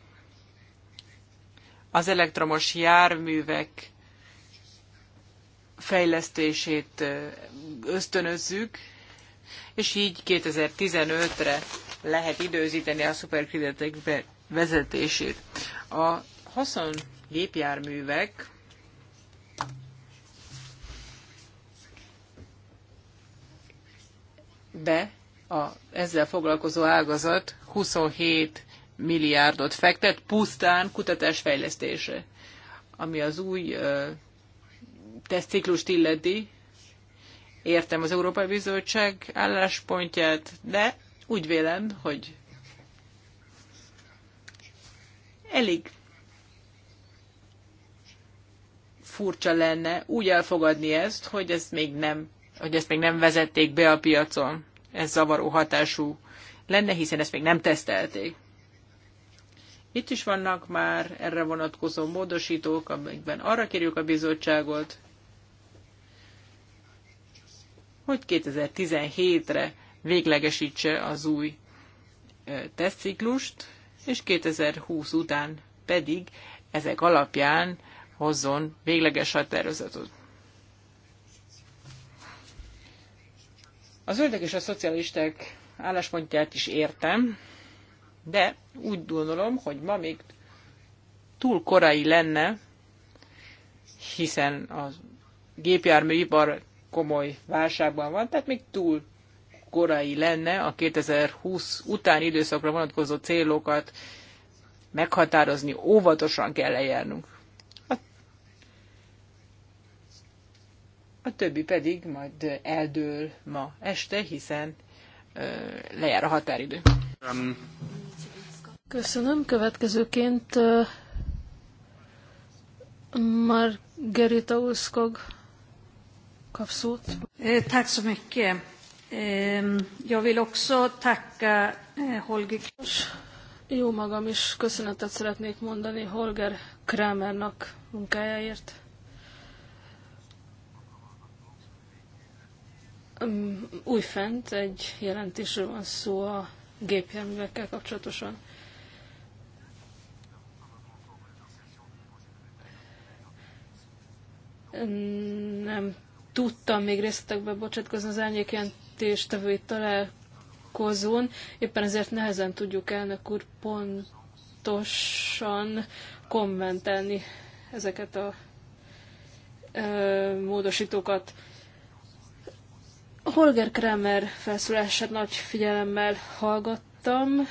az elektromos járművek fejlesztését ösztönözzük, és így 2015-re lehet időzíteni a szuperkreditek vezetését. A haszon gépjárművek be a ezzel foglalkozó ágazat 27 milliárdot fektet pusztán fejlesztése, ami az új tesztciklust illeti. Értem az Európai Bizottság álláspontját, de úgy vélem, hogy elég furcsa lenne úgy elfogadni ezt, hogy ezt még nem, hogy ezt még nem vezették be a piacon. Ez zavaró hatású lenne, hiszen ezt még nem tesztelték. Itt is vannak már erre vonatkozó módosítók, amikben arra kérjük a bizottságot, hogy 2017-re véglegesítse az új tesztciklust, és 2020 után pedig ezek alapján hozzon végleges határozatot. A zöldek és a szocialisták álláspontját is értem, de úgy gondolom, hogy ma még túl korai lenne, hiszen a gépjárműipar komoly válságban van, tehát még túl korai lenne a 2020 utáni időszakra vonatkozó célokat meghatározni, óvatosan kell eljárnunk. A, a többi pedig majd eldől ma este, hiszen ö, lejár a határidő. Um. Köszönöm. Következőként Margarita Uskog kap szót. Eh, tack så mycket. Ehm, jag vill också tacka eh, Holger Jó magam is köszönetet szeretnék mondani Holger Kramernak munkájáért. Újfent egy jelentésről van szó a gépjárművekkel kapcsolatosan. nem tudtam még részletekbe bocsátkozni az árnyékjelentéstevői találkozón, éppen ezért nehezen tudjuk elnök úr pontosan kommentelni ezeket a ö, módosítókat. Holger Kramer felszólását nagy figyelemmel hallgattam,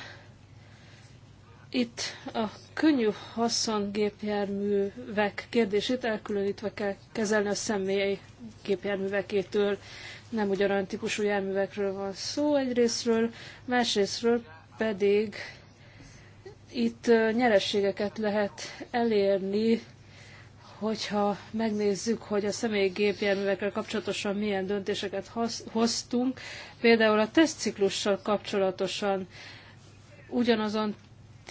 itt a könnyű haszongépjárművek kérdését elkülönítve kell kezelni a személyi gépjárművekétől. Nem ugyanolyan típusú járművekről van szó egyrésztről, másrésztről pedig itt nyerességeket lehet elérni, hogyha megnézzük, hogy a személyi gépjárművekkel kapcsolatosan milyen döntéseket hoztunk, például a tesztciklussal kapcsolatosan ugyanazon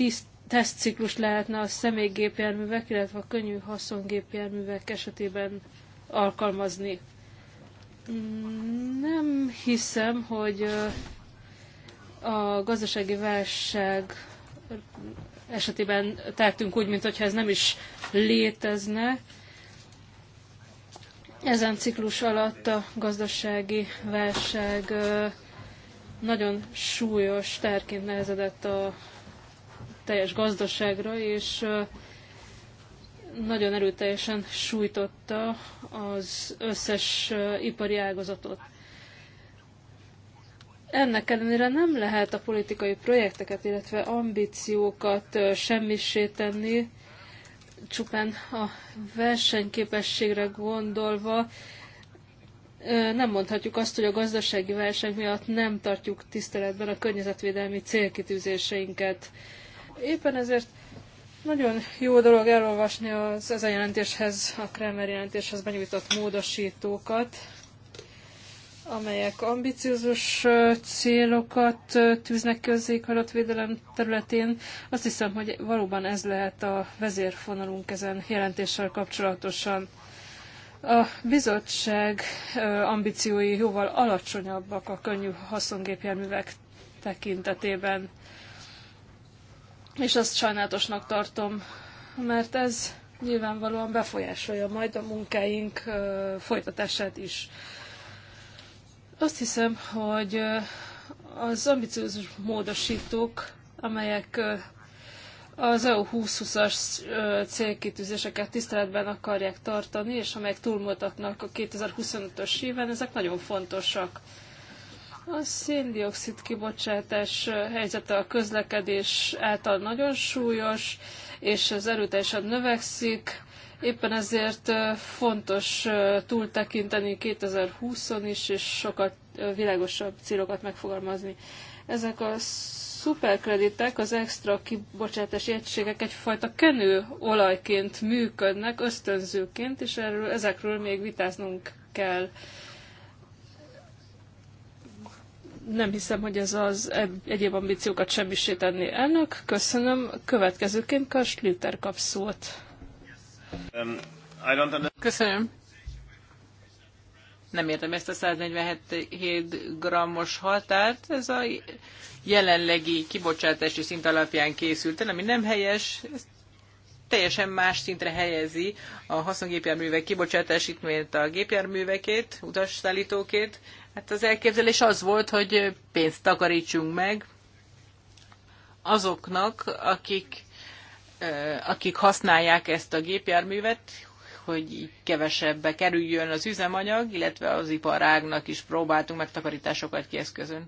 tiszt, tesztciklus lehetne a személygépjárművek, illetve a könnyű haszongépjárművek esetében alkalmazni. Mm, nem hiszem, hogy a gazdasági válság esetében tettünk úgy, mintha ez nem is létezne. Ezen ciklus alatt a gazdasági válság nagyon súlyos terként nehezedett a teljes gazdaságra, és nagyon erőteljesen sújtotta az összes ipari ágazatot. Ennek ellenére nem lehet a politikai projekteket, illetve ambíciókat semmisé tenni, csupán a versenyképességre gondolva, nem mondhatjuk azt, hogy a gazdasági verseny miatt nem tartjuk tiszteletben a környezetvédelmi célkitűzéseinket. Éppen ezért nagyon jó dolog elolvasni az ez a jelentéshez, a Kramer jelentéshez benyújtott módosítókat, amelyek ambiciózus célokat tűznek közé az védelem területén. Azt hiszem, hogy valóban ez lehet a vezérfonalunk ezen jelentéssel kapcsolatosan. A bizottság ambíciói jóval alacsonyabbak a könnyű haszongépjárművek tekintetében és azt sajnálatosnak tartom, mert ez nyilvánvalóan befolyásolja majd a munkáink folytatását is. Azt hiszem, hogy az ambiciózus módosítók, amelyek az EU 2020-as célkitűzéseket tiszteletben akarják tartani, és amelyek túlmutatnak a 2025-ös éven, ezek nagyon fontosak. A széndiokszid kibocsátás helyzete a közlekedés által nagyon súlyos, és az erőteljesen növekszik. Éppen ezért fontos túltekinteni 2020-on is, és sokat világosabb célokat megfogalmazni. Ezek a szuperkreditek, az extra kibocsátási egységek egyfajta kenő olajként működnek, ösztönzőként, és erről, ezekről még vitáznunk kell nem hiszem, hogy ez az egyéb ambíciókat semmisé tenni. Elnök, köszönöm. Következőként Kars Lüter kap szót. Um, köszönöm. Nem értem ezt a 147 grammos határt. Ez a jelenlegi kibocsátási szint alapján készült el, ami nem helyes. Ez teljesen más szintre helyezi a haszongépjárművek kibocsátásit, mint a gépjárművekét, utasszállítókét. Hát az elképzelés az volt, hogy pénzt takarítsunk meg azoknak, akik, akik használják ezt a gépjárművet, hogy kevesebbe kerüljön az üzemanyag, illetve az iparágnak is próbáltunk meg takarításokat kieszközön.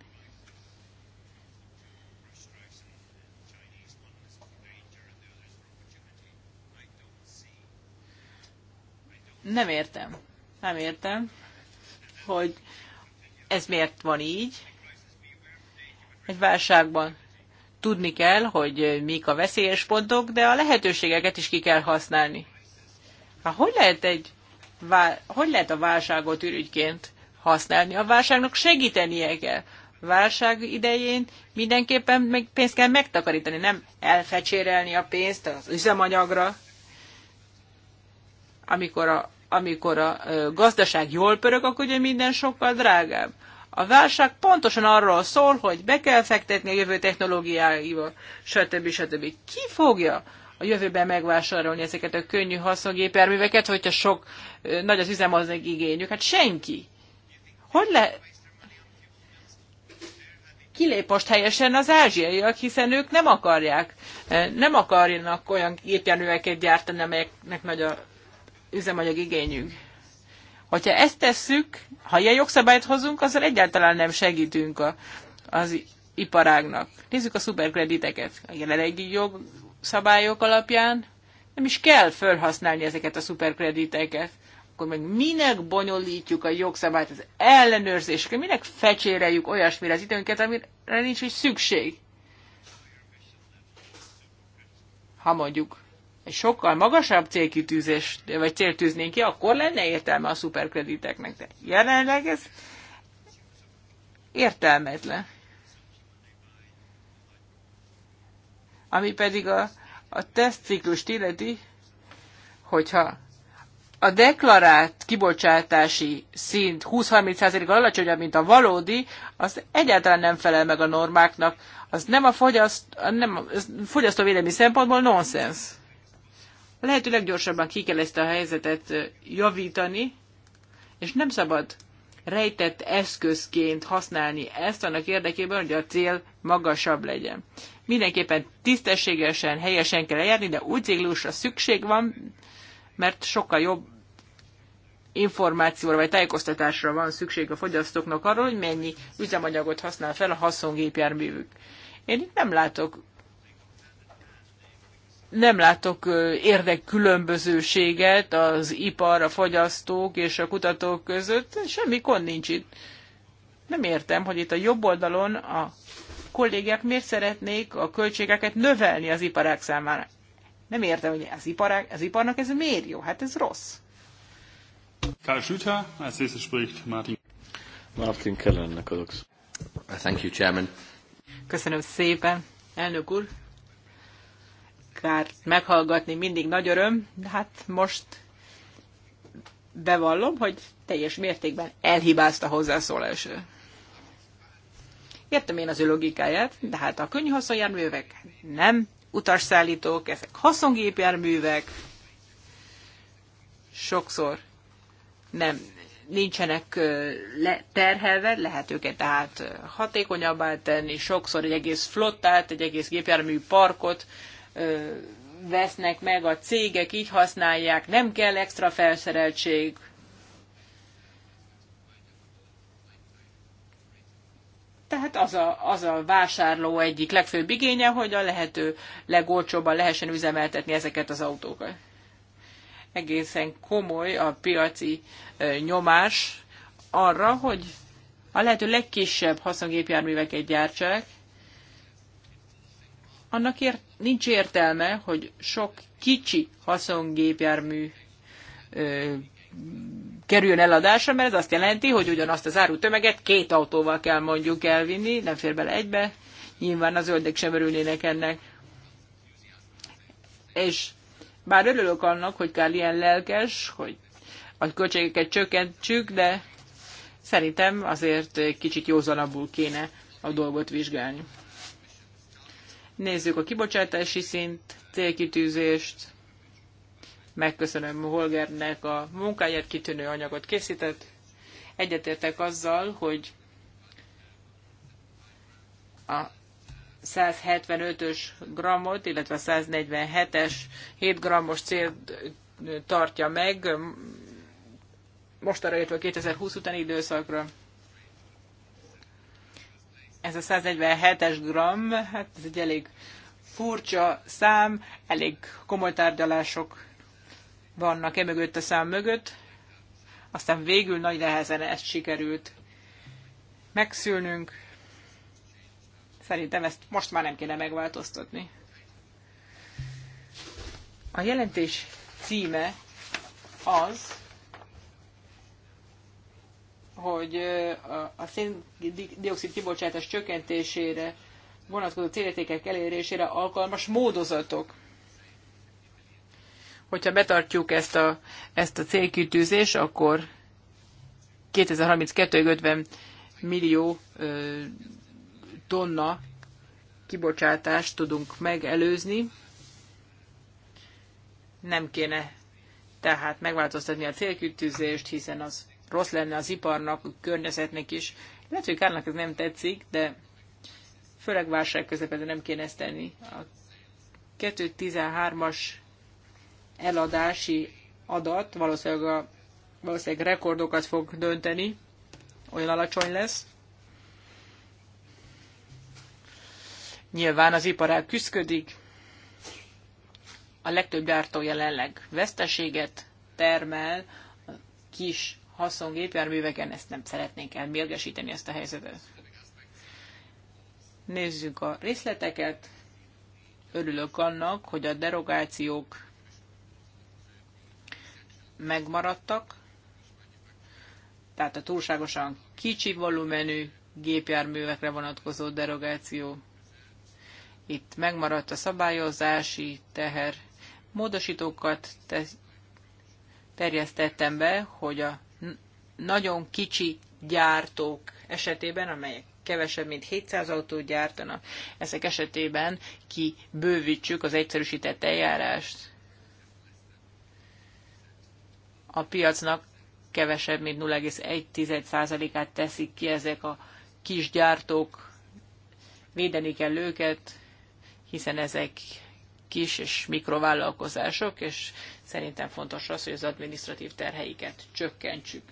Nem értem. Nem értem, hogy ez miért van így? Egy válságban tudni kell, hogy mik a veszélyes pontok, de a lehetőségeket is ki kell használni. Ha hogy lehet egy hogy lehet a válságot ürügyként használni? A válságnak segítenie kell. Válság idején mindenképpen meg pénzt kell megtakarítani, nem elfecsérelni a pénzt az üzemanyagra. Amikor a amikor a gazdaság jól pörög, akkor ugye minden sokkal drágább. A válság pontosan arról szól, hogy be kell fektetni a jövő technológiáival, stb. stb. Ki fogja a jövőben megvásárolni ezeket a könnyű haszongéperműveket, hogyha sok nagy az üzemaznak igényük? Hát senki. Hogy le... Kilép most helyesen az ázsiaiak, hiszen ők nem akarják, nem akarjanak olyan gépjárműveket gyártani, amelyeknek nagy a üzemanyag igényünk. Hogyha ezt tesszük, ha ilyen jogszabályt hozunk, azzal egyáltalán nem segítünk a, az iparágnak. Nézzük a szuperkrediteket. A jelenlegi jogszabályok alapján nem is kell felhasználni ezeket a szuperkrediteket. Akkor meg minek bonyolítjuk a jogszabályt az ellenőrzésre, minek fecséreljük olyasmire az időnket, amire nincs is szükség. Ha mondjuk egy sokkal magasabb célkitűzés, vagy céltűznénk ki, akkor lenne értelme a szuperkrediteknek. De jelenleg ez értelmetlen. Ami pedig a, a tesztciklust illeti, hogyha a deklarált kibocsátási szint 20-30%-kal alacsonyabb, mint a valódi, az egyáltalán nem felel meg a normáknak. Az nem a, fogyaszt, nem a fogyasztóvédelmi szempontból nonsens lehetőleg gyorsabban ki kell ezt a helyzetet javítani, és nem szabad rejtett eszközként használni ezt annak érdekében, hogy a cél magasabb legyen. Mindenképpen tisztességesen, helyesen kell eljárni, de úgy céglusra szükség van, mert sokkal jobb információra vagy tájékoztatásra van szükség a fogyasztóknak arról, hogy mennyi üzemanyagot használ fel a haszongépjárművük. Én itt nem látok nem látok érdekkülönbözőséget az ipar, a fogyasztók és a kutatók között, semmi kon nincs itt. Nem értem, hogy itt a jobb oldalon a kollégák miért szeretnék a költségeket növelni az iparák számára. Nem értem, hogy az, iparák, az iparnak ez miért jó, hát ez rossz. Karl Schüter, als nächstes spricht Martin. Martin Kellennek adok. Thank you, Chairman. Köszönöm szépen, elnök úr kritikárt meghallgatni mindig nagy öröm, de hát most bevallom, hogy teljes mértékben elhibázta hozzászólás. Értem én az ő logikáját, de hát a könnyű haszonjárművek nem utasszállítók, ezek haszongépjárművek, sokszor nem nincsenek le, terhelve, lehet őket tehát hatékonyabbá tenni, sokszor egy egész flottát, egy egész gépjármű parkot vesznek meg a cégek, így használják, nem kell extra felszereltség. Tehát az a, az a vásárló egyik legfőbb igénye, hogy a lehető legolcsóbban lehessen üzemeltetni ezeket az autókat. Egészen komoly a piaci nyomás arra, hogy a lehető legkisebb haszongépjárműveket gyártsák, annak ér, nincs értelme, hogy sok kicsi haszongépjármű ö, kerüljön eladásra, mert ez azt jelenti, hogy ugyanazt az áru tömeget két autóval kell mondjuk elvinni, nem fér bele egybe, nyilván az zöldek sem örülnének ennek. És bár örülök annak, hogy kell ilyen lelkes, hogy a költségeket csökkentsük, de szerintem azért kicsit józanabbul kéne a dolgot vizsgálni. Nézzük a kibocsátási szint, célkitűzést. Megköszönöm Holgernek a munkáját, kitűnő anyagot készített. Egyetértek azzal, hogy a 175-ös grammot, illetve 147-es 7 grammos célt tartja meg, most arra illetve 2020 utáni időszakra ez a 147-es gram, hát ez egy elég furcsa szám, elég komoly tárgyalások vannak e mögött a szám mögött. Aztán végül nagy nehezen ezt sikerült megszülnünk. Szerintem ezt most már nem kéne megváltoztatni. A jelentés címe az, hogy a széndiokszid kibocsátás csökkentésére vonatkozó célértékek elérésére alkalmas módozatok. Hogyha betartjuk ezt a, ezt a célkitűzést, akkor 2032 50 millió ö, tonna kibocsátást tudunk megelőzni. Nem kéne tehát megváltoztatni a célkitűzést, hiszen az rossz lenne az iparnak, a környezetnek is. Lehet, hogy Kárnak ez nem tetszik, de főleg válság közepette nem kéne ezt tenni. A 2013-as eladási adat valószínűleg, a, valószínűleg rekordokat fog dönteni, olyan alacsony lesz. Nyilván az iparág küzdködik, a legtöbb gyártó jelenleg veszteséget termel, a kis haszongépjárműveken, ezt nem szeretnénk elmérgesíteni ezt a helyzetet. Nézzük a részleteket. Örülök annak, hogy a derogációk megmaradtak, tehát a túlságosan kicsi volumenű gépjárművekre vonatkozó derogáció. Itt megmaradt a szabályozási teher. Módosítókat te- terjesztettem be, hogy a nagyon kicsi gyártók esetében, amelyek kevesebb, mint 700 autót gyártanak, ezek esetében kibővítsük az egyszerűsített eljárást. A piacnak kevesebb, mint 0,1%-át teszik ki ezek a kis gyártók. Védeni kell őket, hiszen ezek kis és mikrovállalkozások, és szerintem fontos az, hogy az adminisztratív terheiket csökkentsük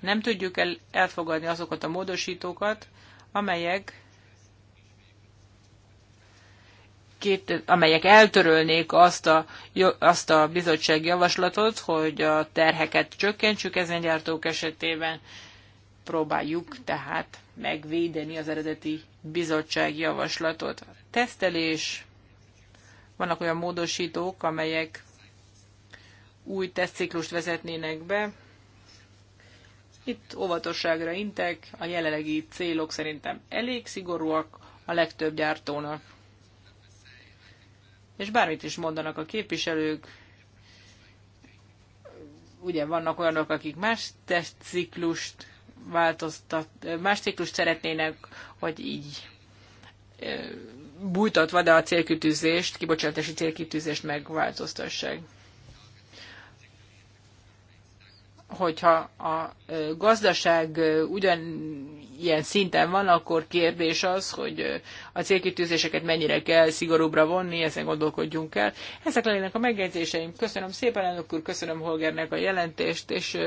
nem tudjuk el, elfogadni azokat a módosítókat, amelyek két, amelyek eltörölnék azt a, azt a bizottság javaslatot, hogy a terheket csökkentsük ezen gyártók esetében. Próbáljuk tehát megvédeni az eredeti bizottság javaslatot. Tesztelés. Vannak olyan módosítók, amelyek új tesztciklust vezetnének be, itt óvatosságra intek, a jelenlegi célok szerintem elég szigorúak a legtöbb gyártónak. És bármit is mondanak a képviselők, ugye vannak olyanok, akik más testciklust változtat, más ciklust szeretnének, hogy így bújtatva, de a célkütűzést, kibocsátási célkütűzést megváltoztassák. hogyha a gazdaság ilyen szinten van, akkor kérdés az, hogy a célkitűzéseket mennyire kell szigorúbbra vonni, ezen gondolkodjunk el. Ezek lennének a megjegyzéseim. Köszönöm szépen, elnök úr, köszönöm Holgernek a jelentést, és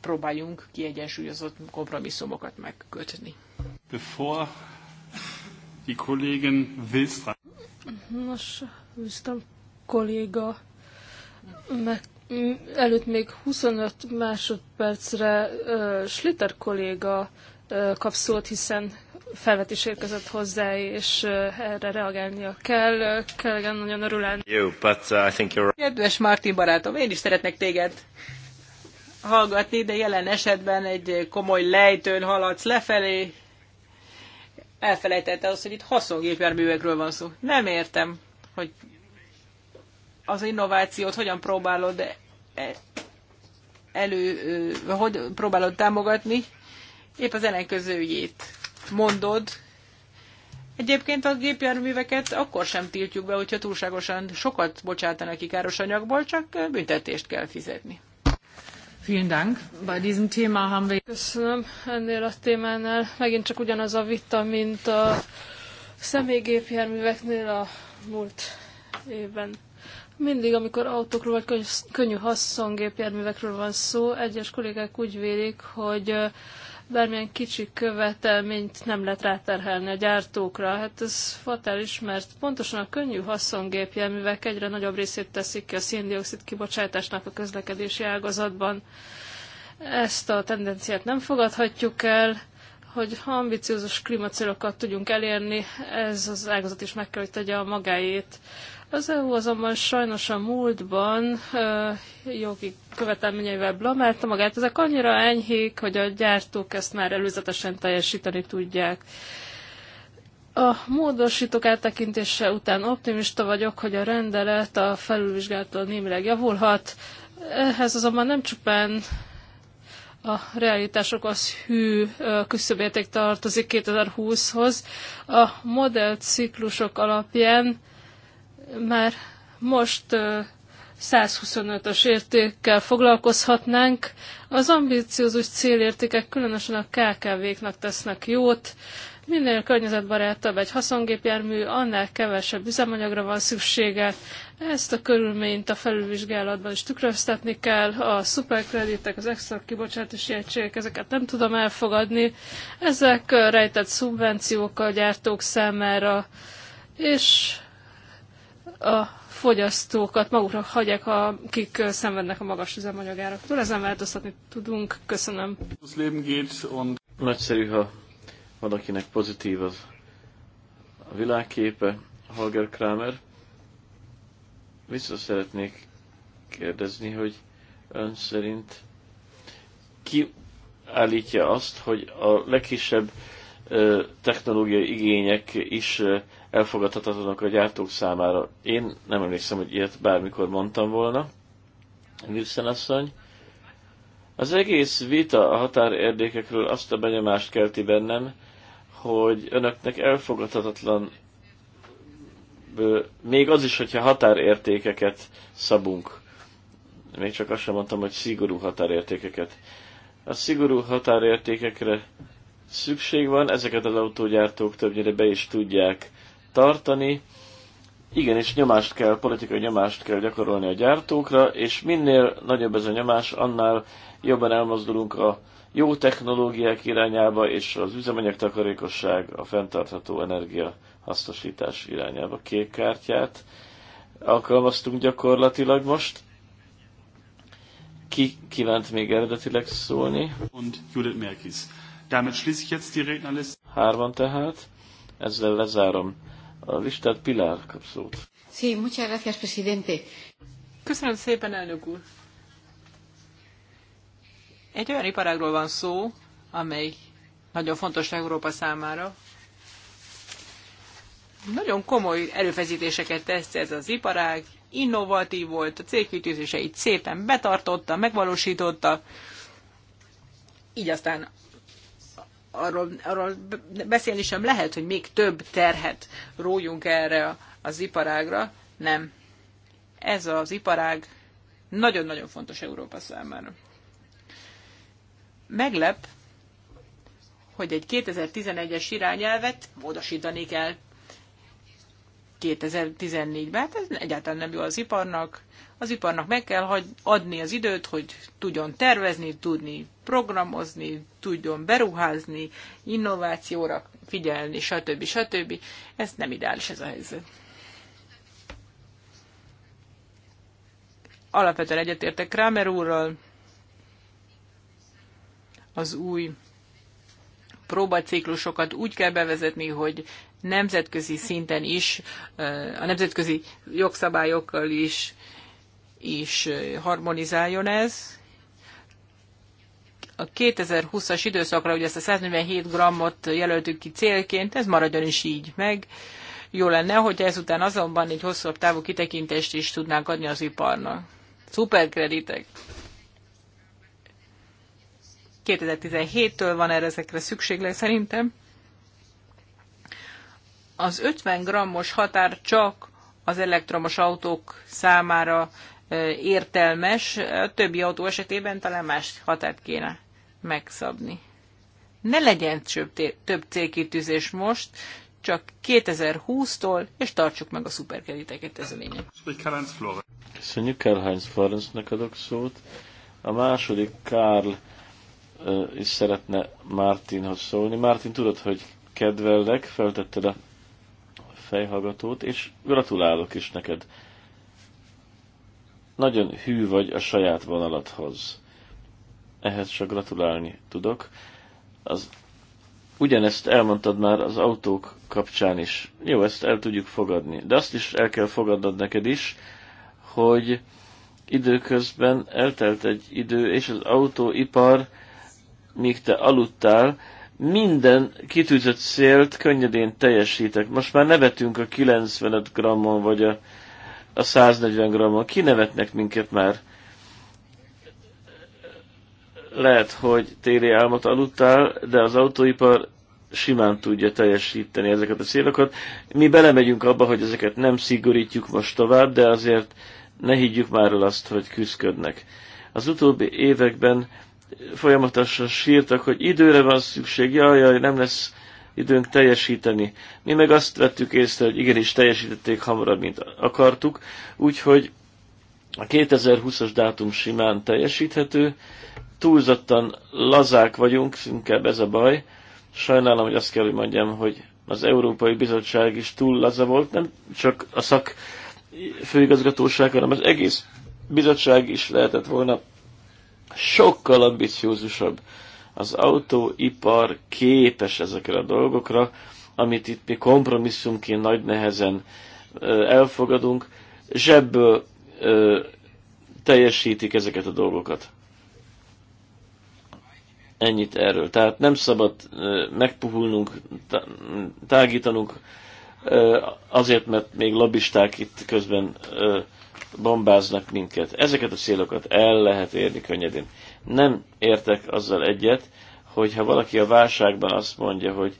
próbáljunk kiegyensúlyozott kompromisszumokat megkötni. Bevor die Kollegen Wilstra. Nos, Wilstra kolléga meg Mm, előtt még 25 másodpercre uh, Schlitter kolléga uh, kap szót, hiszen felvetés érkezett hozzá, és uh, erre reagálnia kell. Kellegen nagyon örülen. You, but, uh, I think you're... Kedves Martin barátom, én is szeretnek téged hallgatni, de jelen esetben egy komoly lejtőn haladsz lefelé. Elfelejtette azt, hogy itt haszongépjárművekről van szó. Nem értem, hogy az innovációt hogyan próbálod e-, elő, hogy próbálod támogatni, épp az ellenkezőjét mondod. Egyébként a gépjárműveket akkor sem tiltjuk be, hogyha túlságosan sokat bocsátanak ki káros anyagból, csak büntetést kell fizetni. Köszönöm. Ennél a témánál megint csak ugyanaz a vita, mint a személygépjárműveknél a múlt évben. Mindig, amikor autókról vagy könnyű haszongépjárművekről van szó, egyes kollégák úgy vélik, hogy bármilyen kicsi követelményt nem lehet ráterhelni a gyártókra. Hát ez fatális, mert pontosan a könnyű haszongépjárművek egyre nagyobb részét teszik ki a széndiokszid kibocsátásnak a közlekedési ágazatban. Ezt a tendenciát nem fogadhatjuk el, hogy ha ambiciózus klímacélokat tudjunk elérni, ez az ágazat is meg kell, hogy tegye a magáét. Az EU azonban sajnos a múltban jogi követelményeivel blamálta magát. Ezek annyira enyhék, hogy a gyártók ezt már előzetesen teljesíteni tudják. A módosítók áttekintése után optimista vagyok, hogy a rendelet a felülvizsgálattal némileg javulhat. Ehhez azonban nem csupán a az hű küszöbérték tartozik 2020-hoz. A modellciklusok alapján már most 125-ös értékkel foglalkozhatnánk. Az ambíciózus célértékek különösen a KKV-knak tesznek jót. Minél környezetbarátabb egy haszongépjármű, annál kevesebb üzemanyagra van szüksége. Ezt a körülményt a felülvizsgálatban is tükröztetni kell. A szuperkreditek, az extra kibocsátási egységek, ezeket nem tudom elfogadni. Ezek rejtett szubvenciók a gyártók számára, és a fogyasztókat magukra hagyják, akik szenvednek a magas üzemanyagáraktól. Ezen változtatni tudunk. Köszönöm. Nagyszerű, ha valakinek pozitív az a világképe, Holger Kramer. Vissza szeretnék kérdezni, hogy ön szerint ki állítja azt, hogy a legkisebb technológiai igények is elfogadhatatlanok a gyártók számára. Én nem emlékszem, hogy ilyet bármikor mondtam volna. Nilsen asszony. Az egész vita a határérdékekről azt a benyomást kelti bennem, hogy önöknek elfogadhatatlan még az is, hogyha határértékeket szabunk. Még csak azt sem mondtam, hogy szigorú határértékeket. A szigorú határértékekre szükség van, ezeket az autógyártók többnyire be is tudják tartani, igenis nyomást kell, politikai nyomást kell gyakorolni a gyártókra, és minél nagyobb ez a nyomás, annál jobban elmozdulunk a jó technológiák irányába, és az üzemanyag takarékosság, a fenntartható energia hasznosítás irányába. Kék kártyát alkalmaztunk gyakorlatilag most. Ki kívánt még eredetileg szólni? Und Judith Merkis. Damit schließe ich jetzt die Rednerliste. Hárman tehát. Ezzel lezárom a listát Pilár kap szót. Sí, muchas gracias, presidente. Köszönöm szépen, elnök úr. Egy olyan iparágról van szó, amely nagyon fontos Európa számára. Nagyon komoly erőfeszítéseket tesz ez az iparág, innovatív volt, a cégkütőzéseit szépen betartotta, megvalósította, így aztán arról, arról beszélni sem lehet, hogy még több terhet rójunk erre az iparágra. Nem. Ez az iparág nagyon-nagyon fontos Európa számára. Meglep, hogy egy 2011-es irányelvet módosítani kell 2014-ben. Hát ez egyáltalán nem jó az iparnak, az iparnak meg kell adni az időt, hogy tudjon tervezni, tudni programozni, tudjon beruházni, innovációra figyelni, stb. stb. Ez nem ideális ez a helyzet. Alapvetően egyetértek Kramer úrral, az új próbaciklusokat úgy kell bevezetni, hogy nemzetközi szinten is, a nemzetközi jogszabályokkal is is harmonizáljon ez. A 2020-as időszakra ugye ezt a 147 grammot jelöltük ki célként, ez maradjon is így meg. Jó lenne, hogy ezután azonban egy hosszabb távú kitekintést is tudnánk adni az iparnak. Szuperkreditek! 2017-től van erre ezekre le, szerintem. Az 50 grammos határ csak az elektromos autók számára értelmes, a többi autó esetében talán más határt kéne megszabni. Ne legyen több célkitűzés most, csak 2020-tól, és tartsuk meg a szuperkeríteket ez a lényeg. Köszönjük Karl-Heinz Florence-nek adok szót. A második Karl is szeretne Mártinhoz szólni. Mártin, tudod, hogy kedvellek, feltetted a fejhallgatót, és gratulálok is neked nagyon hű vagy a saját vonalathoz. Ehhez csak gratulálni tudok. Az, ugyanezt elmondtad már az autók kapcsán is. Jó, ezt el tudjuk fogadni. De azt is el kell fogadnod neked is, hogy időközben eltelt egy idő, és az autóipar, míg te aludtál, minden kitűzött célt könnyedén teljesítek. Most már nevetünk a 95 grammon vagy a a 140 grammal. Kinevetnek minket már. Lehet, hogy téli álmat aludtál, de az autóipar simán tudja teljesíteni ezeket a célokat. Mi belemegyünk abba, hogy ezeket nem szigorítjuk most tovább, de azért ne higgyük már el azt, hogy küzdködnek. Az utóbbi években folyamatosan sírtak, hogy időre van szükség, jaj, jaj, nem lesz időnk teljesíteni. Mi meg azt vettük észre, hogy igenis teljesítették hamarabb, mint akartuk, úgyhogy a 2020-as dátum simán teljesíthető, túlzottan lazák vagyunk, inkább ez a baj. Sajnálom, hogy azt kell, hogy mondjam, hogy az Európai Bizottság is túl laza volt, nem csak a szak főigazgatóság, hanem az egész bizottság is lehetett volna sokkal ambiciózusabb. Az autóipar képes ezekre a dolgokra, amit itt mi kompromisszumként nagy nehezen elfogadunk, zsebből teljesítik ezeket a dolgokat. Ennyit erről. Tehát nem szabad megpuhulnunk, tágítanunk, azért, mert még lobbisták itt közben bombáznak minket. Ezeket a célokat el lehet érni könnyedén. Nem értek azzal egyet, hogy ha valaki a válságban azt mondja, hogy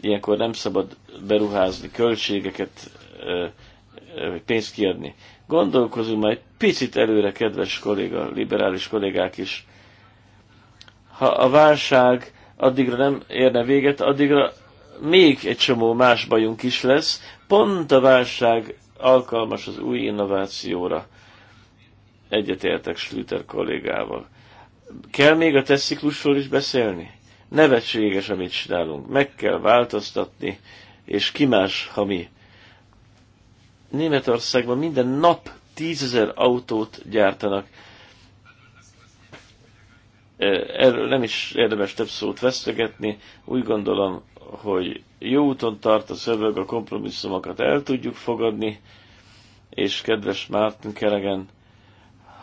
ilyenkor nem szabad beruházni, költségeket, pénzt kiadni. Gondolkozunk majd picit előre, kedves kolléga, liberális kollégák is. Ha a válság addigra nem érne véget, addigra még egy csomó más bajunk is lesz. Pont a válság alkalmas az új innovációra. Egyetértek Schlüter kollégával. Kell még a tesztciklusról is beszélni? Nevetséges, amit csinálunk. Meg kell változtatni, és ki más, ha mi. Németországban minden nap tízezer autót gyártanak. Erről nem is érdemes több szót vesztegetni. Úgy gondolom, hogy jó úton tart a szöveg, a kompromisszumokat el tudjuk fogadni, és kedves Márton Keregen,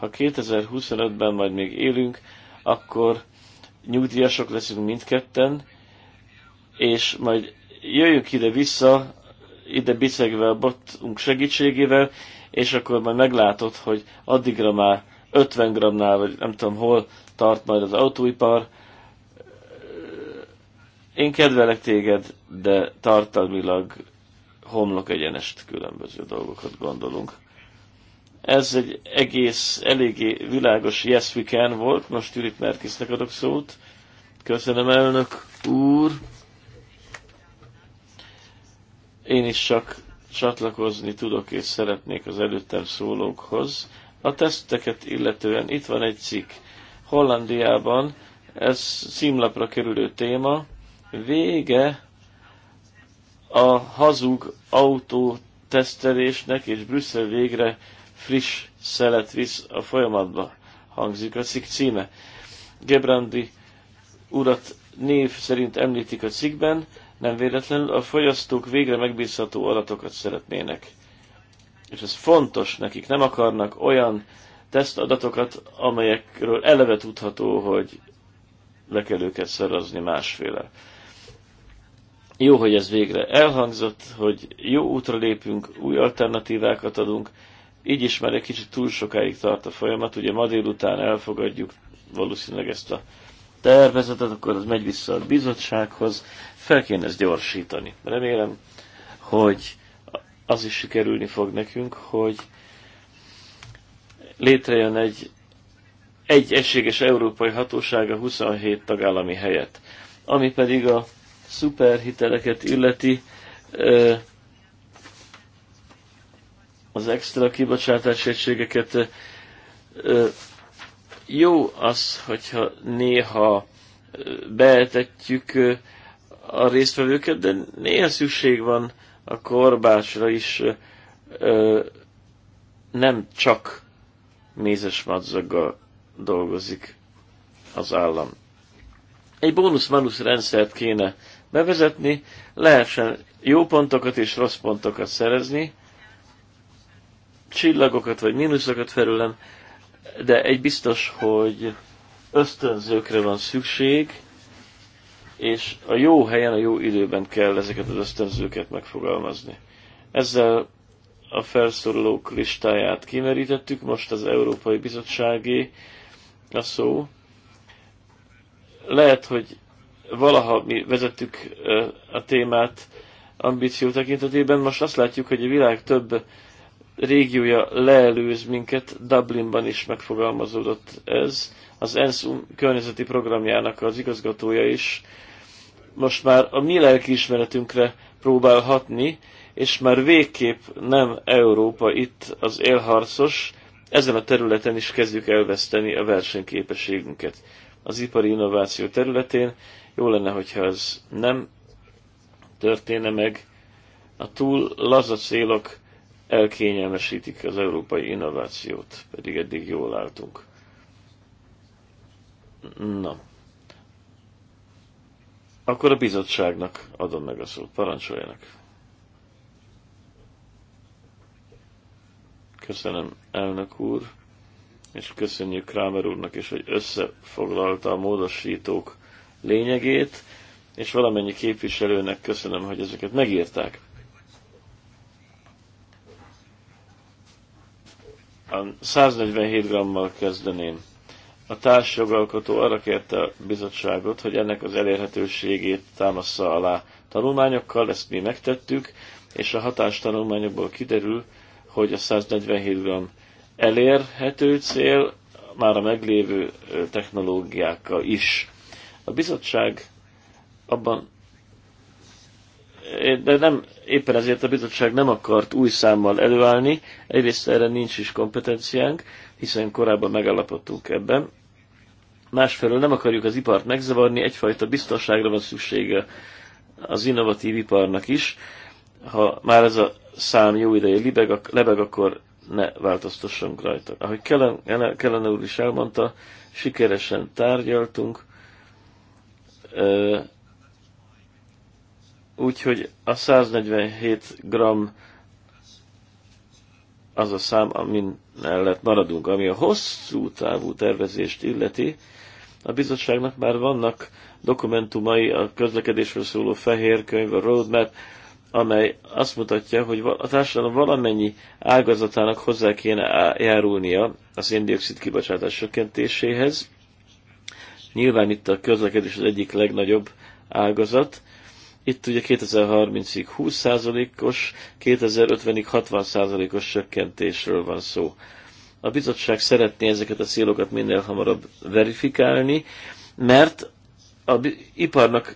ha 2025-ben majd még élünk, akkor nyugdíjasok leszünk mindketten, és majd jöjjünk ide-vissza, ide bicegve a botunk segítségével, és akkor majd meglátod, hogy addigra már 50 gramnál, vagy nem tudom hol tart majd az autóipar. Én kedvelek téged, de tartalmilag homlok egyenest különböző dolgokat gondolunk. Ez egy egész, eléggé világos yes we can volt, most Judit Merkisnek adok szót. Köszönöm elnök úr. Én is csak csatlakozni tudok és szeretnék az előttem szólókhoz. A teszteket illetően itt van egy cikk. Hollandiában ez címlapra kerülő téma. Vége a hazug autó tesztelésnek, és Brüsszel végre friss szelet visz a folyamatba, hangzik a cikk címe. Gebrandi urat név szerint említik a cikkben, nem véletlenül a fogyasztók végre megbízható adatokat szeretnének. És ez fontos nekik, nem akarnak olyan tesztadatokat, amelyekről eleve tudható, hogy le kell őket szerezni másféle. Jó, hogy ez végre elhangzott, hogy jó útra lépünk, új alternatívákat adunk, így is már egy kicsit túl sokáig tart a folyamat, ugye ma délután elfogadjuk valószínűleg ezt a tervezetet, akkor az megy vissza a bizottsághoz, fel kéne ezt gyorsítani. Remélem, hogy az is sikerülni fog nekünk, hogy létrejön egy, egy egységes európai hatóság a 27 tagállami helyett. Ami pedig a szuperhiteleket illeti, az extra kibocsátás egységeket. Jó az, hogyha néha beetetjük a résztvevőket, de néha szükség van a korbácsra is, nem csak mézes madzaggal dolgozik az állam. Egy bónusz-manusz rendszert kéne bevezetni, lehessen jó pontokat és rossz pontokat szerezni, csillagokat vagy mínuszokat felülem, de egy biztos, hogy ösztönzőkre van szükség, és a jó helyen, a jó időben kell ezeket az ösztönzőket megfogalmazni. Ezzel a felszorulók listáját kimerítettük, most az Európai Bizottságé a szó. Lehet, hogy valaha mi vezettük a témát ambíció tekintetében, most azt látjuk, hogy a világ több régiója leelőz minket, Dublinban is megfogalmazódott ez. Az ENSZ környezeti programjának az igazgatója is most már a mi lelkiismeretünkre próbál hatni, és már végképp nem Európa itt az élharcos, ezen a területen is kezdjük elveszteni a versenyképességünket. Az ipari innováció területén jó lenne, hogyha ez nem történne meg. A túl laza célok elkényelmesítik az európai innovációt, pedig eddig jól álltunk. Na. Akkor a bizottságnak adom meg a szót. Parancsoljanak. Köszönöm, elnök úr, és köszönjük Krámer úrnak is, hogy összefoglalta a módosítók lényegét, és valamennyi képviselőnek köszönöm, hogy ezeket megírták. 147 grammal kezdeném. A társjogalkotó arra kérte a bizottságot, hogy ennek az elérhetőségét támassza alá tanulmányokkal, ezt mi megtettük, és a hatástanulmányokból kiderül, hogy a 147 gram elérhető cél már a meglévő technológiákkal is. A bizottság abban de nem éppen ezért a bizottság nem akart új számmal előállni, egyrészt erre nincs is kompetenciánk, hiszen korábban megállapodtunk ebben. Másfelől nem akarjuk az ipart megzavarni, egyfajta biztonságra van szüksége az innovatív iparnak is. Ha már ez a szám jó ideje libeg, lebeg, akkor ne változtassunk rajta. Ahogy Kellen, úr is elmondta, sikeresen tárgyaltunk, Úgyhogy a 147 g az a szám, amin mellett maradunk. Ami a hosszú távú tervezést illeti, a bizottságnak már vannak dokumentumai, a közlekedésről szóló fehér könyv, a roadmap, amely azt mutatja, hogy a társadalom valamennyi ágazatának hozzá kéne járulnia a széndiokszid kibocsátás csökkentéséhez. Nyilván itt a közlekedés az egyik legnagyobb ágazat, itt ugye 2030-ig 20%-os, 2050-ig 60%-os csökkentésről van szó. A bizottság szeretné ezeket a célokat minél hamarabb verifikálni, mert a iparnak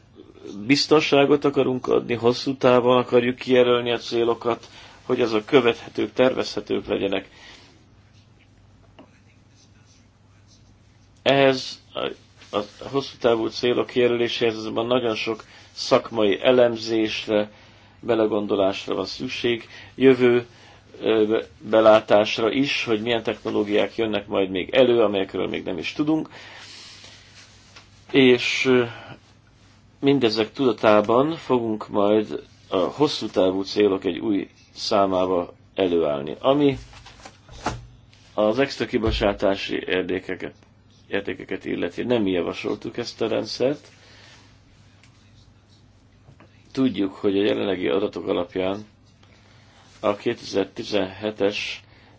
biztonságot akarunk adni, hosszú távon akarjuk kijelölni a célokat, hogy azok követhetők, tervezhetők legyenek. Ehhez a, a hosszú távú célok jelöléséhez azonban nagyon sok szakmai elemzésre, belegondolásra van szükség, jövő belátásra is, hogy milyen technológiák jönnek majd még elő, amelyekről még nem is tudunk. És mindezek tudatában fogunk majd a hosszú távú célok egy új számába előállni, ami az extra kibocsátási értékeket, értékeket illeti. Nem mi javasoltuk ezt a rendszert, tudjuk, hogy a jelenlegi adatok alapján a 2017-es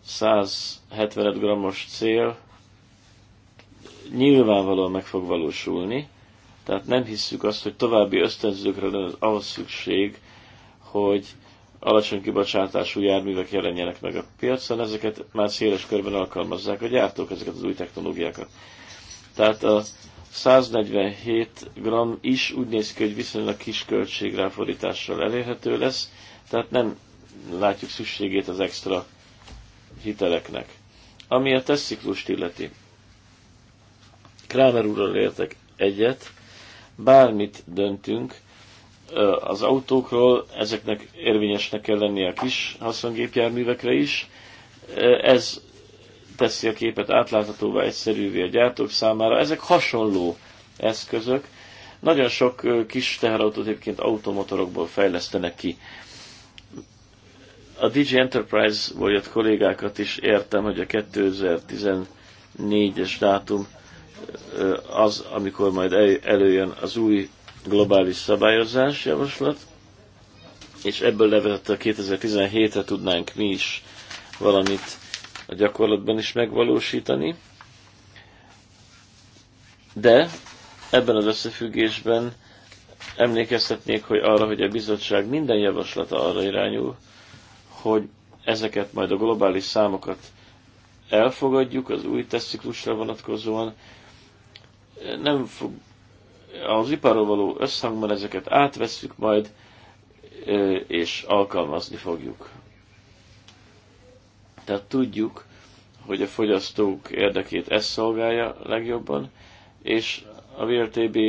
175 g-os cél nyilvánvalóan meg fog valósulni, tehát nem hisszük azt, hogy további ösztönzőkre lenne ahhoz szükség, hogy alacsony kibocsátású járművek jelenjenek meg a piacon, ezeket már széles körben alkalmazzák a gyártók, ezeket az új technológiákat. Tehát a 147 g is úgy néz ki, hogy viszonylag kis ráfordítással elérhető lesz, tehát nem látjuk szükségét az extra hiteleknek. Ami a tesziklust illeti, Kramer úrral értek egyet, bármit döntünk, az autókról, ezeknek érvényesnek kell lennie a kis haszongépjárművekre is. Ez teszi a képet átláthatóvá, egyszerűvé a gyártók számára. Ezek hasonló eszközök. Nagyon sok kis teherautót egyébként automotorokból fejlesztenek ki. A DJ Enterprise-ból jött kollégákat is értem, hogy a 2014-es dátum az, amikor majd előjön az új globális szabályozás javaslat, és ebből levetett a 2017-re tudnánk mi is valamit a gyakorlatban is megvalósítani. De ebben az összefüggésben emlékeztetnék hogy arra, hogy a bizottság minden javaslata arra irányul, hogy ezeket majd a globális számokat elfogadjuk az új tesztciklusra vonatkozóan. Nem fog, az iparról való összhangban ezeket átveszük majd, és alkalmazni fogjuk. Tehát tudjuk, hogy a fogyasztók érdekét ez szolgálja legjobban, és a VLTB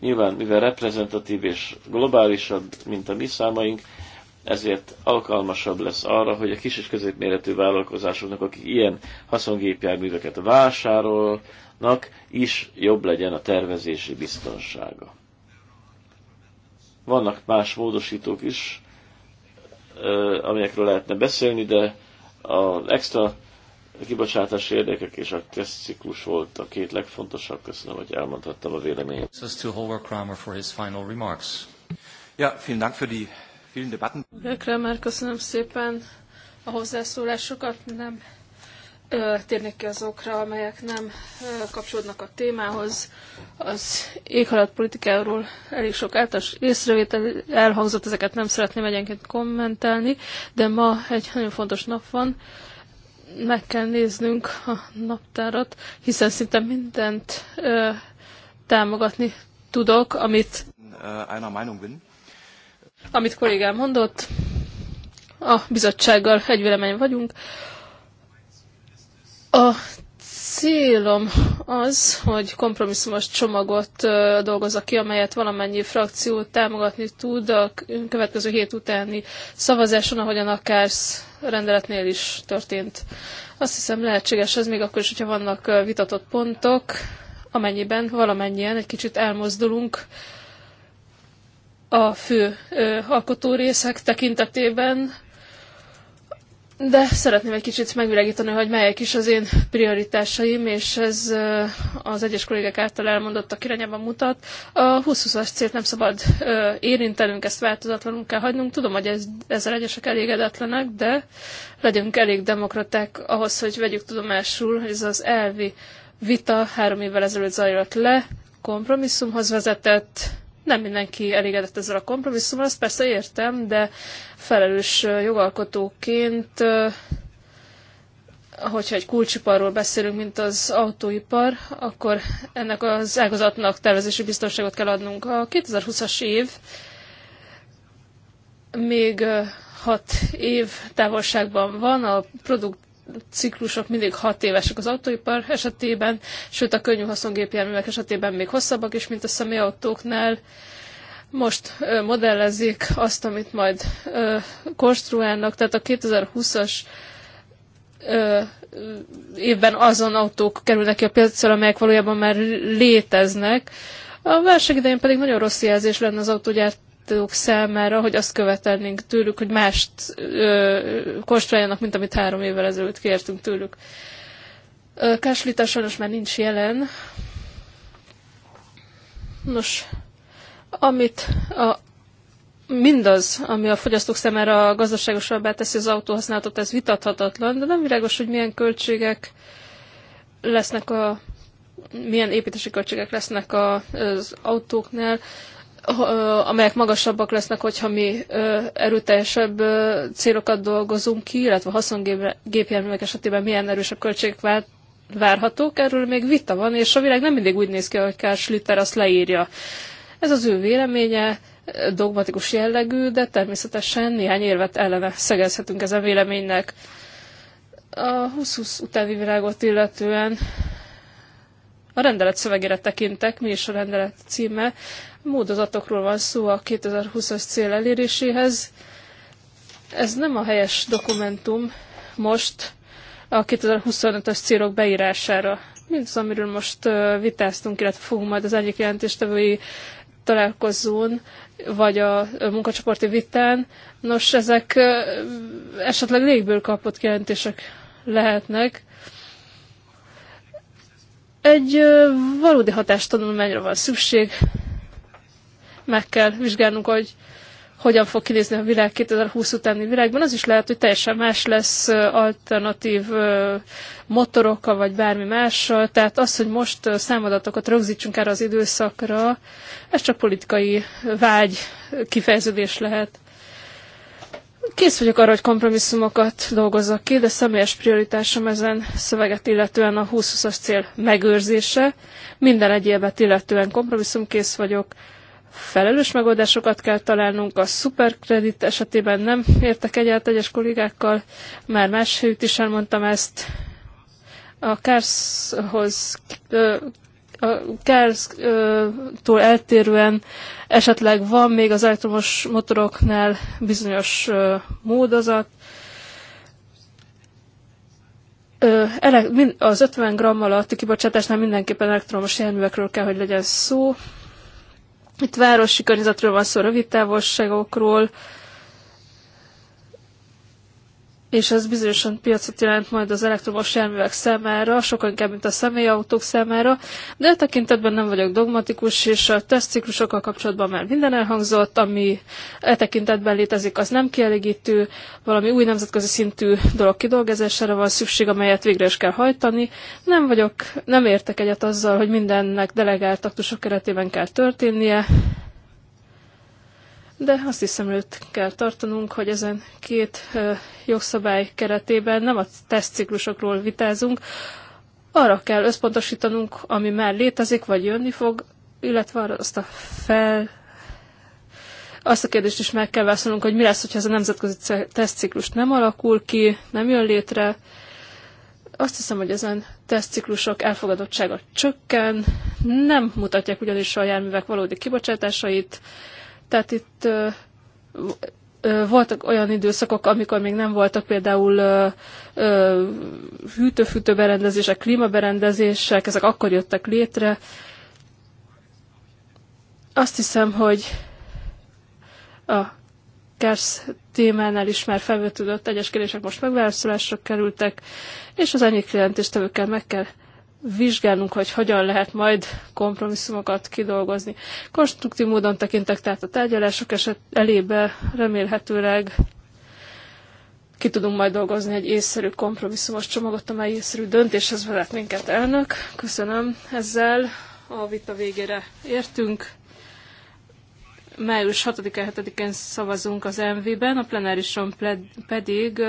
nyilván, mivel reprezentatív és globálisabb, mint a mi számaink, ezért alkalmasabb lesz arra, hogy a kis és középméretű vállalkozásoknak, akik ilyen haszongépjárműveket vásárolnak, is jobb legyen a tervezési biztonsága. Vannak más módosítók is, amelyekről lehetne beszélni, de az extra kibocsátási érdekek és a tesztciklus volt a két legfontosabb. Köszönöm, hogy elmondhattam a véleményem. Ja, vielen Dank für die vielen Debatten. Kramer, köszönöm szépen a hozzászólásokat. Nem térnék ki azokra, amelyek nem kapcsolódnak a témához. Az éghajlatpolitikáról elég sok általános észrevétel elhangzott, ezeket nem szeretném egyenként kommentelni, de ma egy nagyon fontos nap van. Meg kell néznünk a naptárat, hiszen szinte mindent ö, támogatni tudok, amit, äh, amit kollégám mondott. A bizottsággal egy vélemény vagyunk. A célom az, hogy kompromisszumos csomagot dolgozza ki, amelyet valamennyi frakció támogatni tud a következő hét utáni szavazáson, ahogyan a KARSZ rendeletnél is történt. Azt hiszem lehetséges ez még akkor is, hogyha vannak vitatott pontok, amennyiben valamennyien egy kicsit elmozdulunk a fő ö, alkotórészek tekintetében, de szeretném egy kicsit megvilágítani, hogy melyek is az én prioritásaim, és ez az egyes kollégák által elmondottak irányában mutat. A 20-20-as célt nem szabad érintenünk, ezt változatlanul kell hagynunk. Tudom, hogy ez, ezzel egyesek elégedetlenek, de legyünk elég demokraták ahhoz, hogy vegyük tudomásul, hogy ez az elvi vita három évvel ezelőtt zajlott le, kompromisszumhoz vezetett, nem mindenki elégedett ezzel a kompromisszummal, ezt persze értem, de felelős jogalkotóként, hogyha egy kulcsiparról beszélünk, mint az autóipar, akkor ennek az ágazatnak tervezési biztonságot kell adnunk. A 2020-as év még hat év távolságban van a produkt ciklusok mindig hat évesek az autóipar esetében, sőt a könnyű haszongépjárművek esetében még hosszabbak is, mint a személyautóknál. Most modellezik azt, amit majd konstruálnak, tehát a 2020-as évben azon autók kerülnek ki a piacra, amelyek valójában már léteznek. A válság idején pedig nagyon rossz jelzés lenne az autógyárt frakciók számára, hogy azt követelnénk tőlük, hogy mást ö, kóstoljanak, mint amit három évvel ezelőtt kértünk tőlük. Káslita sajnos már nincs jelen. Nos, amit a, mindaz, ami a fogyasztók számára gazdaságosabbá teszi az autóhasználatot, ez vitathatatlan, de nem világos, hogy milyen költségek lesznek a milyen építési költségek lesznek az autóknál amelyek magasabbak lesznek, hogyha mi erőteljesebb célokat dolgozunk ki, illetve haszongépjárművek esetében milyen erősebb költségek várhatók, erről még vita van, és a világ nem mindig úgy néz ki, ahogy Carl Schlitter azt leírja. Ez az ő véleménye, dogmatikus jellegű, de természetesen néhány érvet ellene szegezhetünk ezen véleménynek. A 20. utáni világot illetően a rendelet szövegére tekintek, mi is a rendelet címe. Módozatokról van szó a 2020-as cél eléréséhez. Ez nem a helyes dokumentum most a 2025-ös célok beírására. Mindaz, amiről most vitáztunk, illetve fogunk majd az egyik jelentéstevői találkozón, vagy a munkacsoporti vitán. Nos, ezek esetleg légből kapott kijelentések lehetnek. Egy valódi hatástanulmányra van szükség. Meg kell vizsgálnunk, hogy hogyan fog kinézni a világ 2020 utáni világban. Az is lehet, hogy teljesen más lesz alternatív motorokkal, vagy bármi mással. Tehát az, hogy most számadatokat rögzítsünk erre az időszakra, ez csak politikai vágy kifejeződés lehet. Kész vagyok arra, hogy kompromisszumokat dolgozzak ki, de személyes prioritásom ezen szöveget illetően a 20-20-as cél megőrzése. Minden egyébet illetően kompromisszumkész vagyok. Felelős megoldásokat kell találnunk, a szuperkredit esetében nem értek egyet egyes kollégákkal, már más helyütt is elmondtam ezt. A KERSZ-hoz, a kers eltérően Esetleg van még az elektromos motoroknál bizonyos módozat. Az 50 g alatti kibocsátásnál mindenképpen elektromos járművekről kell, hogy legyen szó. Itt városi környezetről van szó, rövid távolságokról, és ez bizonyosan piacot jelent majd az elektromos járművek számára, sokkal inkább, mint a személyautók számára, de a e tekintetben nem vagyok dogmatikus, és a tesztciklusokkal kapcsolatban már minden elhangzott, ami e tekintetben létezik, az nem kielégítő, valami új nemzetközi szintű dolog kidolgozására van szükség, amelyet végre is kell hajtani. Nem vagyok, nem értek egyet azzal, hogy mindennek delegált aktusok keretében kell történnie, de azt hiszem, őt kell tartanunk, hogy ezen két jogszabály keretében nem a tesztciklusokról vitázunk, arra kell összpontosítanunk, ami már létezik, vagy jönni fog, illetve arra azt a fel azt a kérdést is meg kell válaszolnunk, hogy mi lesz, hogyha ez a nemzetközi tesztciklus nem alakul ki, nem jön létre. Azt hiszem, hogy ezen tesztciklusok elfogadottsága csökken, nem mutatják ugyanis a járművek valódi kibocsátásait, tehát itt voltak olyan időszakok, amikor még nem voltak például hűtő-fűtő berendezések, klímaberendezések, ezek akkor jöttek létre. Azt hiszem, hogy a Kersz témánál is már felvetődött egyes kérdések most megválaszolásra kerültek, és az ennyi jelentéstevőkkel meg kell vizsgálnunk, hogy hogyan lehet majd kompromisszumokat kidolgozni. Konstruktív módon tekintek tehát a tárgyalások eset elébe remélhetőleg ki tudunk majd dolgozni egy észszerű kompromisszumos csomagot, amely észszerű döntéshez vezet minket elnök. Köszönöm ezzel. A vita végére értünk. Május 6-7-én szavazunk az MV-ben, a plenárison pedig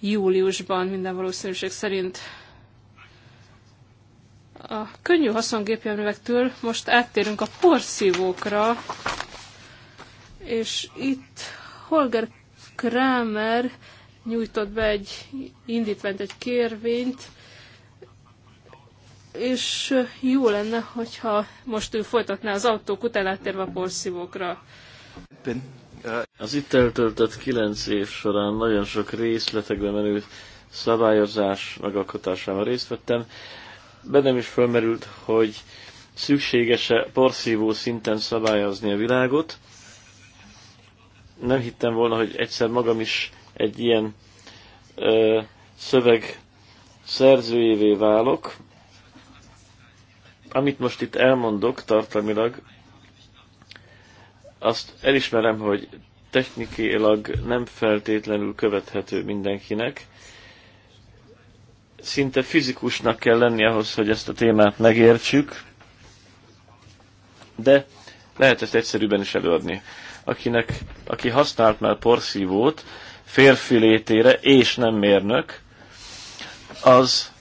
júliusban minden valószínűség szerint a könnyű haszongépjárművektől most áttérünk a porszívókra, és itt Holger Kramer nyújtott be egy indítványt, egy kérvényt, és jó lenne, hogyha most ő folytatná az autók után áttérve a porszívókra. Az itt eltöltött kilenc év során nagyon sok részletekben menő szabályozás megalkotásában részt vettem bennem is felmerült, hogy szükséges-e porszívó szinten szabályozni a világot. Nem hittem volna, hogy egyszer magam is egy ilyen ö, szöveg szerzőjévé válok. Amit most itt elmondok tartalmilag, azt elismerem, hogy technikailag nem feltétlenül követhető mindenkinek, szinte fizikusnak kell lenni ahhoz, hogy ezt a témát megértsük, de lehet ezt egyszerűbben is előadni. Akinek, aki használt már porszívót, férfi létére és nem mérnök, az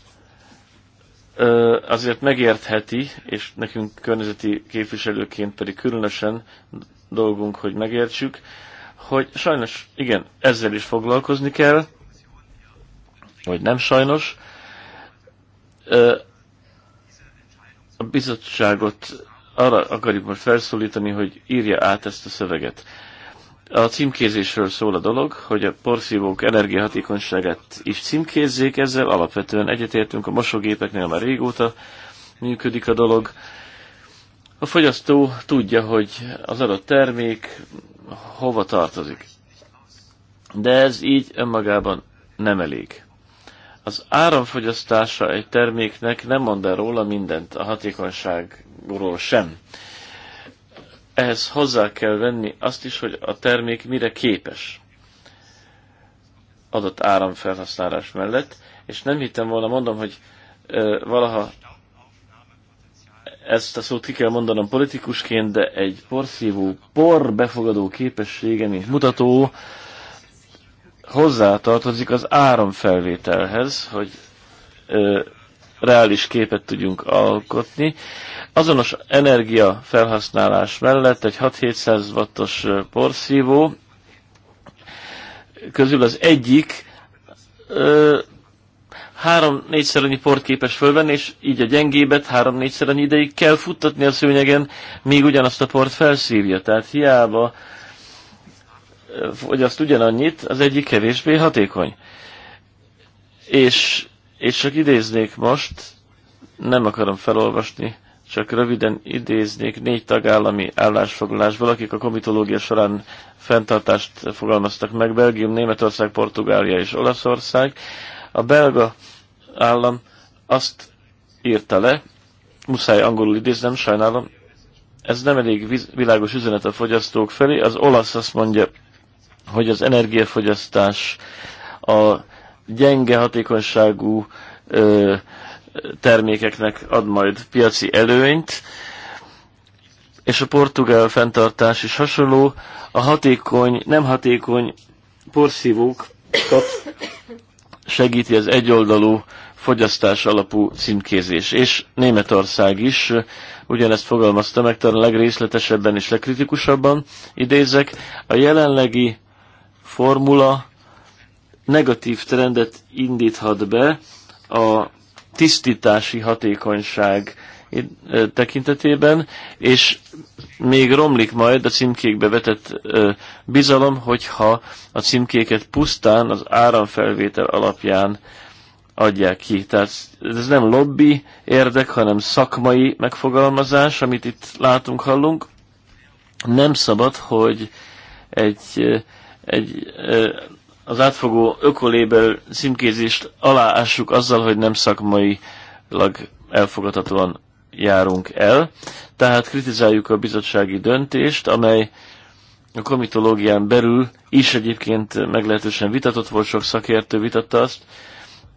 ö, azért megértheti, és nekünk környezeti képviselőként pedig különösen dolgunk, hogy megértsük, hogy sajnos, igen, ezzel is foglalkozni kell, vagy nem sajnos, a bizottságot arra akarjuk most felszólítani, hogy írja át ezt a szöveget. A címkézésről szól a dolog, hogy a porszívók energiahatékonyságát is címkézzék, ezzel alapvetően egyetértünk, a mosógépeknél már régóta működik a dolog. A fogyasztó tudja, hogy az adott termék hova tartozik. De ez így önmagában nem elég. Az áramfogyasztása egy terméknek nem mond el róla mindent, a hatékonyságról sem. Ehhez hozzá kell venni azt is, hogy a termék mire képes adott áramfelhasználás mellett, és nem hittem volna, mondom, hogy ö, valaha ezt a szót ki kell mondanom politikusként, de egy porszívó, por befogadó képessége, mint mutató, hozzátartozik az áramfelvételhez, hogy ö, reális képet tudjunk alkotni. Azonos energia felhasználás mellett egy 6-700 wattos porszívó közül az egyik három-négyszer annyi port képes fölvenni, és így a gyengébet három-négyszer annyi ideig kell futtatni a szőnyegen, míg ugyanazt a port felszívja. Tehát hiába hogy azt ugyanannyit, az egyik kevésbé hatékony. És, és csak idéznék most, nem akarom felolvasni, csak röviden idéznék négy tagállami állásfoglalásból, akik a komitológia során fenntartást fogalmaztak meg, Belgium, Németország, Portugália és Olaszország. A belga állam azt írta le, muszáj angolul idéznem, sajnálom, ez nem elég világos üzenet a fogyasztók felé, az olasz azt mondja, hogy az energiafogyasztás, a gyenge hatékonyságú ö, termékeknek ad majd piaci előnyt, és a portugál fenntartás is hasonló. A hatékony, nem hatékony porszívókat segíti az egyoldalú fogyasztás alapú címkézés. És Németország is ugyanezt fogalmazta meg, talán legrészletesebben és legkritikusabban idézek. A jelenlegi formula negatív trendet indíthat be a tisztítási hatékonyság tekintetében, és még romlik majd a címkékbe vetett bizalom, hogyha a címkéket pusztán az áramfelvétel alapján adják ki. Tehát ez nem lobby érdek, hanem szakmai megfogalmazás, amit itt látunk, hallunk. Nem szabad, hogy egy egy, az átfogó ökolébel címkézést aláássuk azzal, hogy nem szakmailag elfogadhatóan járunk el. Tehát kritizáljuk a bizottsági döntést, amely a komitológián belül is egyébként meglehetősen vitatott volt, sok szakértő vitatta azt.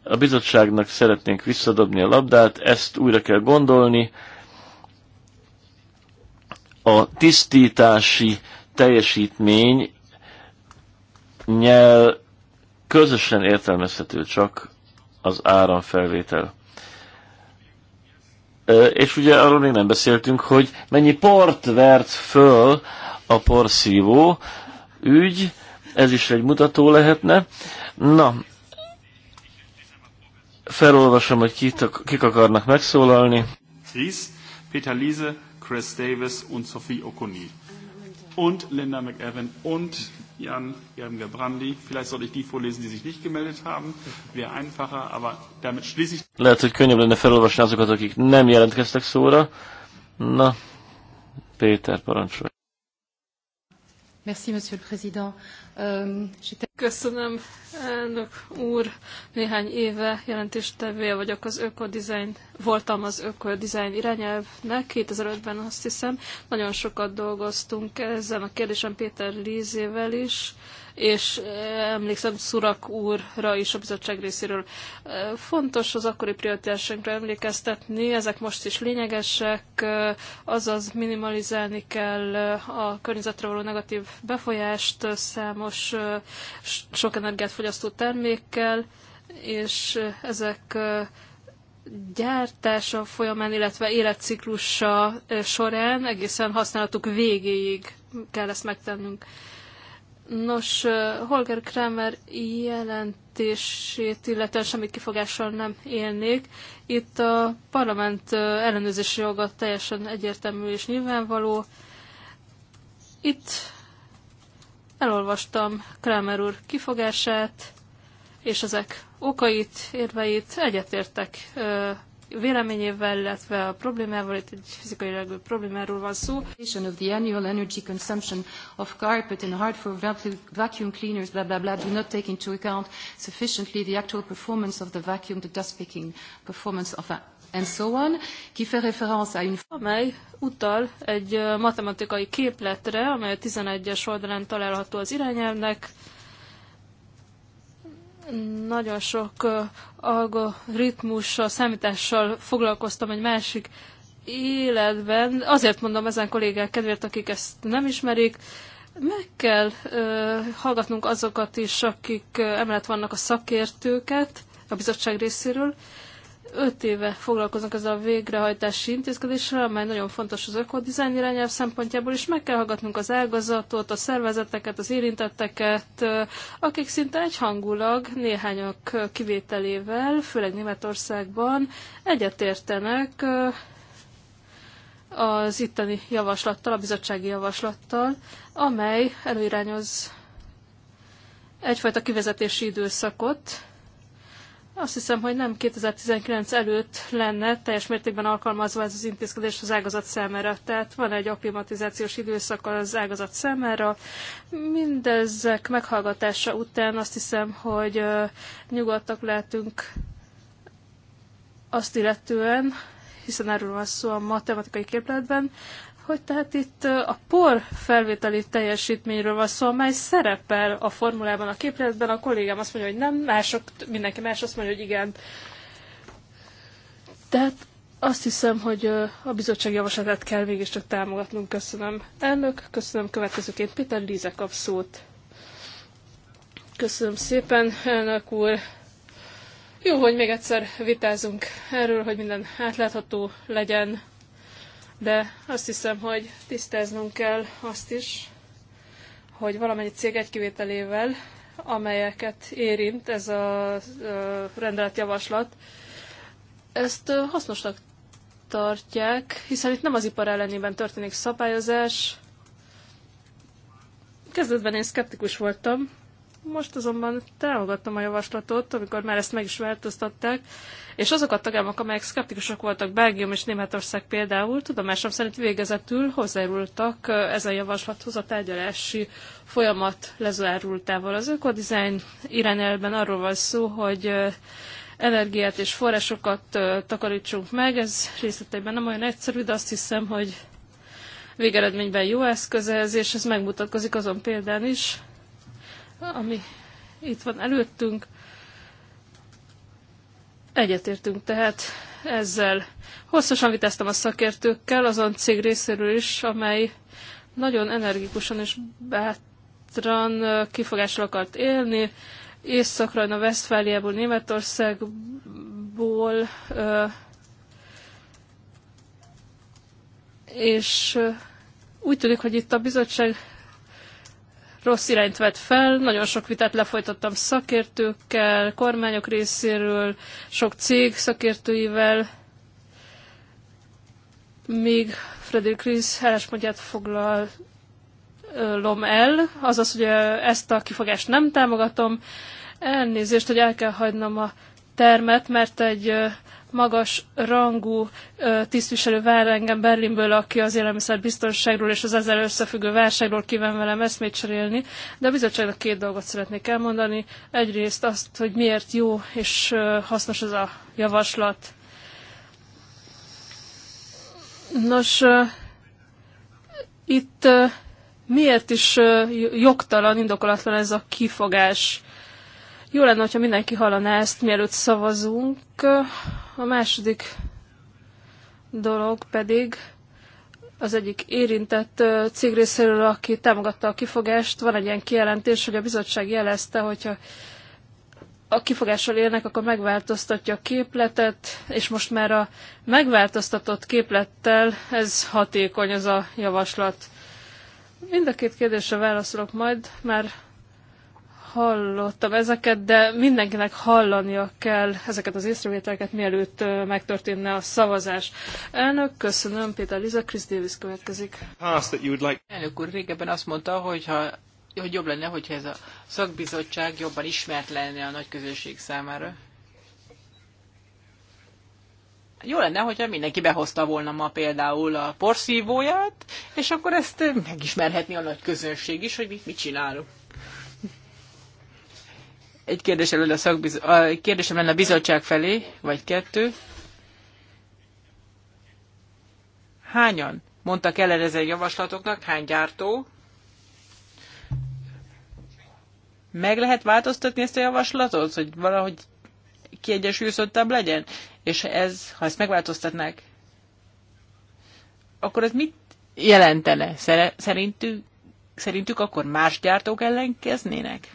A bizottságnak szeretnénk visszadobni a labdát, ezt újra kell gondolni. A tisztítási teljesítmény nyel közösen értelmezhető csak az áramfelvétel. És ugye arról még nem beszéltünk, hogy mennyi port vert föl a porszívó ügy, ez is egy mutató lehetne. Na, felolvasom, hogy kit, kik akarnak megszólalni. Peter Liese, Chris Davis und Sophie Okoni und Linda McEwan und Jan Gerbrandi. Vielleicht sollte ich die vorlesen, die sich nicht gemeldet haben. Wäre einfacher, aber damit schließe ich... Lehet, hogy könnyebb lenne felolvasni azokat, akik nem jelentkeztek szóra. Na, Péter, parancsolj. Merci, Monsieur le Président. Euh, Köszönöm, elnök úr. Néhány éve jelentéstevője vagyok az ökodesign, voltam az ökodesign irányelvnek 2005-ben azt hiszem. Nagyon sokat dolgoztunk ezen a kérdésen Péter Lízével is. Uh, és emlékszem Szurak úrra is a bizottság részéről. Fontos az akkori prioritásunkra emlékeztetni, ezek most is lényegesek, azaz minimalizálni kell a környezetre való negatív befolyást számos sok energiát fogyasztó termékkel, és ezek gyártása folyamán, illetve életciklusa során egészen használatuk végéig kell ezt megtennünk. Nos, Holger Kramer jelentését illetően semmi kifogással nem élnék. Itt a parlament ellenőrzési joga teljesen egyértelmű és nyilvánvaló. Itt elolvastam Kramer úr kifogását, és ezek okait, érveit egyetértek véleményével, illetve a problémával, itt egy fizikai jellegű problémáról van szó. of the annual energy consumption of carpet and hardware vacuum cleaners, blah, blah, blah, do not take into account sufficiently the actual performance of the vacuum, the dust picking performance of a and so on, qui fait référence à une... amely utal egy matematikai képletre, amely a 11-es oldalán található az irányelvnek, nagyon sok algoritmus a számítással foglalkoztam egy másik életben. Azért mondom ezen kollégák kedvéért, akik ezt nem ismerik, meg kell uh, hallgatnunk azokat is, akik uh, emellett vannak a szakértőket a bizottság részéről, öt éve foglalkozunk ezzel a végrehajtási intézkedéssel, amely nagyon fontos az ökodizájn irányelv szempontjából, és meg kell hallgatnunk az ágazatot, a szervezeteket, az érintetteket, akik szinte egyhangulag, néhányak kivételével, főleg Németországban egyetértenek az itteni javaslattal, a bizottsági javaslattal, amely előirányoz egyfajta kivezetési időszakot, azt hiszem, hogy nem 2019 előtt lenne teljes mértékben alkalmazva ez az intézkedés az ágazat számára. Tehát van egy akklimatizációs időszak az ágazat számára. Mindezek meghallgatása után azt hiszem, hogy nyugodtak lehetünk azt illetően, hiszen erről van szó a matematikai képletben, hogy tehát itt a por felvételi teljesítményről van szó, amely szerepel a formulában, a képletben, a kollégám azt mondja, hogy nem, mások, mindenki más azt mondja, hogy igen. Tehát azt hiszem, hogy a bizottság javaslatát kell mégiscsak támogatnunk. Köszönöm. Elnök, köszönöm következőként. Péter Líze kap szót. Köszönöm szépen, elnök úr. Jó, hogy még egyszer vitázunk erről, hogy minden átlátható legyen de azt hiszem, hogy tisztáznunk kell azt is, hogy valamennyi cég egy kivételével, amelyeket érint ez a rendeletjavaslat, ezt hasznosnak tartják, hiszen itt nem az ipar ellenében történik szabályozás. Kezdetben én szkeptikus voltam, most azonban támogattam a javaslatot, amikor már ezt meg is változtatták, és azok a tagállamok, amelyek szkeptikusok voltak, Belgium és Németország például, tudomásom szerint végezetül hozzájárultak ezen javaslathoz a tárgyalási folyamat lezárultával. Az ökodizájn irányelben arról van szó, hogy energiát és forrásokat takarítsunk meg. Ez részleteiben nem olyan egyszerű, de azt hiszem, hogy végeredményben jó eszköz ez, és ez megmutatkozik azon példán is, ami itt van előttünk. Egyetértünk tehát ezzel. Hosszasan vitáztam a szakértőkkel, azon cég részéről is, amely nagyon energikusan és bátran kifogással akart élni. Észak-Rajna, Westfáliából, Németországból, és úgy tűnik, hogy itt a bizottság rossz irányt vett fel, nagyon sok vitát lefolytattam szakértőkkel, kormányok részéről, sok cég szakértőivel, míg Frederick Ries álláspontját foglalom el, azaz, hogy ezt a kifogást nem támogatom. Elnézést, hogy el kell hagynom a termet, mert egy magas rangú tisztviselő vár engem Berlinből, aki az élelmiszerbiztonságról és az ezzel összefüggő válságról kíván velem eszmét cserélni, de a bizottságnak két dolgot szeretnék elmondani. Egyrészt azt, hogy miért jó és hasznos ez a javaslat. Nos, itt miért is jogtalan, indokolatlan ez a kifogás? Jó lenne, hogyha mindenki hallaná ezt, mielőtt szavazunk. A második dolog pedig az egyik érintett cég részéről, aki támogatta a kifogást, van egy ilyen kijelentés, hogy a bizottság jelezte, hogyha a kifogással élnek, akkor megváltoztatja a képletet, és most már a megváltoztatott képlettel ez hatékony az a javaslat. Mind a két kérdésre válaszolok majd, már hallottam ezeket, de mindenkinek hallania kell ezeket az észrevételeket, mielőtt megtörténne a szavazás. Elnök, köszönöm, Péter Liza, Chris Davis következik. Elnök úr régebben azt mondta, hogy ha hogy jobb lenne, hogyha ez a szakbizottság jobban ismert lenne a nagy közönség számára. Jó lenne, hogyha mindenki behozta volna ma például a porszívóját, és akkor ezt megismerhetni a nagy közönség is, hogy mit, mit csinálunk. Egy kérdésem lenne a, szakbiz... a kérdésem lenne a bizottság felé, vagy kettő. Hányan mondtak ellen ezen javaslatoknak, hány gyártó? Meg lehet változtatni ezt a javaslatot, hogy valahogy kiegyensúlyozottabb legyen? És ez, ha ezt megváltoztatnák, akkor ez mit jelentene? Szerintük, szerintük akkor más gyártók ellenkeznének?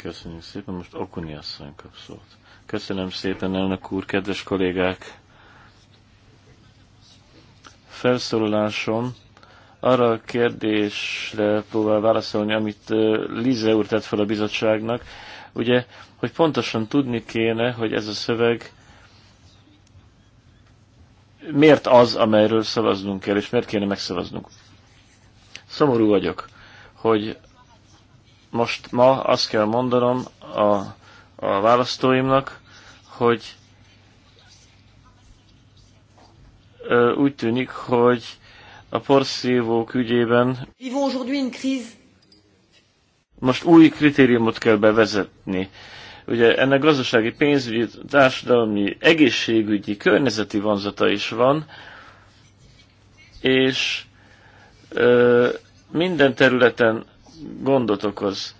Köszönjük szépen, most Okuni asszony kap szót. Köszönöm szépen, elnök úr, kedves kollégák! Felszólalásom arra a kérdésre próbál válaszolni, amit Lize úr tett fel a bizottságnak, ugye, hogy pontosan tudni kéne, hogy ez a szöveg miért az, amelyről szavaznunk kell, és miért kéne megszavaznunk. Szomorú vagyok, hogy most ma azt kell mondanom a, a választóimnak, hogy ö, úgy tűnik, hogy a porszívók ügyében most új kritériumot kell bevezetni. Ugye ennek gazdasági, pénzügyi, társadalmi, egészségügyi, környezeti vonzata is van, és ö, minden területen gondot okoz.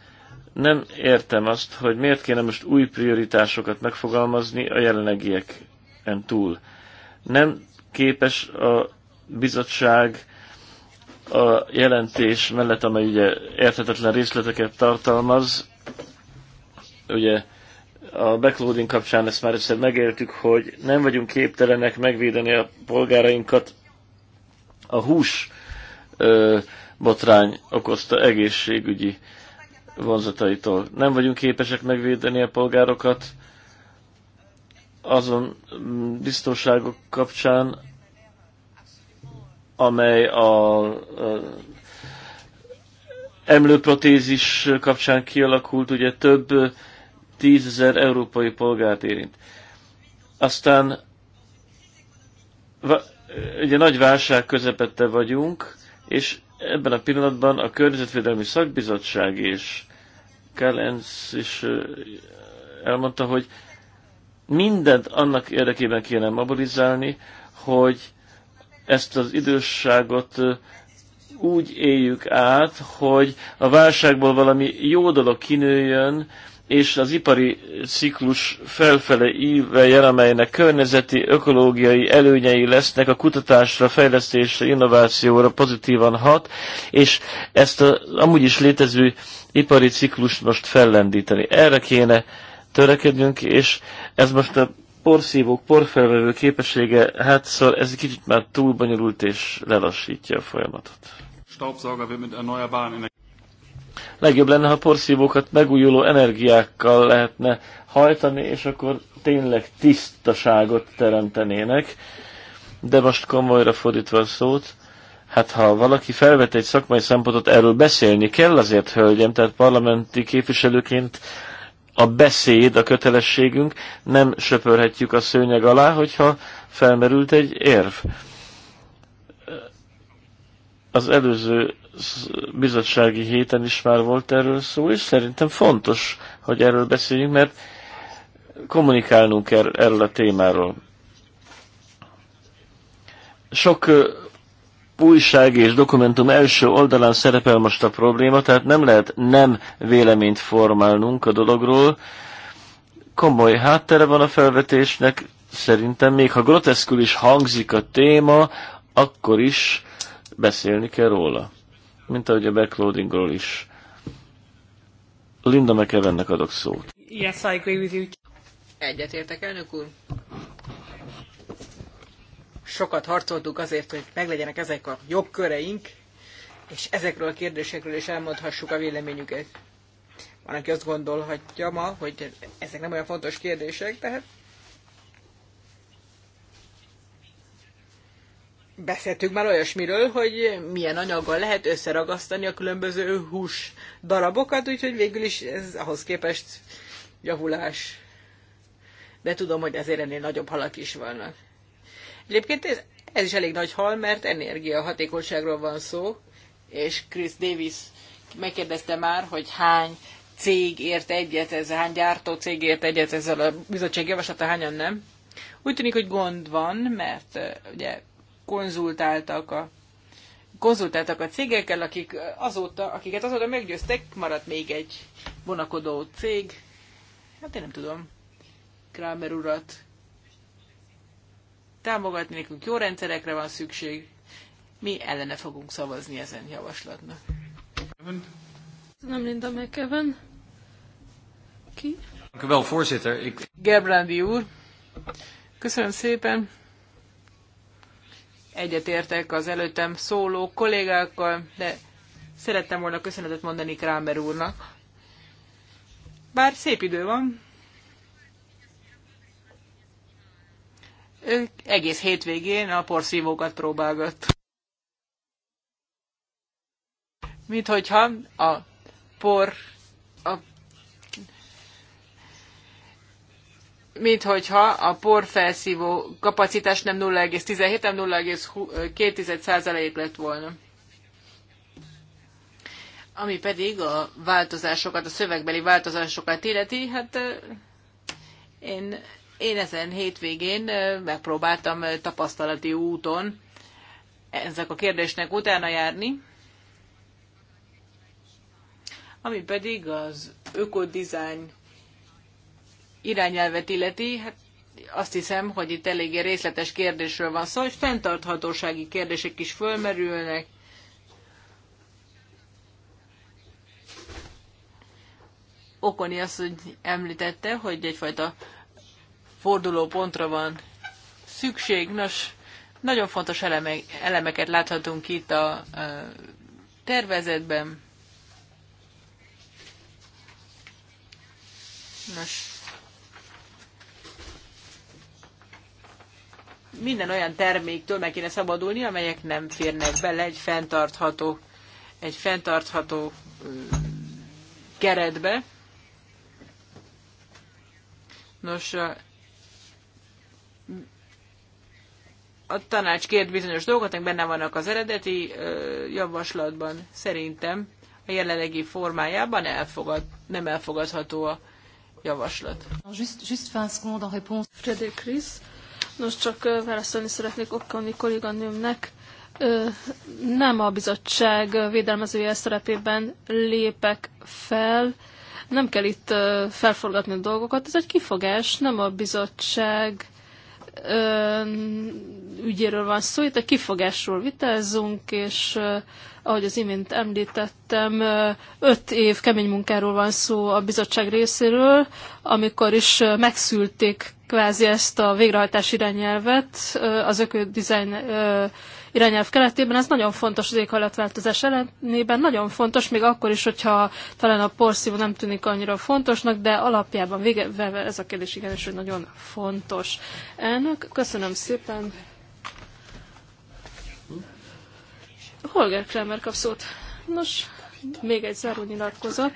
Nem értem azt, hogy miért kéne most új prioritásokat megfogalmazni a jelenlegieken túl. Nem képes a bizottság a jelentés mellett, amely ugye érthetetlen részleteket tartalmaz, ugye a backloading kapcsán ezt már egyszer megéltük, hogy nem vagyunk képtelenek megvédeni a polgárainkat a hús ö, botrány okozta egészségügyi vonzataitól. Nem vagyunk képesek megvédeni a polgárokat azon mm, biztonságok kapcsán, amely a, a emlőprotézis kapcsán kialakult, ugye több tízezer európai polgárt érint. Aztán ugye nagy válság közepette vagyunk, és ebben a pillanatban a Környezetvédelmi Szakbizottság és Kellens is elmondta, hogy mindent annak érdekében kéne mobilizálni, hogy ezt az idősságot úgy éljük át, hogy a válságból valami jó dolog kinőjön, és az ipari ciklus felfele íveljen, amelynek környezeti, ökológiai előnyei lesznek, a kutatásra, fejlesztésre, innovációra pozitívan hat, és ezt az amúgy is létező ipari ciklust most fellendíteni. Erre kéne törekednünk, és ez most a porszívók, porfelvevő képessége, hát szóval ez egy kicsit már túl bonyolult és lelassítja a folyamatot. Legjobb lenne, ha porszívókat megújuló energiákkal lehetne hajtani, és akkor tényleg tisztaságot teremtenének. De most komolyra fordítva a szót, hát ha valaki felvet egy szakmai szempontot, erről beszélni kell azért, hölgyem, tehát parlamenti képviselőként a beszéd, a kötelességünk, nem söpörhetjük a szőnyeg alá, hogyha felmerült egy érv. Az előző bizottsági héten is már volt erről szó, és szerintem fontos, hogy erről beszéljünk, mert kommunikálnunk erről a témáról. Sok újság és dokumentum első oldalán szerepel most a probléma, tehát nem lehet nem véleményt formálnunk a dologról. Komoly háttere van a felvetésnek, szerintem még ha groteszkül is hangzik a téma, akkor is beszélni kell róla mint ahogy a backloadingról is. Linda McEvennek adok szót. Yes, I agree with you. Egyetértek, elnök úr. Sokat harcoltuk azért, hogy meglegyenek ezek a jogköreink, és ezekről a kérdésekről is elmondhassuk a véleményüket. Van, aki azt gondolhatja ma, hogy ezek nem olyan fontos kérdések, tehát beszéltünk már olyasmiről, hogy milyen anyaggal lehet összeragasztani a különböző hús darabokat, úgyhogy végül is ez ahhoz képest javulás. De tudom, hogy azért ennél nagyobb halak is vannak. Egyébként ez, ez is elég nagy hal, mert energiahatékonyságról van szó, és Chris Davis megkérdezte már, hogy hány cég ért egyet ezzel, hány gyártó cég ért egyet ezzel a bizottság javaslata, hányan nem. Úgy tűnik, hogy gond van, mert ugye konzultáltak a konzultáltak a cégekkel, akik azóta, akiket azóta meggyőztek, maradt még egy vonakodó cég. Hát én nem tudom. Kramer urat támogatni, nekünk jó rendszerekre van szükség. Mi ellene fogunk szavazni ezen javaslatnak. Nem Linda Kevin. Ki? Gebrandi úr. Köszönöm szépen. Egyetértek az előttem szóló kollégákkal, de szerettem volna köszönetet mondani Krámer úrnak. Bár szép idő van. Ő egész hétvégén a porszívókat próbálgat. Mint hogyha a por minthogyha a porfelszívó kapacitás nem 0,17, hanem 0,2% lett volna. Ami pedig a változásokat, a szövegbeli változásokat illeti, hát én, én ezen hétvégén megpróbáltam tapasztalati úton ezek a kérdésnek utána járni, ami pedig az ökodizájn irányelvet illeti, hát azt hiszem, hogy itt eléggé részletes kérdésről van szó, és fenntarthatósági kérdések is fölmerülnek. Okoni azt, hogy említette, hogy egyfajta fordulópontra van szükség. Nos, nagyon fontos elemeket láthatunk itt a, a tervezetben. Nos, minden olyan terméktől meg kéne szabadulni, amelyek nem férnek bele egy fenntartható, egy fenntartható keretbe. Nos, a tanács kért bizonyos dolgot, amik benne vannak az eredeti javaslatban, szerintem a jelenlegi formájában elfogad, nem elfogadható a javaslat. Just, just 20 Nos, csak válaszolni szeretnék Okkani kolléganőmnek. Nem a bizottság védelmezője szerepében lépek fel, nem kell itt felforgatni a dolgokat, ez egy kifogás, nem a bizottság ügyéről van szó, itt a kifogásról vitázunk, és ahogy az imént említettem, öt év kemény munkáról van szó a bizottság részéről, amikor is megszülték kvázi ezt a végrehajtás irányelvet az ökodizájn irányelv keretében. Ez nagyon fontos az éghajlatváltozás ellenében, nagyon fontos, még akkor is, hogyha talán a porszívó nem tűnik annyira fontosnak, de alapjában vége, ez a kérdés igenis, hogy nagyon fontos. Elnök, köszönöm szépen, Holger Kramer kap szót. Nos, még egy záró nyilatkozat.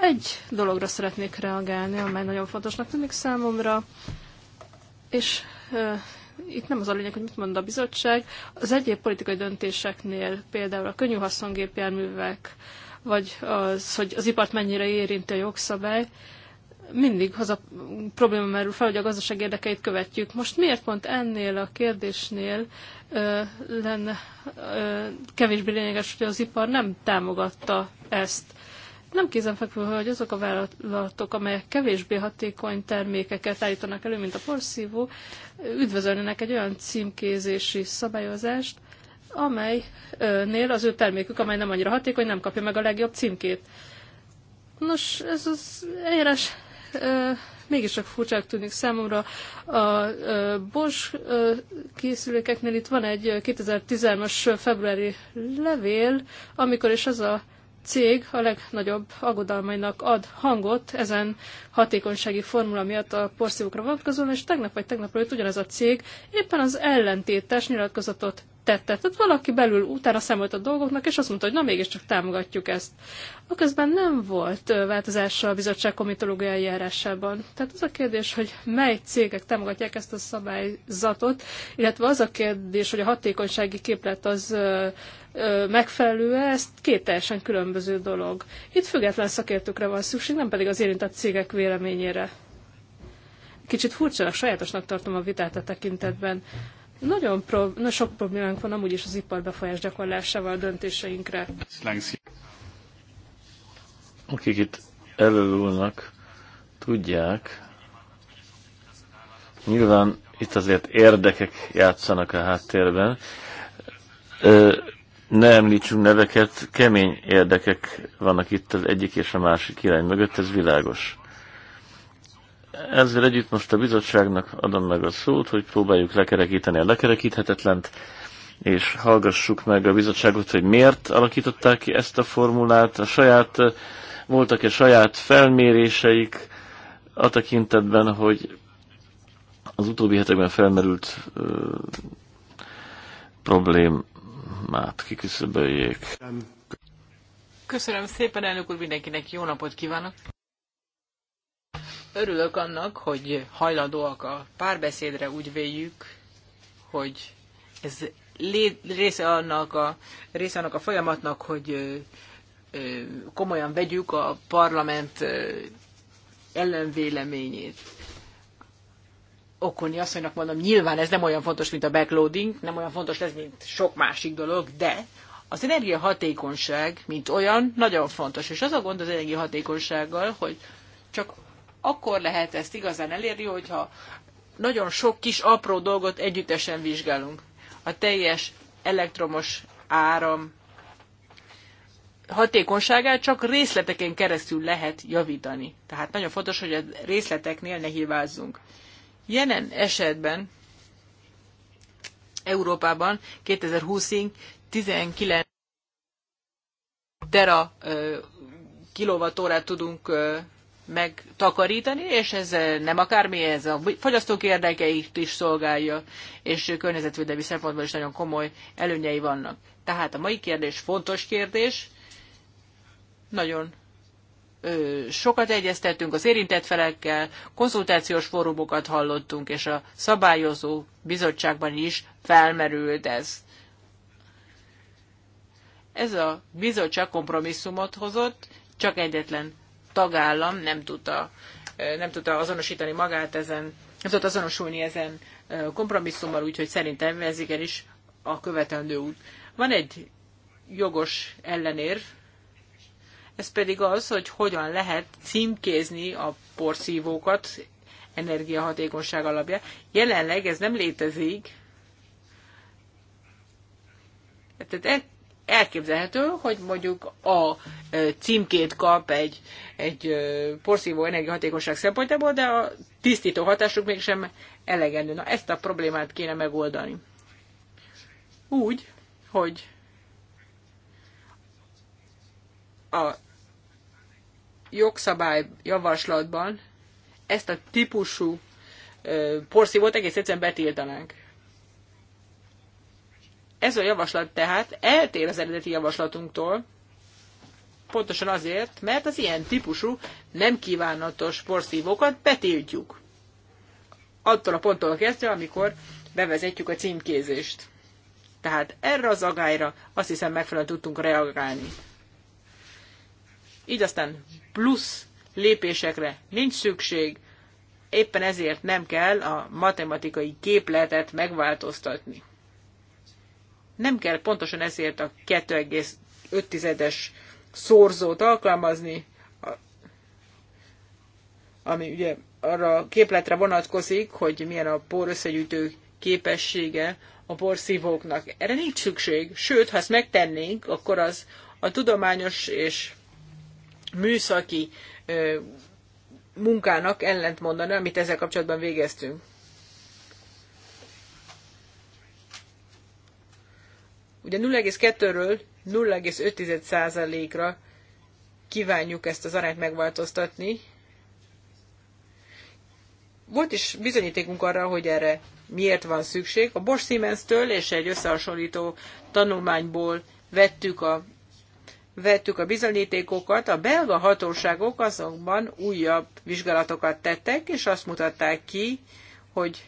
Egy dologra szeretnék reagálni, amely nagyon fontosnak tűnik számomra, és e, itt nem az a lényeg, hogy mit mond a bizottság. Az egyéb politikai döntéseknél, például a könnyű haszongépjárművek, vagy az, hogy az ipart mennyire érinti a jogszabály, mindig az a probléma merül fel, hogy a gazdaság érdekeit követjük. Most miért pont ennél a kérdésnél lenne kevésbé lényeges, hogy az ipar nem támogatta ezt. Nem kézenfekvő, hogy azok a vállalatok, amelyek kevésbé hatékony termékeket állítanak elő, mint a porszívó, üdvözölnének egy olyan címkézési szabályozást, amelynél az ő termékük, amely nem annyira hatékony, nem kapja meg a legjobb címkét. Nos, ez az eljárás mégis csak furcsák tűnik számomra. A Bosch készülékeknél itt van egy 2013-as februári levél, amikor is az a cég a legnagyobb aggodalmainak ad hangot ezen hatékonysági formula miatt a porszívókra vonatkozóan, és tegnap vagy tegnap előtt ugyanez a cég éppen az ellentétes nyilatkozatot tette. Tehát valaki belül utána számolt a dolgoknak, és azt mondta, hogy na mégiscsak támogatjuk ezt. Aközben nem volt változása a bizottság komitológiai járásában. Tehát az a kérdés, hogy mely cégek támogatják ezt a szabályzatot, illetve az a kérdés, hogy a hatékonysági képlet az megfelelő -e, ez két teljesen különböző dolog. Itt független szakértőkre van szükség, nem pedig az érintett cégek véleményére. Kicsit furcsa, sajátosnak tartom a vitát a tekintetben. Nagyon pro- na, sok problémánk van amúgy is az iparbefolyás gyakorlásával a döntéseinkre. Akik itt előülnek, tudják, nyilván itt azért érdekek játszanak a háttérben. Ne említsünk neveket, kemény érdekek vannak itt az egyik és a másik irány mögött, ez világos. Ezzel együtt most a bizottságnak adom meg a szót, hogy próbáljuk lekerekíteni a lekerekíthetetlent, és hallgassuk meg a bizottságot, hogy miért alakították ki ezt a formulát, a saját, voltak-e saját felméréseik a tekintetben, hogy az utóbbi hetekben felmerült ö, problémát kiküszöböljék. Köszönöm szépen, elnök úr, mindenkinek jó napot kívánok! Örülök annak, hogy hajlandóak a párbeszédre, úgy véljük, hogy ez része annak a, része annak a folyamatnak, hogy komolyan vegyük a parlament ellenvéleményét. Okoni asszonynak mondom, nyilván ez nem olyan fontos, mint a backloading, nem olyan fontos ez, mint sok másik dolog, de az energiahatékonyság, mint olyan, nagyon fontos. És az a gond az energiahatékonysággal, hogy csak akkor lehet ezt igazán elérni, hogyha nagyon sok kis apró dolgot együttesen vizsgálunk. A teljes elektromos áram hatékonyságát csak részleteken keresztül lehet javítani. Tehát nagyon fontos, hogy a részleteknél ne hibázzunk. Jelen esetben Európában 2020-ig 19 tera kilovatórát tudunk megtakarítani, és ez eh, nem akármi, ez a fogyasztók érdekeit is szolgálja, és környezetvédelmi szempontból is nagyon komoly előnyei vannak. Tehát a mai kérdés fontos kérdés, nagyon ö, sokat egyeztettünk az érintett felekkel, konzultációs fórumokat hallottunk, és a szabályozó bizottságban is felmerült ez. Ez a bizottság kompromisszumot hozott, csak egyetlen tagállam nem tudta, nem tudta azonosítani magát ezen, nem tudta azonosulni ezen kompromisszummal, úgyhogy szerintem ez igenis a követendő út. Van egy jogos ellenérv, ez pedig az, hogy hogyan lehet címkézni a porszívókat energiahatékonyság alapja. Jelenleg ez nem létezik. Tehát e- elképzelhető, hogy mondjuk a címkét kap egy, egy porszívó energiahatékosság szempontjából, de a tisztító hatásuk mégsem elegendő. Na, ezt a problémát kéne megoldani. Úgy, hogy a jogszabály javaslatban ezt a típusú porszívót egész egyszerűen betiltanánk. Ez a javaslat tehát eltér az eredeti javaslatunktól, pontosan azért, mert az ilyen típusú nem kívánatos porszívókat betiltjuk. Attól a ponttól kezdve, amikor bevezetjük a címkézést. Tehát erre az agályra azt hiszem megfelelően tudtunk reagálni. Így aztán plusz lépésekre nincs szükség, éppen ezért nem kell a matematikai képletet megváltoztatni. Nem kell pontosan ezért a 2,5-es szorzót alkalmazni, ami ugye arra a képletre vonatkozik, hogy milyen a por összegyűjtő képessége a porszívóknak. Erre nincs szükség, sőt, ha ezt megtennénk, akkor az a tudományos és műszaki munkának ellentmondani, amit ezzel kapcsolatban végeztünk. Ugye 0,2-ről 0,5%-ra kívánjuk ezt az arányt megváltoztatni. Volt is bizonyítékunk arra, hogy erre miért van szükség. A Bosch Siemens-től és egy összehasonlító tanulmányból vettük a, vettük a bizonyítékokat. A belga hatóságok azonban újabb vizsgálatokat tettek, és azt mutatták ki, hogy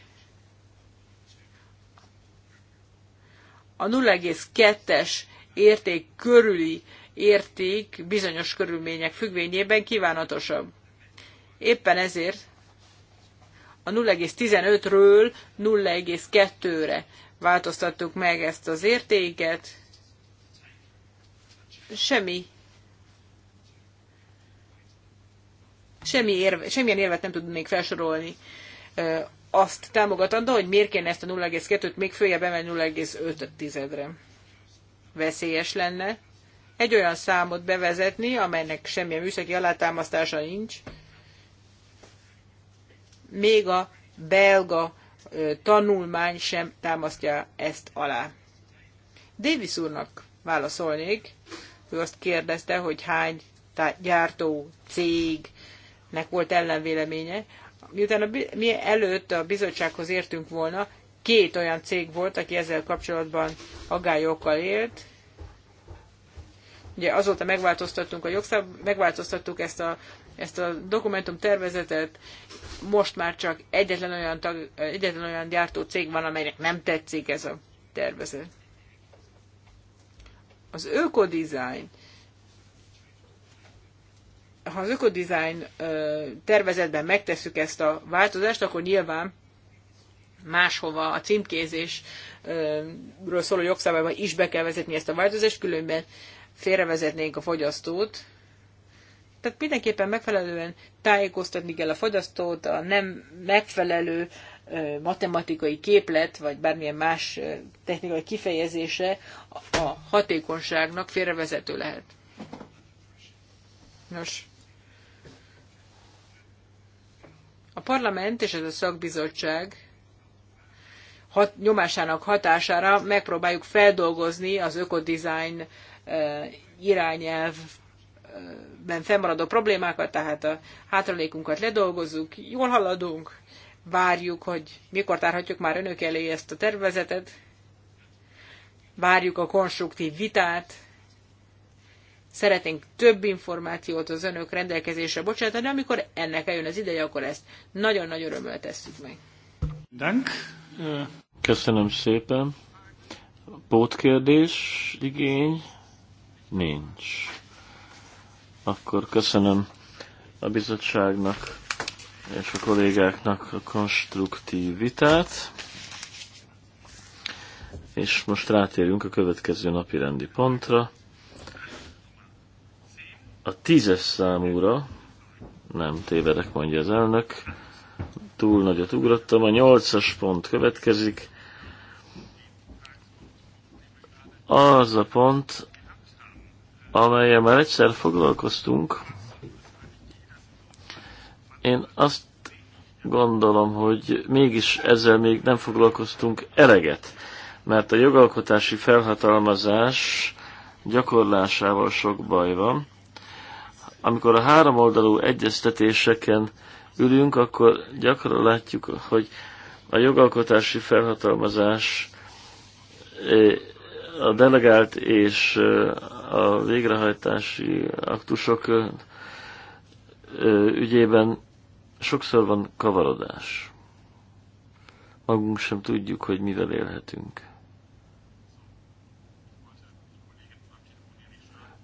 a 0,2-es érték körüli érték bizonyos körülmények függvényében kívánatosabb. Éppen ezért a 0,15-ről 0,2-re változtattuk meg ezt az értéket. Semmi semmi érve, semmilyen érvet nem tudnék felsorolni azt támogatandó, hogy miért kéne ezt a 0,2-t még följebb emelni 05 tizedre. Veszélyes lenne egy olyan számot bevezetni, amelynek semmilyen műszaki alátámasztása nincs, még a belga tanulmány sem támasztja ezt alá. Davis úrnak válaszolnék, ő azt kérdezte, hogy hány gyártó cégnek volt ellenvéleménye miután a, mi előtt a bizottsághoz értünk volna, két olyan cég volt, aki ezzel kapcsolatban aggályokkal élt. Ugye azóta megváltoztattunk a jogszab, megváltoztattuk ezt a, ezt a dokumentum tervezetet, most már csak egyetlen olyan, tag, egyetlen olyan gyártó cég van, amelynek nem tetszik ez a tervezet. Az ökodizájn ha az ökodizájn tervezetben megtesszük ezt a változást, akkor nyilván máshova a címkézésről szóló jogszabályban is be kell vezetni ezt a változást, különben félrevezetnénk a fogyasztót. Tehát mindenképpen megfelelően tájékoztatni kell a fogyasztót, a nem megfelelő matematikai képlet, vagy bármilyen más technikai kifejezése a hatékonyságnak félrevezető lehet. Nos, A parlament és ez a szakbizottság hat, nyomásának hatására megpróbáljuk feldolgozni az ökodizájn irányelvben fennmaradó problémákat, tehát a hátralékunkat ledolgozzuk, jól haladunk, várjuk, hogy mikor tárhatjuk már önök elé ezt a tervezetet, várjuk a konstruktív vitát, szeretnénk több információt az önök rendelkezésre bocsátani, amikor ennek eljön az ideje, akkor ezt nagyon nagy örömmel tesszük meg. Dank. Köszönöm szépen. Pótkérdés, igény? Nincs. Akkor köszönöm a bizottságnak és a kollégáknak a konstruktív vitát. És most rátérünk a következő napi rendi pontra. A tízes számúra, nem tévedek, mondja az elnök, túl nagyot ugrottam, a nyolcas pont következik. Az a pont, amelyen már egyszer foglalkoztunk. Én azt gondolom, hogy mégis ezzel még nem foglalkoztunk eleget, mert a jogalkotási felhatalmazás gyakorlásával sok baj van amikor a háromoldalú egyeztetéseken ülünk, akkor gyakran látjuk, hogy a jogalkotási felhatalmazás eh, a delegált és eh, a végrehajtási aktusok eh, ügyében sokszor van kavarodás. Magunk sem tudjuk, hogy mivel élhetünk.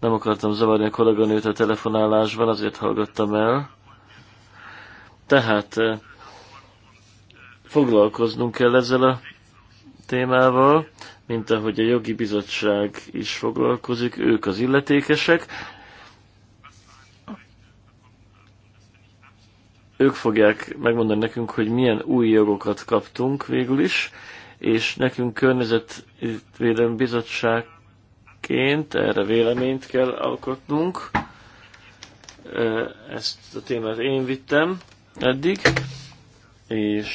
Nem akartam zavarni a kolléganőt a telefonálásban, azért hallgattam el. Tehát eh, foglalkoznunk kell ezzel a témával, mint ahogy a jogi bizottság is foglalkozik, ők az illetékesek. Ők fogják megmondani nekünk, hogy milyen új jogokat kaptunk végül is, és nekünk környezetvédelmi bizottság témaként, erre véleményt kell alkotnunk. Ezt a témát én vittem eddig, és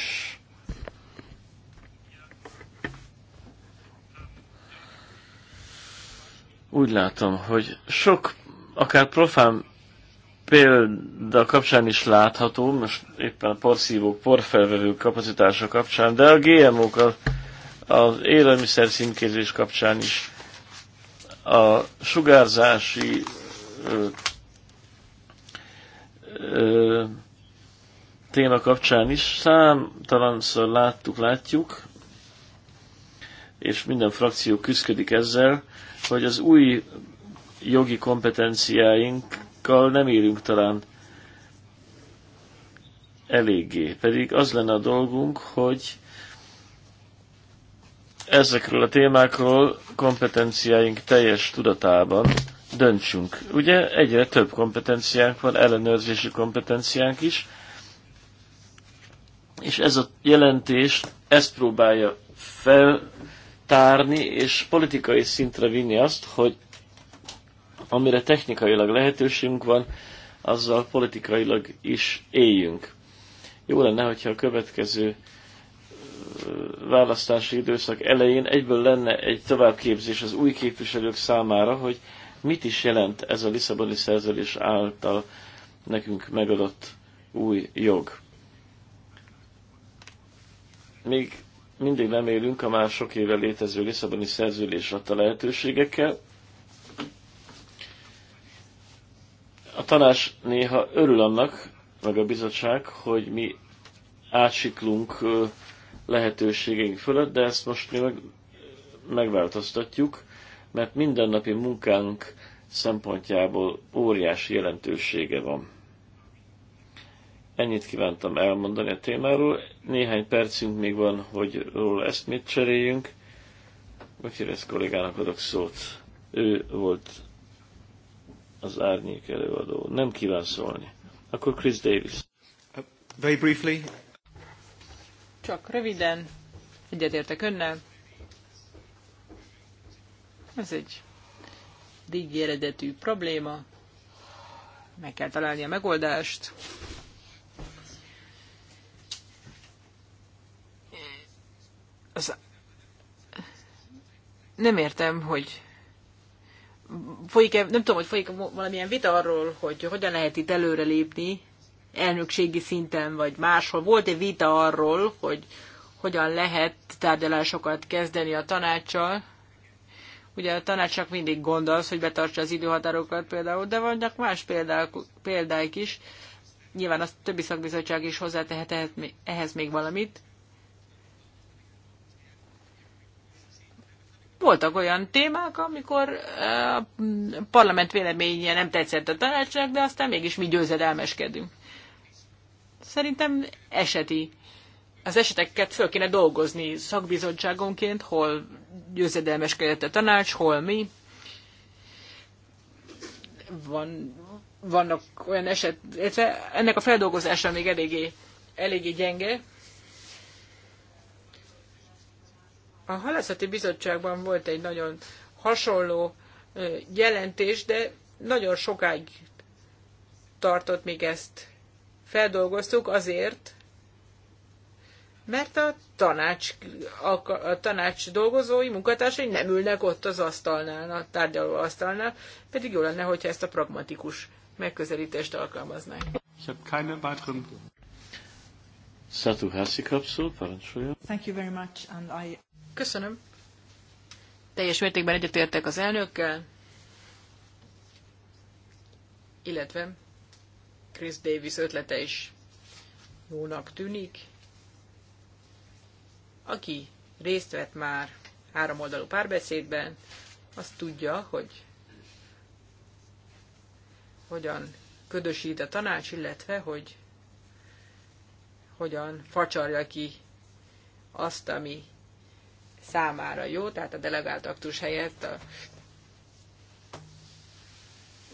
úgy látom, hogy sok, akár profán példa kapcsán is látható, most éppen a porszívók, porfelvevők kapacitása kapcsán, de a GMO-kkal az élelmiszer szintkézés kapcsán is a sugárzási ö, ö, téma kapcsán is számtalanszor láttuk, látjuk, és minden frakció küzdik ezzel, hogy az új jogi kompetenciáinkkal nem érünk talán eléggé. Pedig az lenne a dolgunk, hogy ezekről a témákról kompetenciáink teljes tudatában döntsünk. Ugye egyre több kompetenciánk van, ellenőrzési kompetenciánk is, és ez a jelentés ezt próbálja feltárni, és politikai szintre vinni azt, hogy amire technikailag lehetőségünk van, azzal politikailag is éljünk. Jó lenne, hogyha a következő választási időszak elején egyből lenne egy továbbképzés az új képviselők számára, hogy mit is jelent ez a Lisszaboni szerződés által nekünk megadott új jog. Még mindig nem élünk a már sok éve létező Lisszaboni szerződés adta lehetőségekkel. A tanás néha örül annak, meg a bizottság, hogy mi átsiklunk lehetőségeink fölött, de ezt most mi meg, megváltoztatjuk, mert mindennapi munkánk szempontjából óriási jelentősége van. Ennyit kívántam elmondani a témáról. Néhány percünk még van, hogy róla ezt mit cseréljünk. Úgyhogy ezt kollégának adok szót. Ő volt az árnyék előadó. Nem kíván szólni. Akkor Chris Davis. Uh, very briefly, csak röviden, egyetértek önnel. Ez egy digi eredetű probléma. Meg kell találni a megoldást. Az... Nem értem, hogy folyik -e, nem tudom, hogy folyik -e valamilyen vita arról, hogy hogyan lehet itt előrelépni, elnökségi szinten vagy máshol volt egy vita arról, hogy hogyan lehet tárgyalásokat kezdeni a tanácssal? Ugye a tanácsnak mindig gond az, hogy betartsa az időhatárokat például, de vannak más példák, példák is. Nyilván a többi szakbizottság is hozzátehet ehhez még valamit. voltak olyan témák, amikor e, a parlament véleménye nem tetszett a tanácsnak, de aztán mégis mi győzedelmeskedünk. Szerintem eseti. Az eseteket föl kéne dolgozni szakbizottságonként, hol győzedelmeskedett a tanács, hol mi. Van, vannak olyan eset, illetve ennek a feldolgozása még eléggé, eléggé gyenge. A halászati bizottságban volt egy nagyon hasonló jelentés, de nagyon sokáig tartott, még ezt feldolgoztuk azért, mert a tanács, a, a tanács dolgozói, munkatársai nem ülnek ott az asztalnál, a tárgyaló asztalnál, pedig jó lenne, hogyha ezt a pragmatikus megközelítést alkalmaznák. Ich Thank you very much, and I... Köszönöm. Teljes mértékben egyetértek az elnökkel, illetve Chris Davis ötlete is jónak tűnik. Aki részt vett már három oldalú párbeszédben, azt tudja, hogy hogyan ködösít a tanács, illetve hogy hogyan facsarja ki azt, ami számára jó, tehát a delegált aktus helyett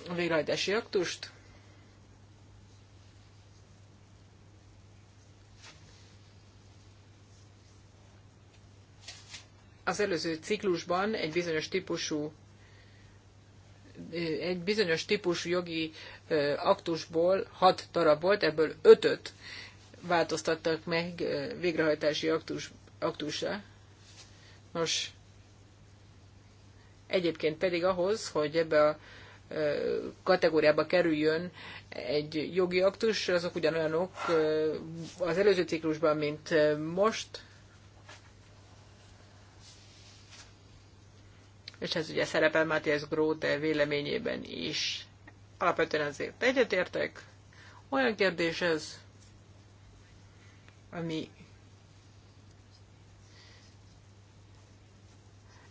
a végrehajtási aktust. az előző ciklusban egy bizonyos típusú egy bizonyos típusú jogi aktusból hat darab volt, ebből ötöt változtattak meg végrehajtási aktus, aktusra. Nos, egyébként pedig ahhoz, hogy ebbe a kategóriába kerüljön egy jogi aktus, azok ugyanolyanok az előző ciklusban, mint most, és ez ugye szerepel Matthias Grote véleményében is. Alapvetően azért egyetértek, olyan kérdés ez, ami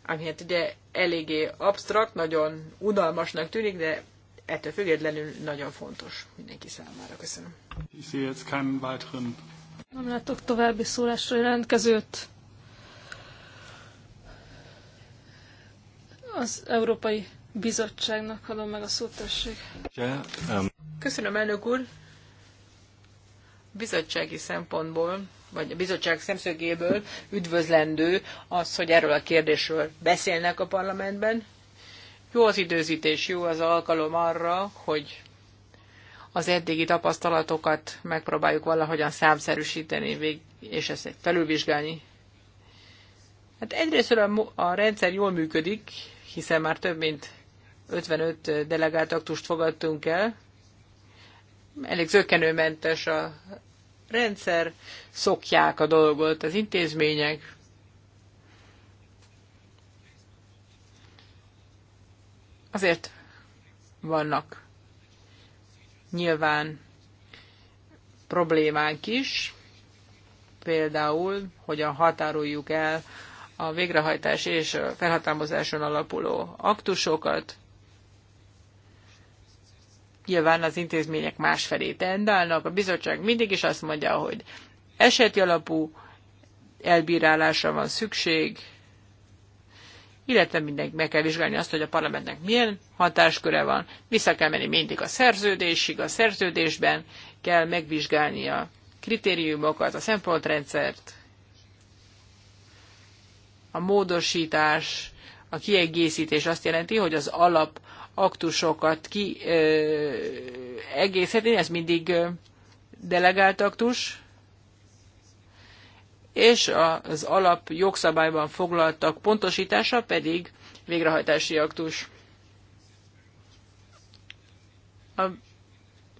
ami hát ugye eléggé absztrakt, nagyon unalmasnak tűnik, de ettől függetlenül nagyon fontos mindenki számára. Köszönöm. Nem látok további szólásra jelentkezőt. Az Európai Bizottságnak adom meg a szót, tessék. Köszönöm, elnök úr. Bizottsági szempontból, vagy a bizottság szemszögéből üdvözlendő az, hogy erről a kérdésről beszélnek a parlamentben. Jó az időzítés, jó az alkalom arra, hogy az eddigi tapasztalatokat megpróbáljuk valahogyan számszerűsíteni, és ezt felülvizsgálni. Hát egyrészt a, a rendszer jól működik, hiszen már több mint 55 delegált aktust fogadtunk el. Elég zökenőmentes a rendszer, szokják a dolgot az intézmények. Azért vannak nyilván problémánk is, például hogyan határoljuk el a végrehajtás és a felhatalmazáson alapuló aktusokat. Nyilván az intézmények másfelé tendálnak. A bizottság mindig is azt mondja, hogy eseti alapú elbírálásra van szükség, illetve mindenki meg kell vizsgálni azt, hogy a parlamentnek milyen hatásköre van, vissza kell menni mindig a szerződésig, a szerződésben kell megvizsgálni a kritériumokat, a szempontrendszert, a módosítás, a kiegészítés azt jelenti, hogy az alap aktusokat ki ö, egészíteni, ez mindig ö, delegált aktus, és az alap jogszabályban foglaltak pontosítása pedig végrehajtási aktus. A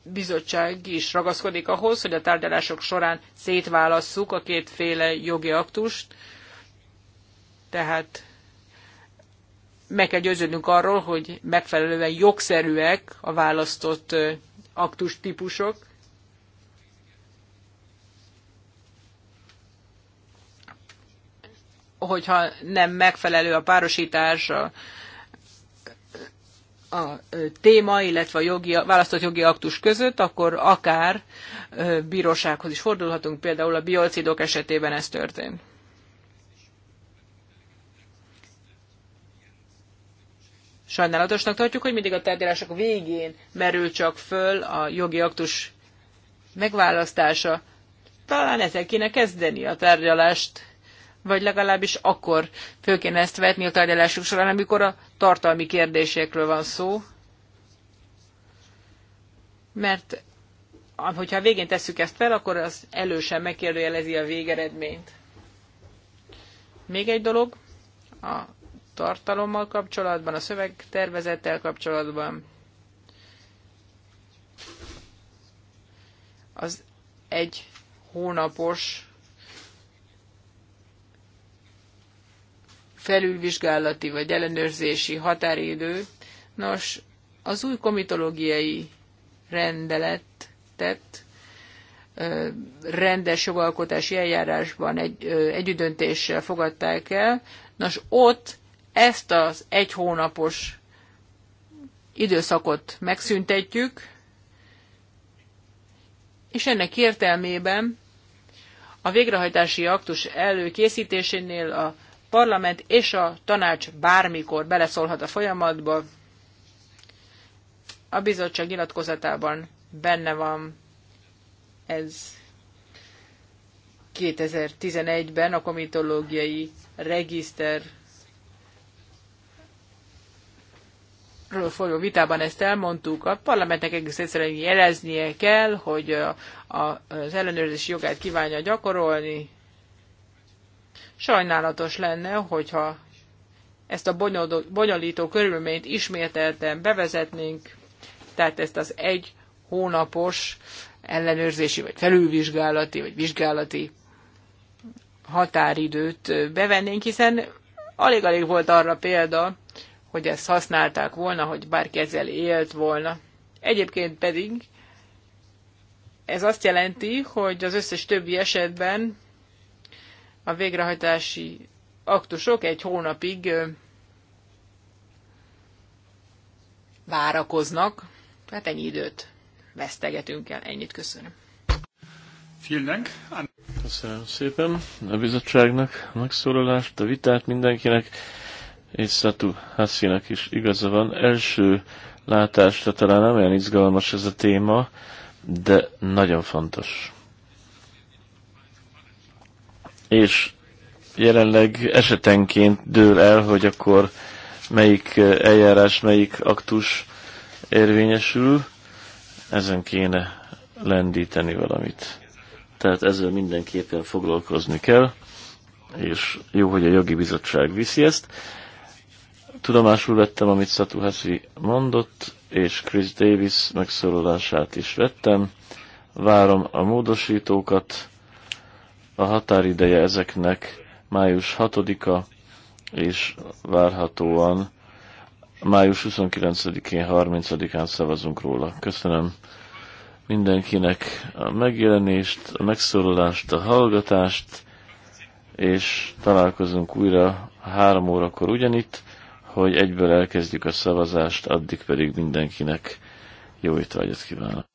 bizottság is ragaszkodik ahhoz, hogy a tárgyalások során szétválasszuk a kétféle jogi aktust, tehát meg kell győződnünk arról, hogy megfelelően jogszerűek a választott aktus típusok. Hogyha nem megfelelő a párosítás, a, a téma, illetve a jogi, választott jogi aktus között, akkor akár bírósághoz is fordulhatunk, például a biocidok esetében ez történt. Sajnálatosnak tartjuk, hogy mindig a tárgyalások végén merül csak föl a jogi aktus megválasztása. Talán ezzel kéne kezdeni a tárgyalást, vagy legalábbis akkor föl kéne ezt vetni a tárgyalások során, amikor a tartalmi kérdésekről van szó. Mert hogyha végén tesszük ezt fel, akkor az elősen megkérdőjelezi a végeredményt. Még egy dolog, a tartalommal kapcsolatban, a szövegtervezettel kapcsolatban. Az egy hónapos felülvizsgálati vagy ellenőrzési határidő. Nos, az új komitológiai rendeletet rendes jogalkotási eljárásban egy, együttdöntéssel fogadták el. Nos, ott ezt az egy hónapos időszakot megszüntetjük, és ennek értelmében a végrehajtási aktus előkészítésénél a parlament és a tanács bármikor beleszólhat a folyamatba. A bizottság nyilatkozatában benne van ez 2011-ben a komitológiai regiszter ről folyó vitában ezt elmondtuk, a parlamentnek egész egyszerűen jeleznie kell, hogy az ellenőrzési jogát kívánja gyakorolni. Sajnálatos lenne, hogyha ezt a bonyolító körülményt ismételten bevezetnénk, tehát ezt az egy hónapos ellenőrzési, vagy felülvizsgálati, vagy vizsgálati határidőt bevennénk, hiszen alig-alig volt arra példa, hogy ezt használták volna, hogy bárki ezzel élt volna. Egyébként pedig ez azt jelenti, hogy az összes többi esetben a végrehajtási aktusok egy hónapig várakoznak, tehát ennyi időt vesztegetünk el. Ennyit köszönöm. Köszönöm szépen a bizottságnak a megszólalást, a vitát mindenkinek és Szatu Hassinak is igaza van. Első látásra talán nem olyan izgalmas ez a téma, de nagyon fontos. És jelenleg esetenként dől el, hogy akkor melyik eljárás, melyik aktus érvényesül, ezen kéne lendíteni valamit. Tehát ezzel mindenképpen foglalkozni kell, és jó, hogy a jogi bizottság viszi ezt tudomásul vettem, amit Satu Hassi mondott, és Chris Davis megszólalását is vettem. Várom a módosítókat. A határideje ezeknek május 6-a, és várhatóan május 29-én, 30-án szavazunk róla. Köszönöm mindenkinek a megjelenést, a megszólalást, a hallgatást, és találkozunk újra három órakor ugyanitt hogy egyből elkezdjük a szavazást, addig pedig mindenkinek jó étvágyat kívánok.